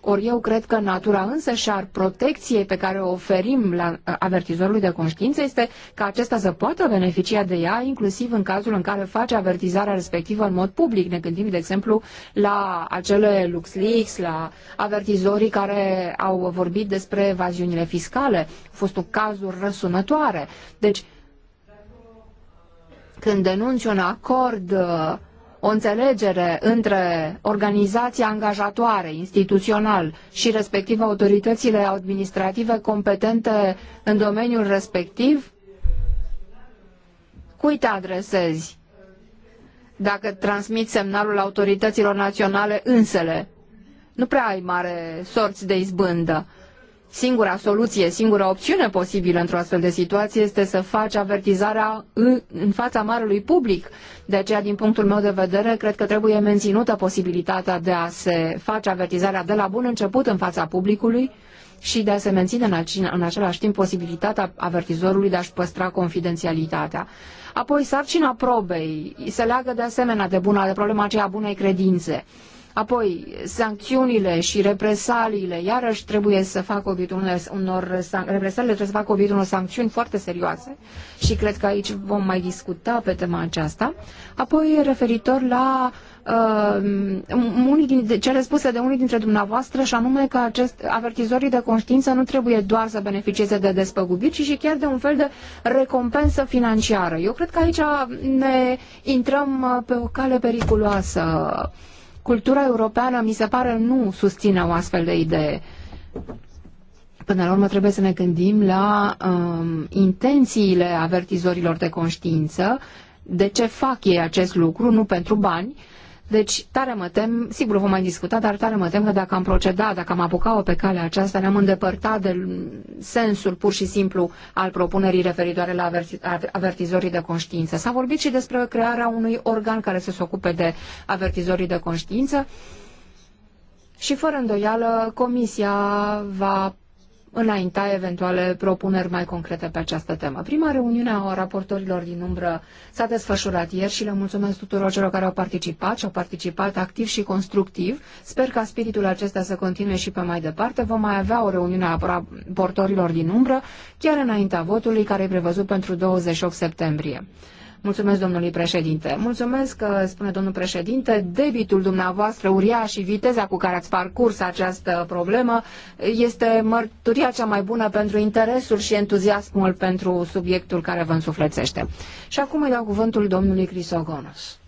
Ori eu cred că natura însă și ar protecției pe care o oferim la avertizorului de conștiință este ca acesta să poată beneficia de ea, inclusiv în cazul în care face avertizarea respectivă în mod public. Ne gândim, de exemplu, la acele LuxLeaks, la avertizorii care au vorbit despre evaziunile fiscale. A fost o cazuri răsunătoare. Deci, când denunți un acord, uh, o înțelegere între organizația angajatoare, instituțional și respectiv autoritățile administrative competente în domeniul respectiv, cui te adresezi? Dacă transmiți semnalul autorităților naționale însele, nu prea ai mare sorți de izbândă. Singura soluție, singura opțiune posibilă într-o astfel de situație este să faci avertizarea în, fața marelui public. De aceea, din punctul meu de vedere, cred că trebuie menținută posibilitatea de a se face avertizarea de la bun început în fața publicului și de a se menține în, în același timp posibilitatea avertizorului de a-și păstra confidențialitatea. Apoi, sarcina probei se leagă de asemenea de, bună, de problema aceea bunei credințe. Uh, Apoi, sancțiunile și represaliile, iarăși trebuie să facă obiectul unor, unor represaliile trebuie să facă obiectul unor sancțiuni foarte serioase și cred că aici vom mai discuta pe tema aceasta. Apoi, referitor la uh, unii din, cele spuse de unii dintre dumneavoastră și anume că acest avertizorii de conștiință nu trebuie doar să beneficieze de despăgubiri, ci și chiar de un fel de recompensă financiară. Eu cred că aici ne intrăm uh, pe o cale periculoasă. Uh, Cultura europeană mi se pare nu susține o astfel de idee. Până la urmă trebuie să ne gândim la um, intențiile avertizorilor de conștiință, de ce fac ei acest lucru, nu pentru bani, uh, deci, tare mă tem, sigur vom mai discuta, dar tare mă tem că dacă am procedat, dacă am apucat-o pe calea aceasta, ne-am îndepărtat de sensul pur și simplu al propunerii referitoare la avertizorii de conștiință. S-a vorbit și despre crearea unui organ care să se ocupe de avertizorii de conștiință și, fără îndoială, Comisia va înainta eventuale propuneri mai concrete pe această temă. Prima reuniune a raportorilor din umbră s-a desfășurat ieri și le mulțumesc tuturor celor care au participat și au participat activ și constructiv. Sper ca spiritul acesta să continue și pe mai departe. Vom mai avea o reuniune a raportorilor din umbră chiar înaintea votului care e prevăzut pentru 28 septembrie. Mulțumesc, domnului președinte. Mulțumesc, că uh, spune domnul președinte, debitul dumneavoastră uriaș și viteza cu care ați parcurs această problemă este mărturia cea mai bună pentru interesul și entuziasmul pentru subiectul care vă însuflețește. Și acum îi dau cuvântul domnului Crisogonos.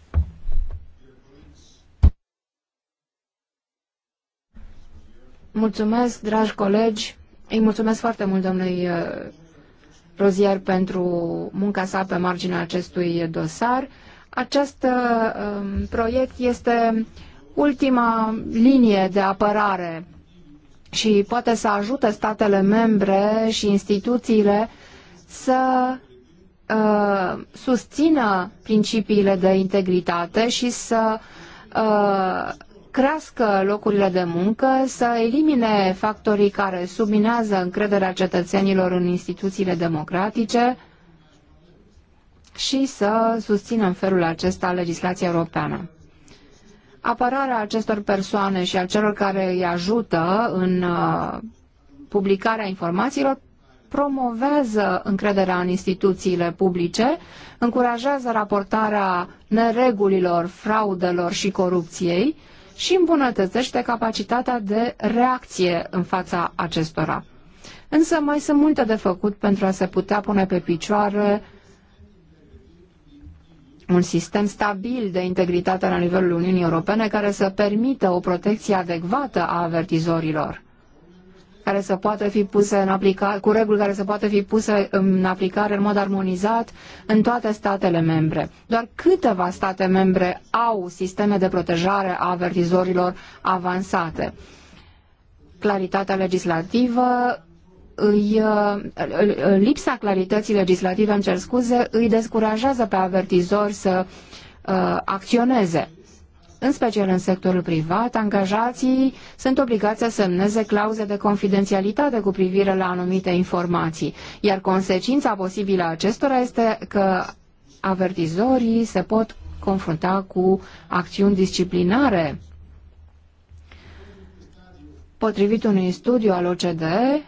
Mulțumesc, dragi colegi. Îi mulțumesc foarte mult domnului uh, Rozier pentru munca sa pe marginea acestui dosar. Acest um, proiect este ultima linie de apărare și poate să ajute statele membre și instituțiile să uh, susțină principiile de integritate și să uh, crească locurile de muncă, să elimine factorii care subminează încrederea cetățenilor în instituțiile democratice și să susțină în felul acesta legislația europeană. Apărarea acestor persoane și a celor care îi ajută în uh, publicarea informațiilor promovează încrederea în instituțiile publice, încurajează raportarea neregulilor, fraudelor și corupției, și îmbunătățește capacitatea de reacție în fața acestora. Însă mai sunt multe de făcut pentru a se putea pune pe picioare un sistem stabil de integritate la nivelul Uniunii Europene care să permită o protecție adecvată a avertizorilor care să poată fi puse în aplicare, cu reguli care să poată fi puse în aplicare în mod armonizat în toate statele membre. Doar câteva state membre au sisteme de protejare a avertizorilor avansate. Claritatea legislativă îi, lipsa clarității legislative, îmi cer scuze, îi descurajează pe avertizori să uh, acționeze în special în sectorul privat, angajații sunt obligați să semneze clauze de confidențialitate cu privire la anumite informații, iar consecința posibilă a acestora este că avertizorii se pot confrunta cu acțiuni disciplinare. Potrivit unui studiu al OCDE,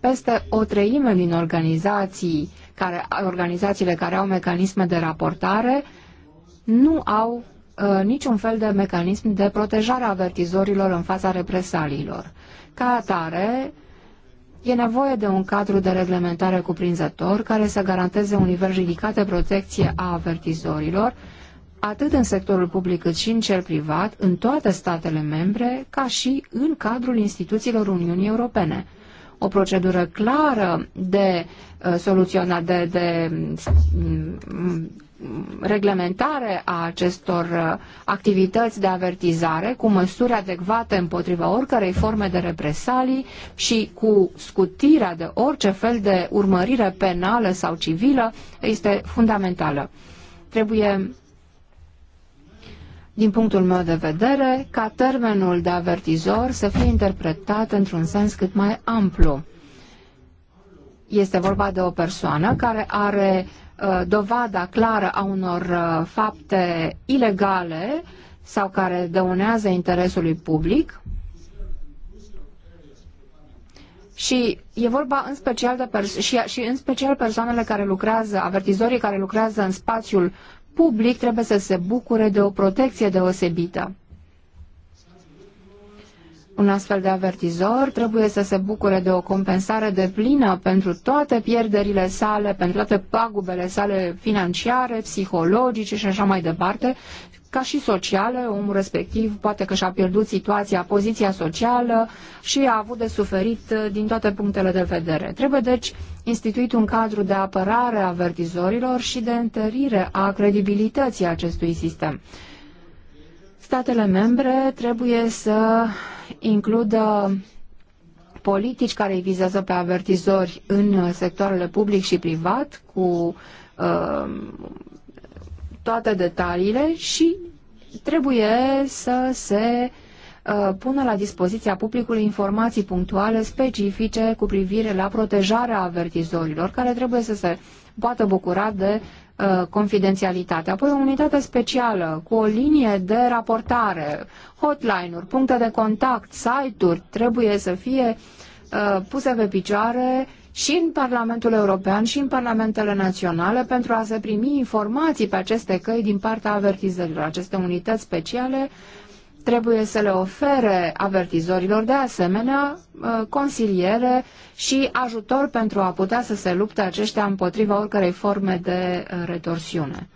peste o treime din organizații care, organizațiile care au mecanisme de raportare nu au Uh, niciun fel de mecanism de protejare a avertizorilor în fața represaliilor. Ca atare, e nevoie de un cadru de reglementare cuprinzător care să garanteze un nivel ridicat de protecție a avertizorilor, atât în sectorul public cât și în cel privat, în toate statele membre, ca și în cadrul instituțiilor Uniunii Europene. O procedură clară de uh, soluționare, de, de mm, reglementare a acestor uh, activități de avertizare cu măsuri adecvate împotriva oricărei forme de represalii și cu scutirea de orice fel de urmărire penală sau civilă este fundamentală. Trebuie din punctul meu de vedere, ca termenul de avertizor să fie interpretat într-un sens cât mai amplu. Este vorba de o persoană care are Uh, dovada clară a unor uh, fapte ilegale sau care dăunează interesului public. Și e vorba în special de pers- și, și în special persoanele care lucrează, avertizorii care lucrează în spațiul public trebuie să se bucure de o protecție deosebită un astfel de avertizor trebuie să se bucure de o compensare de plină pentru toate pierderile sale, pentru toate pagubele sale financiare, psihologice și așa mai departe, ca și sociale, omul respectiv poate că și-a pierdut situația, poziția socială și a avut de suferit uh, din toate punctele de vedere. Trebuie deci instituit un cadru de apărare a avertizorilor și de întărire a credibilității acestui sistem. Statele membre trebuie să includă politici care îi vizează pe avertizori în sectoarele public și privat cu uh, toate detaliile și trebuie să se uh, pună la dispoziția publicului informații punctuale specifice cu privire la protejarea avertizorilor, care trebuie să se poată bucura de Uh, confidențialitate. Apoi o unitate specială cu o linie de raportare, hotline-uri, puncte de contact, site-uri trebuie să fie uh, puse pe picioare și în Parlamentul European și în Parlamentele Naționale pentru a se primi informații pe aceste căi din partea avertizărilor, Aceste unități speciale trebuie să le ofere avertizorilor de asemenea uh, consiliere și ajutor pentru a putea să se lupte aceștia împotriva oricărei forme de uh, retorsiune.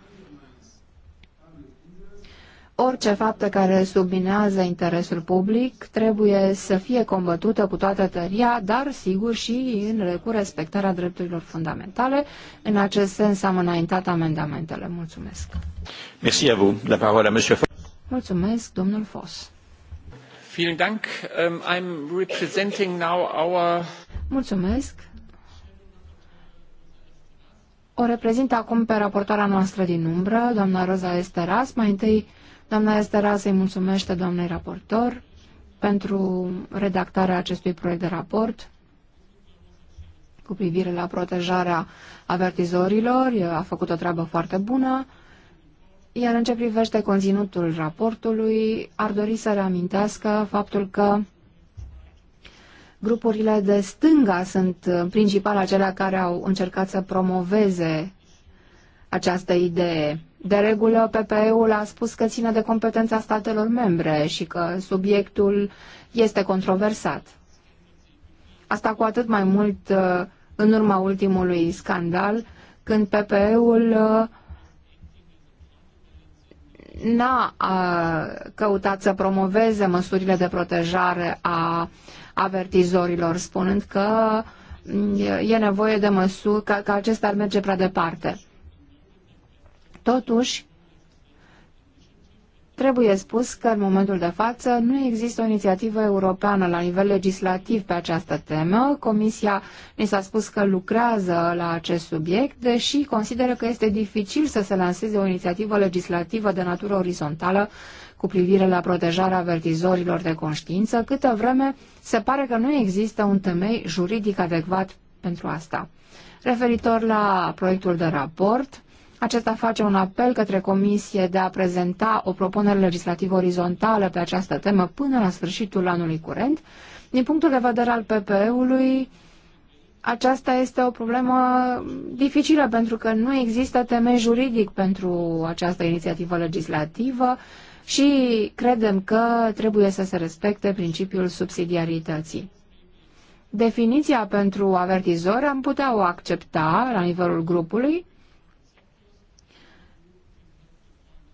Orice faptă care subminează interesul public trebuie să fie combătută cu toată tăria, dar sigur și în, cu respectarea drepturilor fundamentale. În acest sens am înaintat amendamentele. Mulțumesc. Merci à vous. La parole à monsieur Mulțumesc, domnul Foss. Vielen Dank. Ähm, I'm representing now our... Mulțumesc. O reprezint acum pe raportoarea noastră din umbră, doamna Rosa Esteras. Mai întâi, doamna Esteras îi mulțumește doamnei raportor pentru redactarea acestui proiect de raport cu privire la protejarea avertizorilor. A făcut o treabă foarte bună. Iar în ce privește conținutul raportului, ar dori să reamintească faptul că grupurile de stânga sunt principal acelea care au încercat să promoveze această idee. De regulă, PPE-ul a spus că ține de competența statelor membre și că subiectul este controversat. Asta cu atât mai mult uh, în urma ultimului scandal, când PPE-ul uh, n-a căutat să promoveze măsurile de protejare a avertizorilor, spunând că e nevoie de măsuri, că, că acesta ar merge prea departe. Totuși, Trebuie spus că în momentul de față nu există o inițiativă europeană la nivel legislativ pe această temă. Comisia ne s-a spus că lucrează la acest subiect, deși consideră că este dificil să se lanseze o inițiativă legislativă de natură orizontală cu privire la protejarea avertizorilor de conștiință, câtă vreme se pare că nu există un temei juridic adecvat pentru asta. Referitor la proiectul de raport, acesta face un apel către Comisie de a prezenta o propunere legislativă orizontală pe această temă până la sfârșitul anului curent. Din punctul de vedere al PPE-ului, aceasta este o problemă dificilă pentru că nu există temei juridic pentru această inițiativă legislativă și credem că trebuie să se respecte principiul subsidiarității. Definiția pentru avertizori am putea o accepta la nivelul grupului,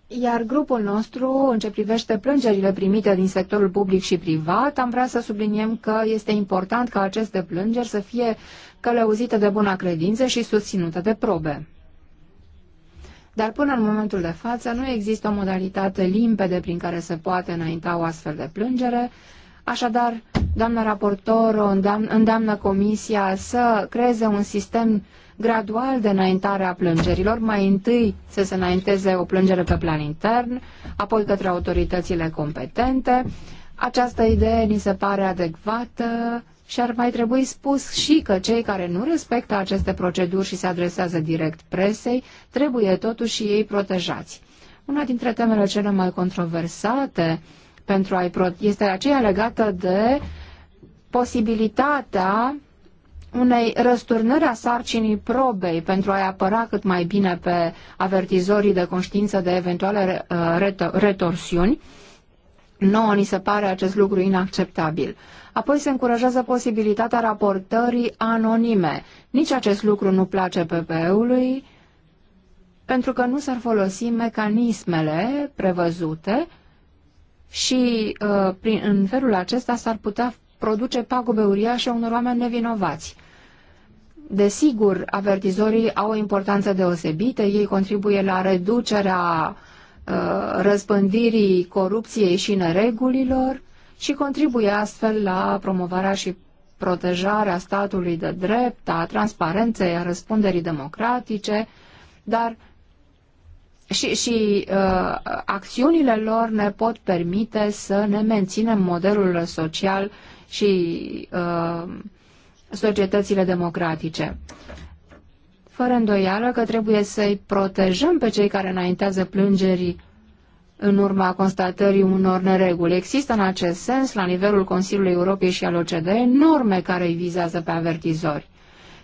Iar grupul nostru, în ce privește plângerile primite din sectorul public și privat, am vrea să subliniem că este important ca aceste plângeri să fie călăuzite de bună credință și susținute de probe. Dar până în momentul de față nu există o modalitate limpede prin care se poate înainta o astfel de plângere, așadar, doamna raportor îndeamnă Comisia să creeze un sistem uh, gradual de înaintare a plângerilor. Mai întâi să se înainteze o plângere pe plan intern, apoi către autoritățile competente. Această idee ni se pare adecvată și ar mai trebui spus și că cei care nu respectă aceste proceduri și se adresează direct presei, trebuie totuși ei protejați. Una dintre temele cele mai controversate pentru a este aceea legată de posibilitatea unei răsturnări a sarcinii probei pentru a-i apăra cât mai bine pe avertizorii de conștiință de eventuale uh, retorsiuni. Nouă ni se pare acest lucru inacceptabil. Apoi se încurajează posibilitatea raportării anonime. Nici acest lucru nu place PPE-ului, pentru că nu s-ar folosi mecanismele prevăzute și uh, prin, în felul acesta s-ar putea produce pagube uriașe unor oameni nevinovați. Desigur, avertizorii au o importanță deosebită, ei contribuie la reducerea uh, răspândirii corupției și neregulilor și contribuie astfel la promovarea și protejarea statului de drept, a transparenței, a răspunderii democratice, dar și, și uh, acțiunile lor ne pot permite să ne menținem modelul social și uh, societățile democratice. Fără îndoială că trebuie să-i protejăm pe cei care înaintează plângerii în urma constatării unor nereguli. Există în acest sens, la nivelul Consiliului Europei și al OCDE, norme care îi vizează pe avertizori.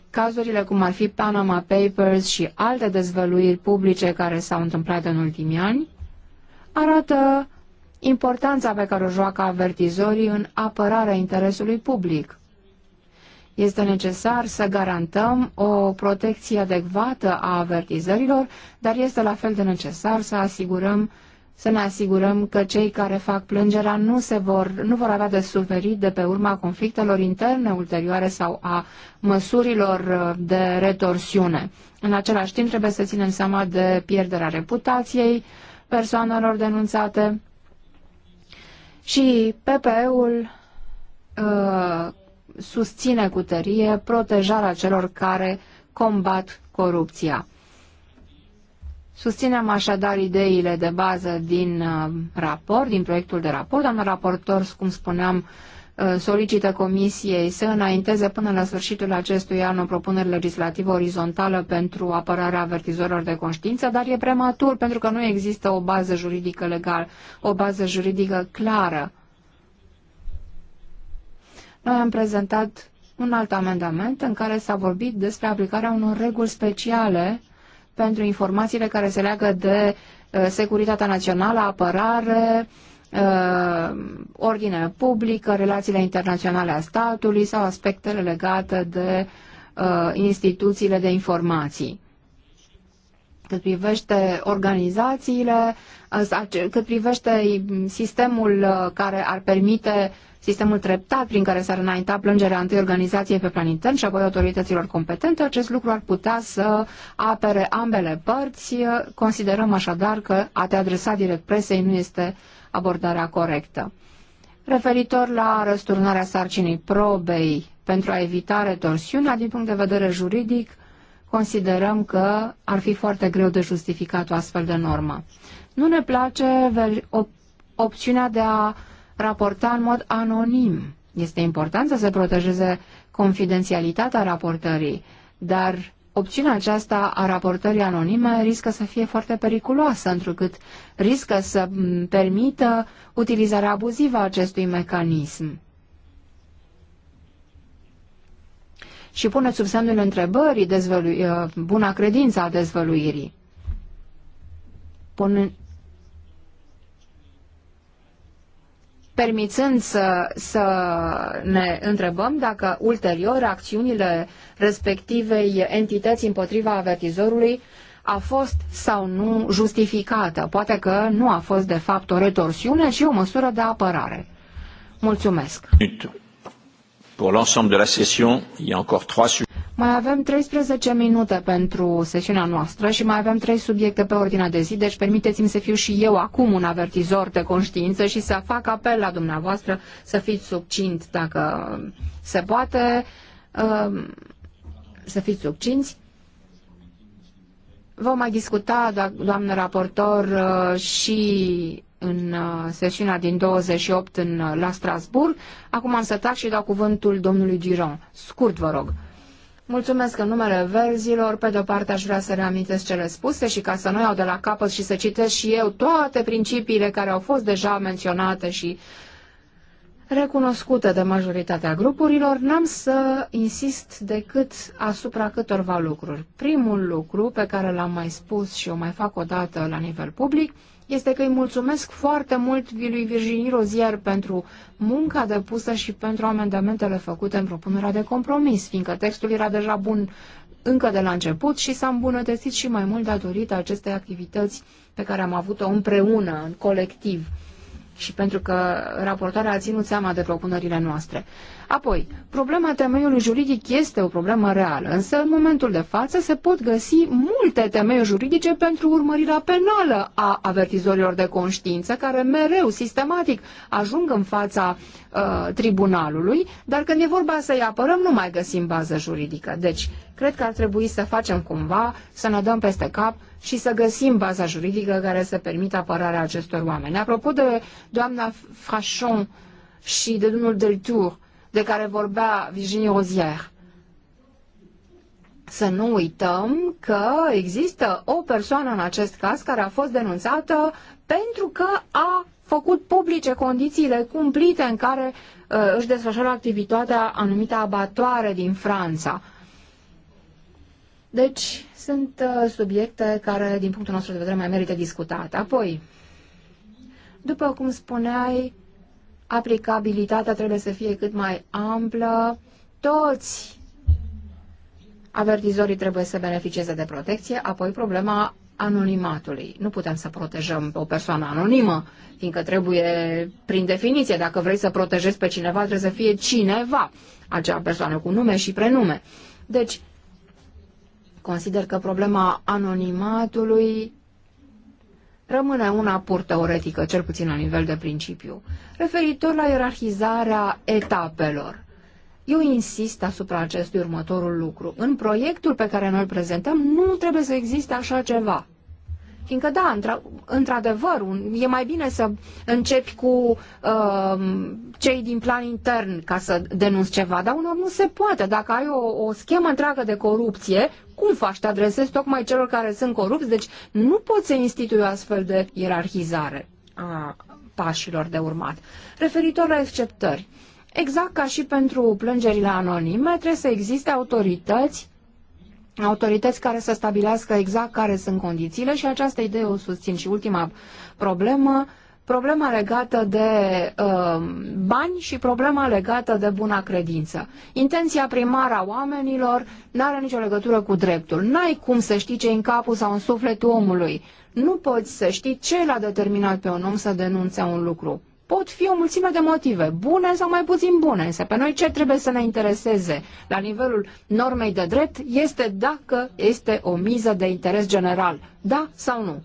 Cazurile cum ar fi Panama Papers și alte dezvăluiri publice care s-au întâmplat în ultimii ani arată importanța pe care o joacă avertizorii în apărarea interesului public. Este necesar să garantăm o protecție adecvată a avertizărilor, dar este la fel de necesar să asigurăm să ne asigurăm că cei care fac plângerea nu, se vor, nu vor avea de suferit de pe urma conflictelor interne ulterioare sau a măsurilor uh, de retorsiune. În același timp trebuie să ținem seama de pierderea reputației persoanelor denunțate, și PPE-ul uh, susține cu tărie protejarea celor care combat corupția. Susținem așadar ideile de bază din uh, raport, din proiectul de raport. Doamna raportor, cum spuneam, Uh, solicită Comisiei să înainteze până la sfârșitul acestui an o propunere legislativă orizontală pentru apărarea avertizorilor de conștiință, dar e prematur pentru că nu există o bază juridică legală, o bază juridică clară. Noi am prezentat un alt amendament în care s-a vorbit despre aplicarea unor reguli speciale pentru informațiile care se leagă de uh, securitatea națională, apărare, uh, uh, ordine publică, relațiile internaționale a statului sau aspectele legate de uh, instituțiile de informații. Cât privește organizațiile, uh, cât privește sistemul uh, care ar permite sistemul treptat prin care s-ar înainta plângerea întâi organizației pe plan intern și apoi autorităților competente, acest lucru ar putea să apere ambele părți. Considerăm așadar că a te adresa direct presei nu este abordarea corectă. Referitor la răsturnarea sarcinii probei pentru a evita retorsiunea, din punct de vedere juridic, considerăm că ar fi foarte greu de justificat o astfel de normă. Nu ne place op opțiunea de a raporta în mod anonim. Este important să se protejeze confidențialitatea raportării, dar opțiunea aceasta a raportării anonime riscă să fie foarte periculoasă, întrucât riscă să permită utilizarea abuzivă a acestui mecanism. Și pune sub semnul întrebării dezvălui, uh, buna credință a dezvăluirii. Pun permițând să, să ne întrebăm dacă ulterior acțiunile respectivei entități împotriva avertizorului a fost sau nu justificată. Poate că nu a fost de fapt o retorsiune, ci o măsură de apărare. Mulțumesc. Pour l'ensemble de la session, il y a encore trois mai avem 13 minute pentru sesiunea noastră și mai avem 3 subiecte pe ordinea de zi, deci permiteți-mi să fiu și eu acum un avertizor de conștiință și să fac apel la dumneavoastră să fiți subcint dacă se poate, ehm, să fiți subcinți. Vom mai discuta, doamnă raportor, uh, și în uh, sesiunea din 28 în, uh, la Strasburg. Acum am să tac și dau cuvântul domnului Giron. Scurt, vă rog. Mulțumesc în numele verzilor. Pe de-o parte aș vrea să reamintesc cele spuse și ca să nu iau de la capăt și să citesc și eu toate principiile care au fost deja menționate și recunoscută de majoritatea grupurilor, n-am să insist decât asupra câtorva lucruri. Primul lucru pe care l-am mai spus și o mai fac o dată la nivel public este că îi mulțumesc foarte mult lui Virginie Rozier pentru munca depusă și pentru amendamentele făcute în propunerea de compromis, fiindcă textul era deja bun încă de la început și s-a îmbunătățit și mai mult datorită acestei activități pe care am avut-o împreună, în colectiv și pentru că raportarea a ținut seama de propunerile noastre. Apoi, problema temeiului juridic este o problemă reală, însă în momentul de față se pot găsi multe temeiuri juridice pentru urmărirea penală a avertizorilor de conștiință, care mereu, sistematic, ajung în fața uh, tribunalului, dar când e vorba să-i apărăm, nu mai găsim bază juridică. Deci, cred că ar trebui să facem cumva, să ne dăm peste cap și să găsim baza juridică care să permită apărarea acestor oameni. Apropo de doamna Frachon și de domnul Deltour, de care vorbea Virginie Rozier. Să nu uităm că există o persoană în acest caz care a fost denunțată pentru că a făcut publice condițiile cumplite în care uh, își desfășoară activitatea anumită abatoare din Franța. Deci, sunt uh, subiecte care, din punctul nostru de vedere, mai merită discutate. Apoi, după cum spuneai, aplicabilitatea trebuie să fie cât mai amplă, toți avertizorii trebuie să beneficieze de protecție, apoi problema anonimatului. Nu putem să protejăm o persoană anonimă, fiindcă trebuie, prin definiție, dacă vrei să protejezi pe cineva, trebuie să fie cineva, acea persoană cu nume și prenume. Deci, consider că problema anonimatului rămâne una pur teoretică, cel puțin la nivel de principiu, referitor la ierarhizarea etapelor. Eu insist asupra acestui următorul lucru. În proiectul pe care noi îl prezentăm nu trebuie să existe așa ceva. Fiindcă, da, într-adevăr, e mai bine să începi cu uh, cei din plan intern ca să denunți ceva, dar unor nu se poate. Dacă ai o, o schemă întreagă de corupție, cum faci? Te adresezi tocmai celor care sunt corupți? Deci nu poți să institui o astfel de ierarhizare a pașilor de urmat. Referitor la exceptări, exact ca și pentru plângerile anonime, trebuie să existe autorități autorități care să stabilească exact care sunt condițiile și această idee o susțin. Și ultima problemă, uh, problema legată de uh, bani și problema legată de buna credință. Intenția primară a oamenilor nu are nicio legătură cu dreptul. N-ai cum să știi ce în capul sau în sufletul omului. Nu poți să știi ce l-a determinat pe un om să denunțe un lucru. Pot fi o mulțime de motive, bune sau mai puțin bune, însă pe noi ce trebuie să ne intereseze la nivelul normei de drept este dacă este o miză de interes general, da sau nu.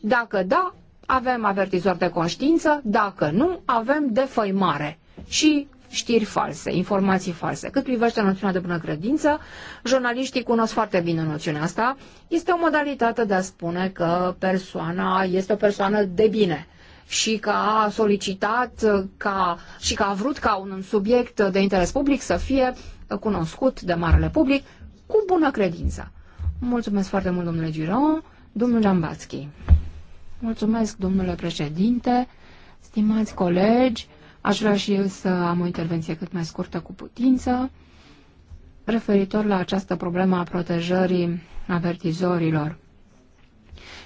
Dacă da, avem avertizor de conștiință, dacă nu, avem defăimare și știri false, informații false. Cât privește noțiunea de bună credință, jurnaliștii cunosc foarte bine noțiunea asta. Este o modalitate de a spune că persoana este o persoană de bine și că a solicitat ca, și că a vrut ca un subiect de interes public să fie cunoscut de marele public cu bună credință. Mulțumesc foarte mult, domnule Giron, domnul Lambațchi. Mulțumesc, domnule președinte, stimați colegi, aș vrea și eu să am o intervenție cât mai scurtă cu putință referitor la această problemă a protejării avertizorilor.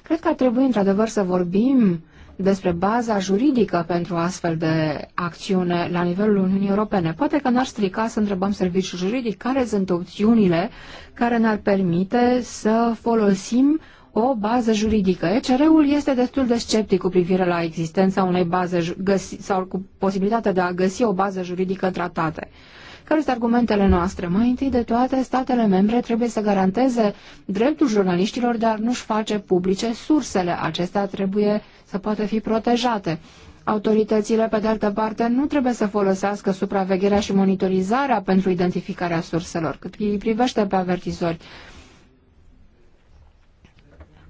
Cred că ar trebui într-adevăr să vorbim despre baza juridică pentru astfel de acțiune la nivelul Uniunii Europene. Poate că n-ar strica să întrebăm serviciul juridic care sunt opțiunile care ne-ar permite să folosim o bază juridică. ECR-ul este destul de sceptic cu privire la existența unei baze găsi, sau cu posibilitatea de a găsi o bază juridică în tratate. Care sunt argumentele noastre? Mai întâi de toate, statele membre trebuie să garanteze dreptul jurnaliștilor, dar nu-și face publice sursele. Acestea trebuie să poată fi protejate. Autoritățile, pe de altă parte, nu trebuie să folosească supravegherea și monitorizarea pentru identificarea surselor, cât îi privește pe avertizori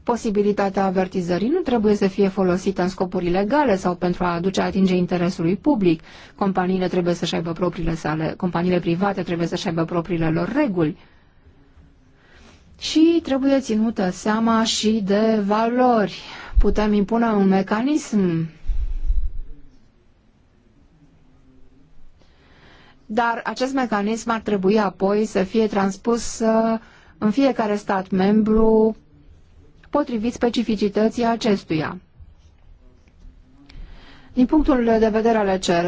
posibilitatea avertizării nu trebuie să fie folosită în scopuri ilegale sau pentru a aduce atinge interesului public. Companiile trebuie să-și aibă propriile sale, companiile private trebuie să-și aibă propriile lor reguli. Și trebuie ținută seama și de valori. Putem impune un mecanism dar acest mecanism ar trebui apoi să fie transpus uh, în fiecare stat membru potrivit specificității acestuia. Din punctul de vedere al ECR,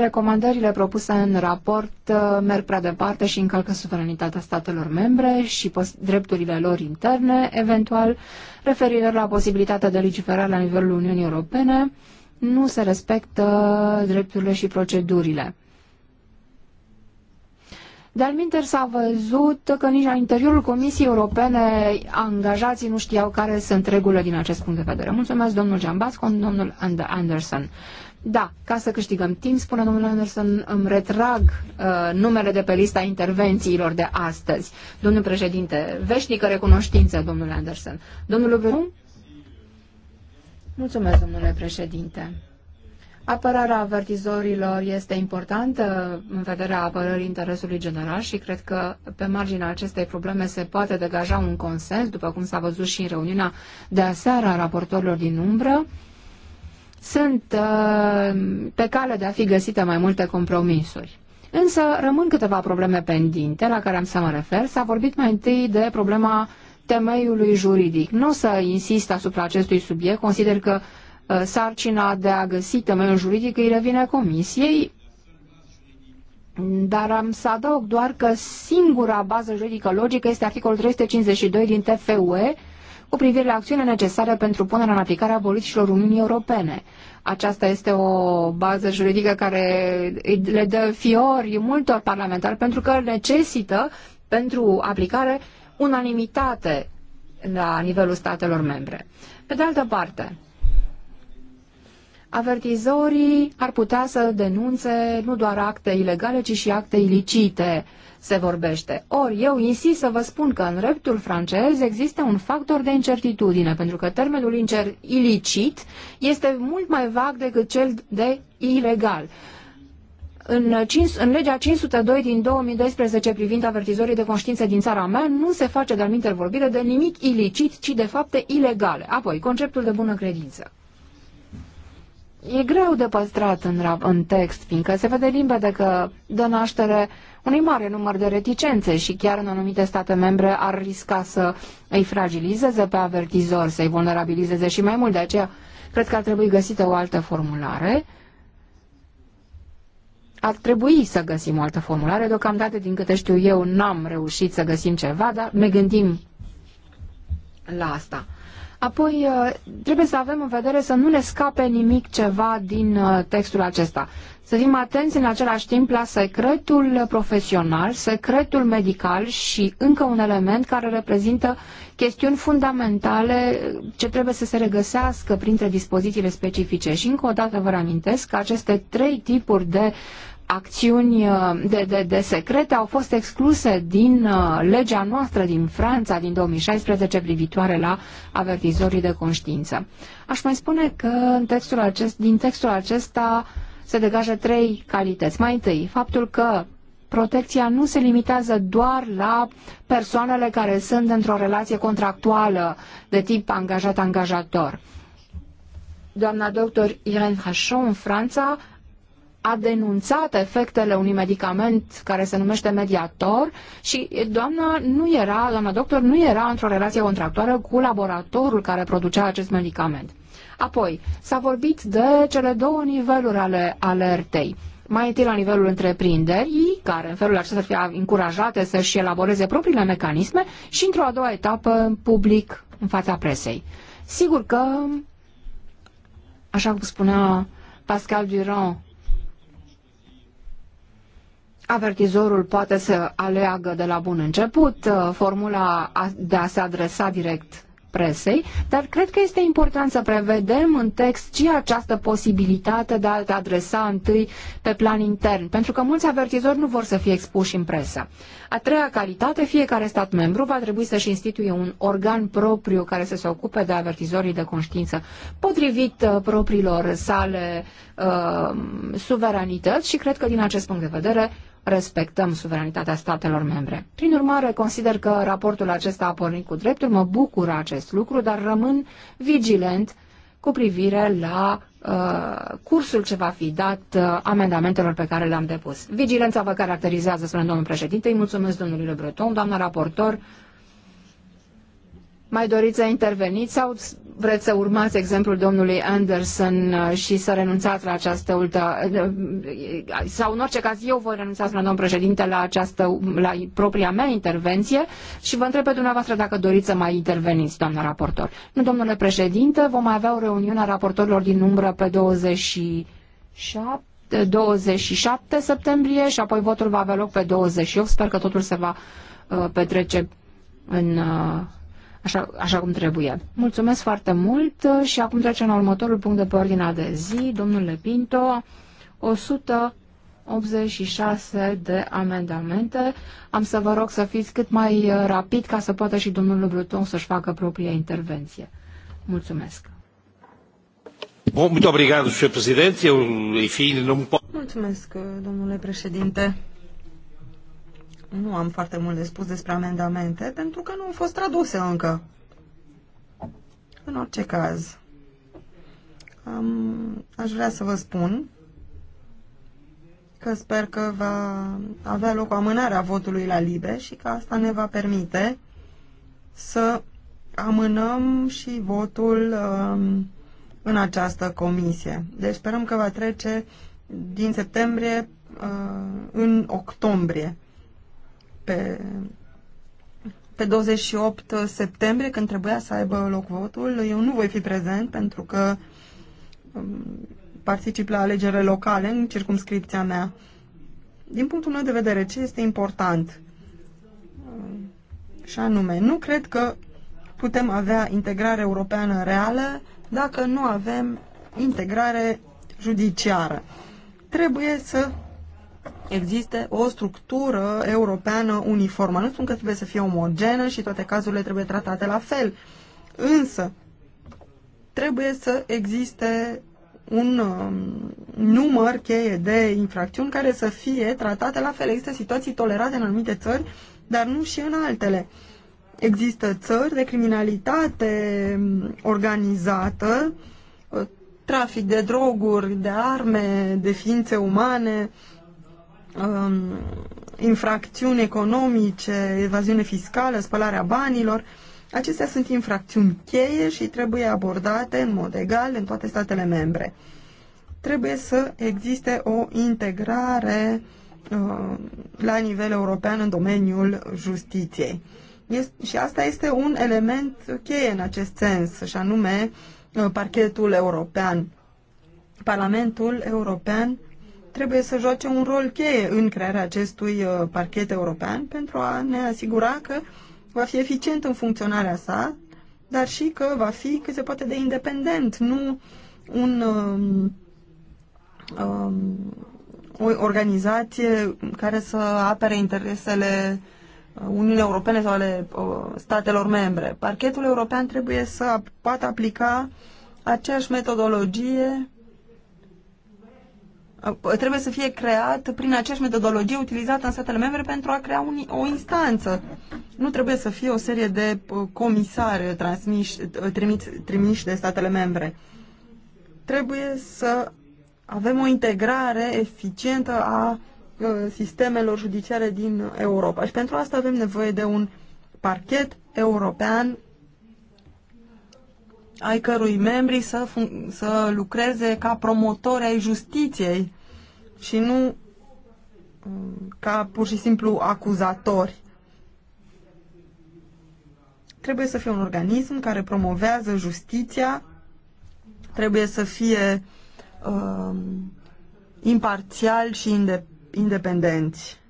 recomandările propuse în raport uh, merg prea departe și încalcă suveranitatea statelor membre și drepturile lor interne, eventual referitor la posibilitatea de legiferare la nivelul Uniunii Europene, nu se respectă drepturile și procedurile. De-al s-a văzut că nici la interiorul Comisiei Europene angajații nu știau care sunt regulile din acest punct de vedere. Mulțumesc domnul Giambasco, domnul Anderson. Da, ca să câștigăm timp, spune domnul Anderson, îmi retrag uh, numele de pe lista intervențiilor de astăzi. Domnul președinte, veșnică recunoștință, domnul Anderson. Domnul Brun? Mulțumesc, domnule președinte. Apărarea avertizorilor este importantă în vederea apărării interesului general și cred că pe marginea acestei probleme se poate degaja un consens, după cum s-a văzut și în reuniunea de aseară a raportorilor din umbră. Sunt uh, pe cale de a fi găsite mai multe compromisuri. Însă rămân câteva probleme pendinte la care am să mă refer. S-a vorbit mai întâi de problema temeiului juridic. Nu o să insist asupra acestui subiect, consider că Uh, sarcina de a găsi temeiul juridic îi revine comisiei, dar am să adaug doar că singura bază juridică logică este articolul 352 din TFUE cu privire la acțiunea necesare pentru punerea în aplicare a politicilor Uniunii Europene. Aceasta este o bază juridică care le dă fiori multor parlamentari pentru că necesită pentru aplicare unanimitate la nivelul statelor membre. Pe de altă parte, avertizorii ar putea să denunțe nu doar acte ilegale, ci și acte ilicite, se vorbește. Ori eu insist să vă spun că în dreptul francez există un factor de incertitudine, pentru că termenul incer ilicit este mult mai vag decât cel de ilegal. În, în legea 502 din 2012 privind avertizorii de conștiință din țara mea nu se face de-al vorbire de nimic ilicit, ci de fapte ilegale. Apoi, conceptul de bună credință e greu de păstrat în, în text, fiindcă se vede limpede că dă naștere unui mare număr de reticențe și chiar în anumite state membre ar risca să îi fragilizeze pe avertizor, să îi vulnerabilizeze și mai mult. De aceea, cred că ar trebui găsită o altă formulare. Ar trebui să găsim o altă formulare. Deocamdată, din câte știu eu, n-am reușit să găsim ceva, dar ne gândim la asta. Apoi, uh, trebuie să avem în vedere să nu ne scape nimic ceva din uh, textul acesta. Să fim atenți în același timp la secretul profesional, secretul medical și încă un element care reprezintă chestiuni fundamentale ce trebuie să se regăsească printre dispozițiile specifice. Și încă o dată vă reamintesc că aceste trei tipuri de acțiuni uh, de, de, de secrete au fost excluse din uh, legea noastră din Franța din 2016 privitoare la avertizorii de conștiință. Aș mai spune că în textul acest, din textul acesta se degajă trei calități. Mai întâi, faptul că protecția nu se limitează doar la persoanele care sunt într-o relație contractuală de tip angajat-angajator. Doamna doctor Irene Hachon în Franța a denunțat efectele unui medicament care se numește mediator și doamna nu era, doamna doctor nu era într-o relație contractuală cu laboratorul care producea acest medicament. Apoi, s-a vorbit de cele două niveluri ale alertei. Mai întâi la nivelul întreprinderii, care în felul acesta ar fi încurajate să-și elaboreze propriile mecanisme și într-o a doua etapă public în fața presei. Sigur că, așa cum spunea Pascal Durand, avertizorul poate să aleagă de la bun început uh, formula de a se adresa direct presei, dar cred că este important să prevedem în text și această posibilitate de a te adresa întâi pe plan intern, pentru că mulți avertizori nu vor să fie expuși în presă. A treia calitate, fiecare stat membru va trebui să-și instituie un organ propriu care să se ocupe de avertizorii de conștiință, potrivit uh, propriilor sale uh, suveranități și cred că din acest punct de vedere respectăm suveranitatea statelor membre. Prin urmare, consider că raportul acesta a pornit cu dreptul, mă bucură acest lucru, dar rămân vigilent cu privire la uh, cursul ce va fi dat uh, amendamentelor pe care le-am depus. Vigilența vă caracterizează, spune domnul președinte, îi mulțumesc domnului Breton, doamna raportor, mai doriți să interveniți sau vreți să urmați exemplul domnului Anderson uh, și să renunțați la această ultă... Uh, uh, sau în orice caz eu voi renunța, spune domnul președinte, la, această, la propria mea intervenție și vă întreb pe dumneavoastră dacă doriți să mai interveniți, doamna raportor. Nu, domnule președinte, vom avea o reuniune a raportorilor din umbră pe 27 27 septembrie și apoi votul va avea loc pe 28. Sper că totul se va petrece în așa, așa cum trebuie. Mulțumesc foarte mult și acum trecem la următorul punct de pe ordinea de zi. Domnule Pinto, 186 de amendamente. Am să vă rog să fiți cât mai rapid ca să poată și domnul Bruton să-și facă propria intervenție. Mulțumesc. muito obrigado, Sr. Presidente. Eu, enfim, não me... Mulțumesc, domnule președinte nu am foarte mult de spus despre amendamente, pentru că nu au fost traduse încă. În orice caz, am, aș vrea să vă spun că sper că va avea loc o amânare a votului la Libe și că asta ne va permite să amânăm și votul um, în această comisie. Deci sperăm că va trece din septembrie uh, în octombrie pe, pe 28 septembrie, când trebuia să aibă loc votul, eu nu voi fi prezent pentru că um, particip la alegerile locale în circumscripția mea. Din punctul meu de vedere, ce este important? Um, și anume, nu cred că putem avea integrare europeană reală dacă nu avem integrare judiciară. Trebuie să existe o structură europeană uniformă. Nu spun că trebuie să fie omogenă și toate cazurile trebuie tratate la fel, însă trebuie să existe un um, număr cheie de infracțiuni care să fie tratate la fel. Există situații tolerate în anumite țări, dar nu și în altele. Există țări de criminalitate um, organizată, uh, trafic de droguri, de arme, de ființe umane, uh, um, infracțiuni economice, evaziune fiscală, spălarea banilor. Acestea sunt infracțiuni cheie și trebuie abordate în mod egal în toate statele membre. Trebuie să existe o integrare uh, la nivel european în domeniul justiției. Este, și asta este un element cheie în acest sens, și anume uh, parchetul european. Parlamentul european trebuie să joace un rol cheie în crearea acestui uh, parchet european pentru a ne asigura că va fi eficient în funcționarea sa, dar și că va fi cât se poate de independent, nu un, um, um, o organizație care să apere interesele uh, Uniunii Europene sau ale uh, statelor membre. Parchetul european trebuie să poată aplica aceeași metodologie Ă, trebuie să fie creat prin aceeași metodologie utilizată în statele membre pentru a crea un, o instanță. Nu trebuie să fie o serie de uh, comisari uh, trimiși, trimiși de statele membre. Trebuie să avem o integrare eficientă a uh, sistemelor judiciare din Europa. Și pentru asta avem nevoie de un parchet european ai cărui membri să, să lucreze ca promotori ai justiției și nu mm, ca pur și simplu acuzatori. Trebuie să fie un organism care promovează justiția, trebuie să fie uh, imparțial și inde independenți.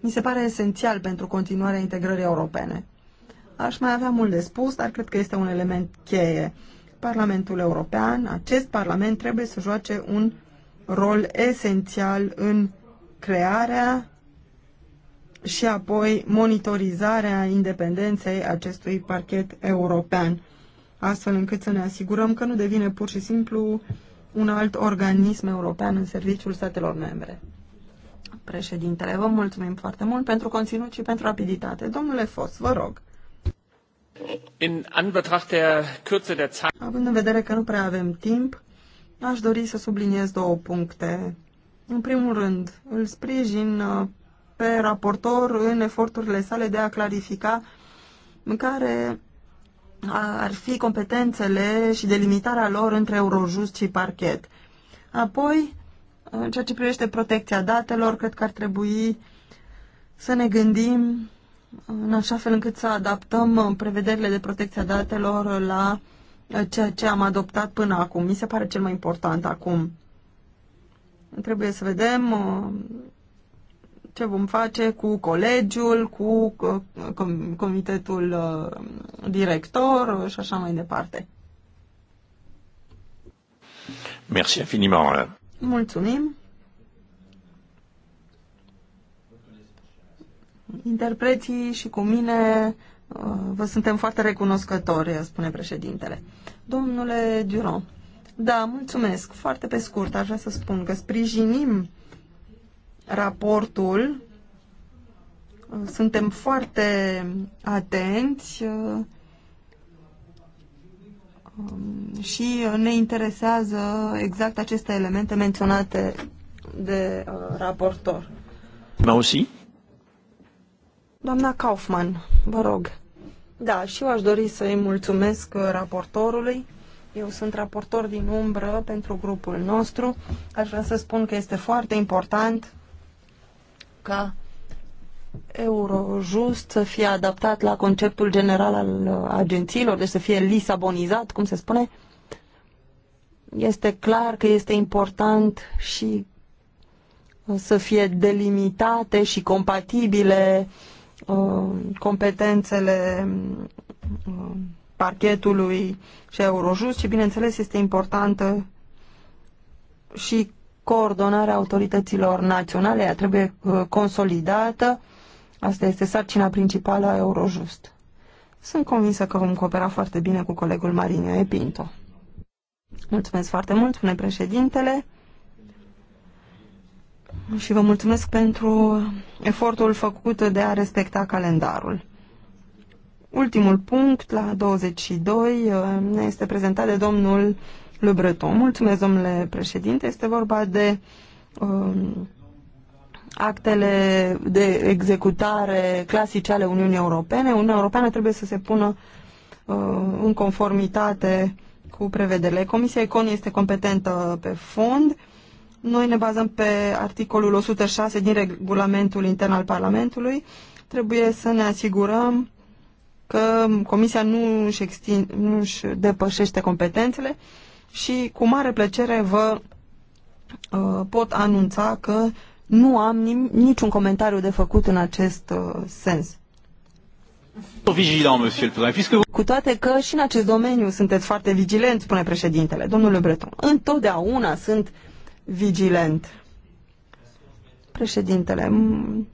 Mi se pare esențial pentru continuarea integrării europene. Aș mai avea mult de spus, dar cred că este un element cheie. Parlamentul European, acest Parlament trebuie să joace un rol esențial în crearea și apoi monitorizarea independenței acestui parchet european, astfel încât să ne asigurăm că nu devine pur și simplu un alt organism european în serviciul statelor membre. Președintele, vă mulțumim foarte mult pentru conținut și pentru rapiditate. Domnule Fos, vă rog. In Anbetracht der Kürze der Zeit... Având în vedere că nu prea avem timp, aș dori să subliniez două puncte. În primul rând, îl sprijin uh, pe raportor în eforturile sale de a clarifica în care ar fi competențele și delimitarea lor între Eurojust și parchet. Apoi, în ceea ce privește protecția datelor, cred că ar trebui să ne gândim în așa fel încât să adaptăm uh, prevederile de protecție a datelor la uh, ceea ce am adoptat până acum. Mi se pare cel mai important acum. Trebuie să vedem uh, ce vom face cu colegiul, cu comitetul director și așa mai departe. Merci infiniment. Mulțumim. Interpreții și cu mine uh, vă suntem foarte recunoscători, spune președintele. Domnule Duron, da, mulțumesc. Foarte pe scurt, aș vrea să spun că sprijinim raportul, suntem foarte atenți uh, um, și ne interesează exact aceste elemente menționate de uh, raportor. Mă aussi. Doamna Kaufman, vă rog. Da, și eu aș dori să-i mulțumesc raportorului. Eu sunt raportor din umbră pentru grupul nostru. Aș vrea să spun că este foarte important ca Eurojust să fie adaptat la conceptul general al agențiilor, deci să fie lisabonizat, cum se spune. Este clar că este important și să fie delimitate și compatibile uh, competențele parchetului și Eurojust și, bineînțeles, este importantă și coordonarea autorităților naționale, ea trebuie uh, consolidată. Asta este sarcina principală a Eurojust. Sunt convinsă că vom coopera foarte bine cu colegul Marinio Epinto. Mulțumesc foarte mult, spune președintele și vă mulțumesc pentru efortul făcut de a respecta calendarul. Ultimul punct, la 22, ne este prezentat de domnul Le Breton. Mulțumesc, domnule președinte. Este vorba de um, actele de executare clasice ale Uniunii Europene. Uniunea Europeană trebuie să se pună uh, în conformitate cu prevederile. Comisia Econ este competentă pe fond noi ne bazăm pe articolul 106 din regulamentul intern al Parlamentului. Trebuie să ne asigurăm că Comisia nu își, extin, nu își depășește competențele și cu mare plăcere vă uh, pot anunța că nu am niciun comentariu de făcut în acest uh, sens. Cu toate că și în acest domeniu sunteți foarte vigilenți, spune președintele. Domnule Breton, întotdeauna sunt vigilent. Președintele,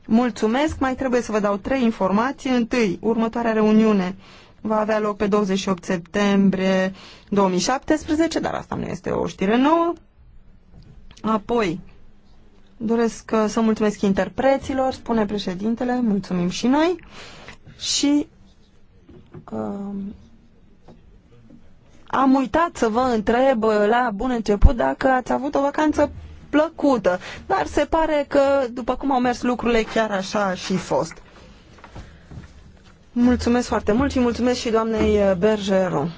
mulțumesc. Mai trebuie să vă dau trei informații. Întâi, următoarea reuniune va avea loc pe 28 septembrie 2017, dar asta nu este o știre nouă. Apoi, doresc uh, să mulțumesc interpreților, spune președintele, mulțumim și noi. Și uh, am uitat să vă întreb uh, la bun început dacă ați avut o vacanță plăcută, dar se pare că, după cum au mers lucrurile, chiar așa a și fost. Mulțumesc foarte mult și mulțumesc și doamnei uh, Bergeron.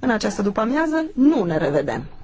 În această după-amiază nu ne revedem.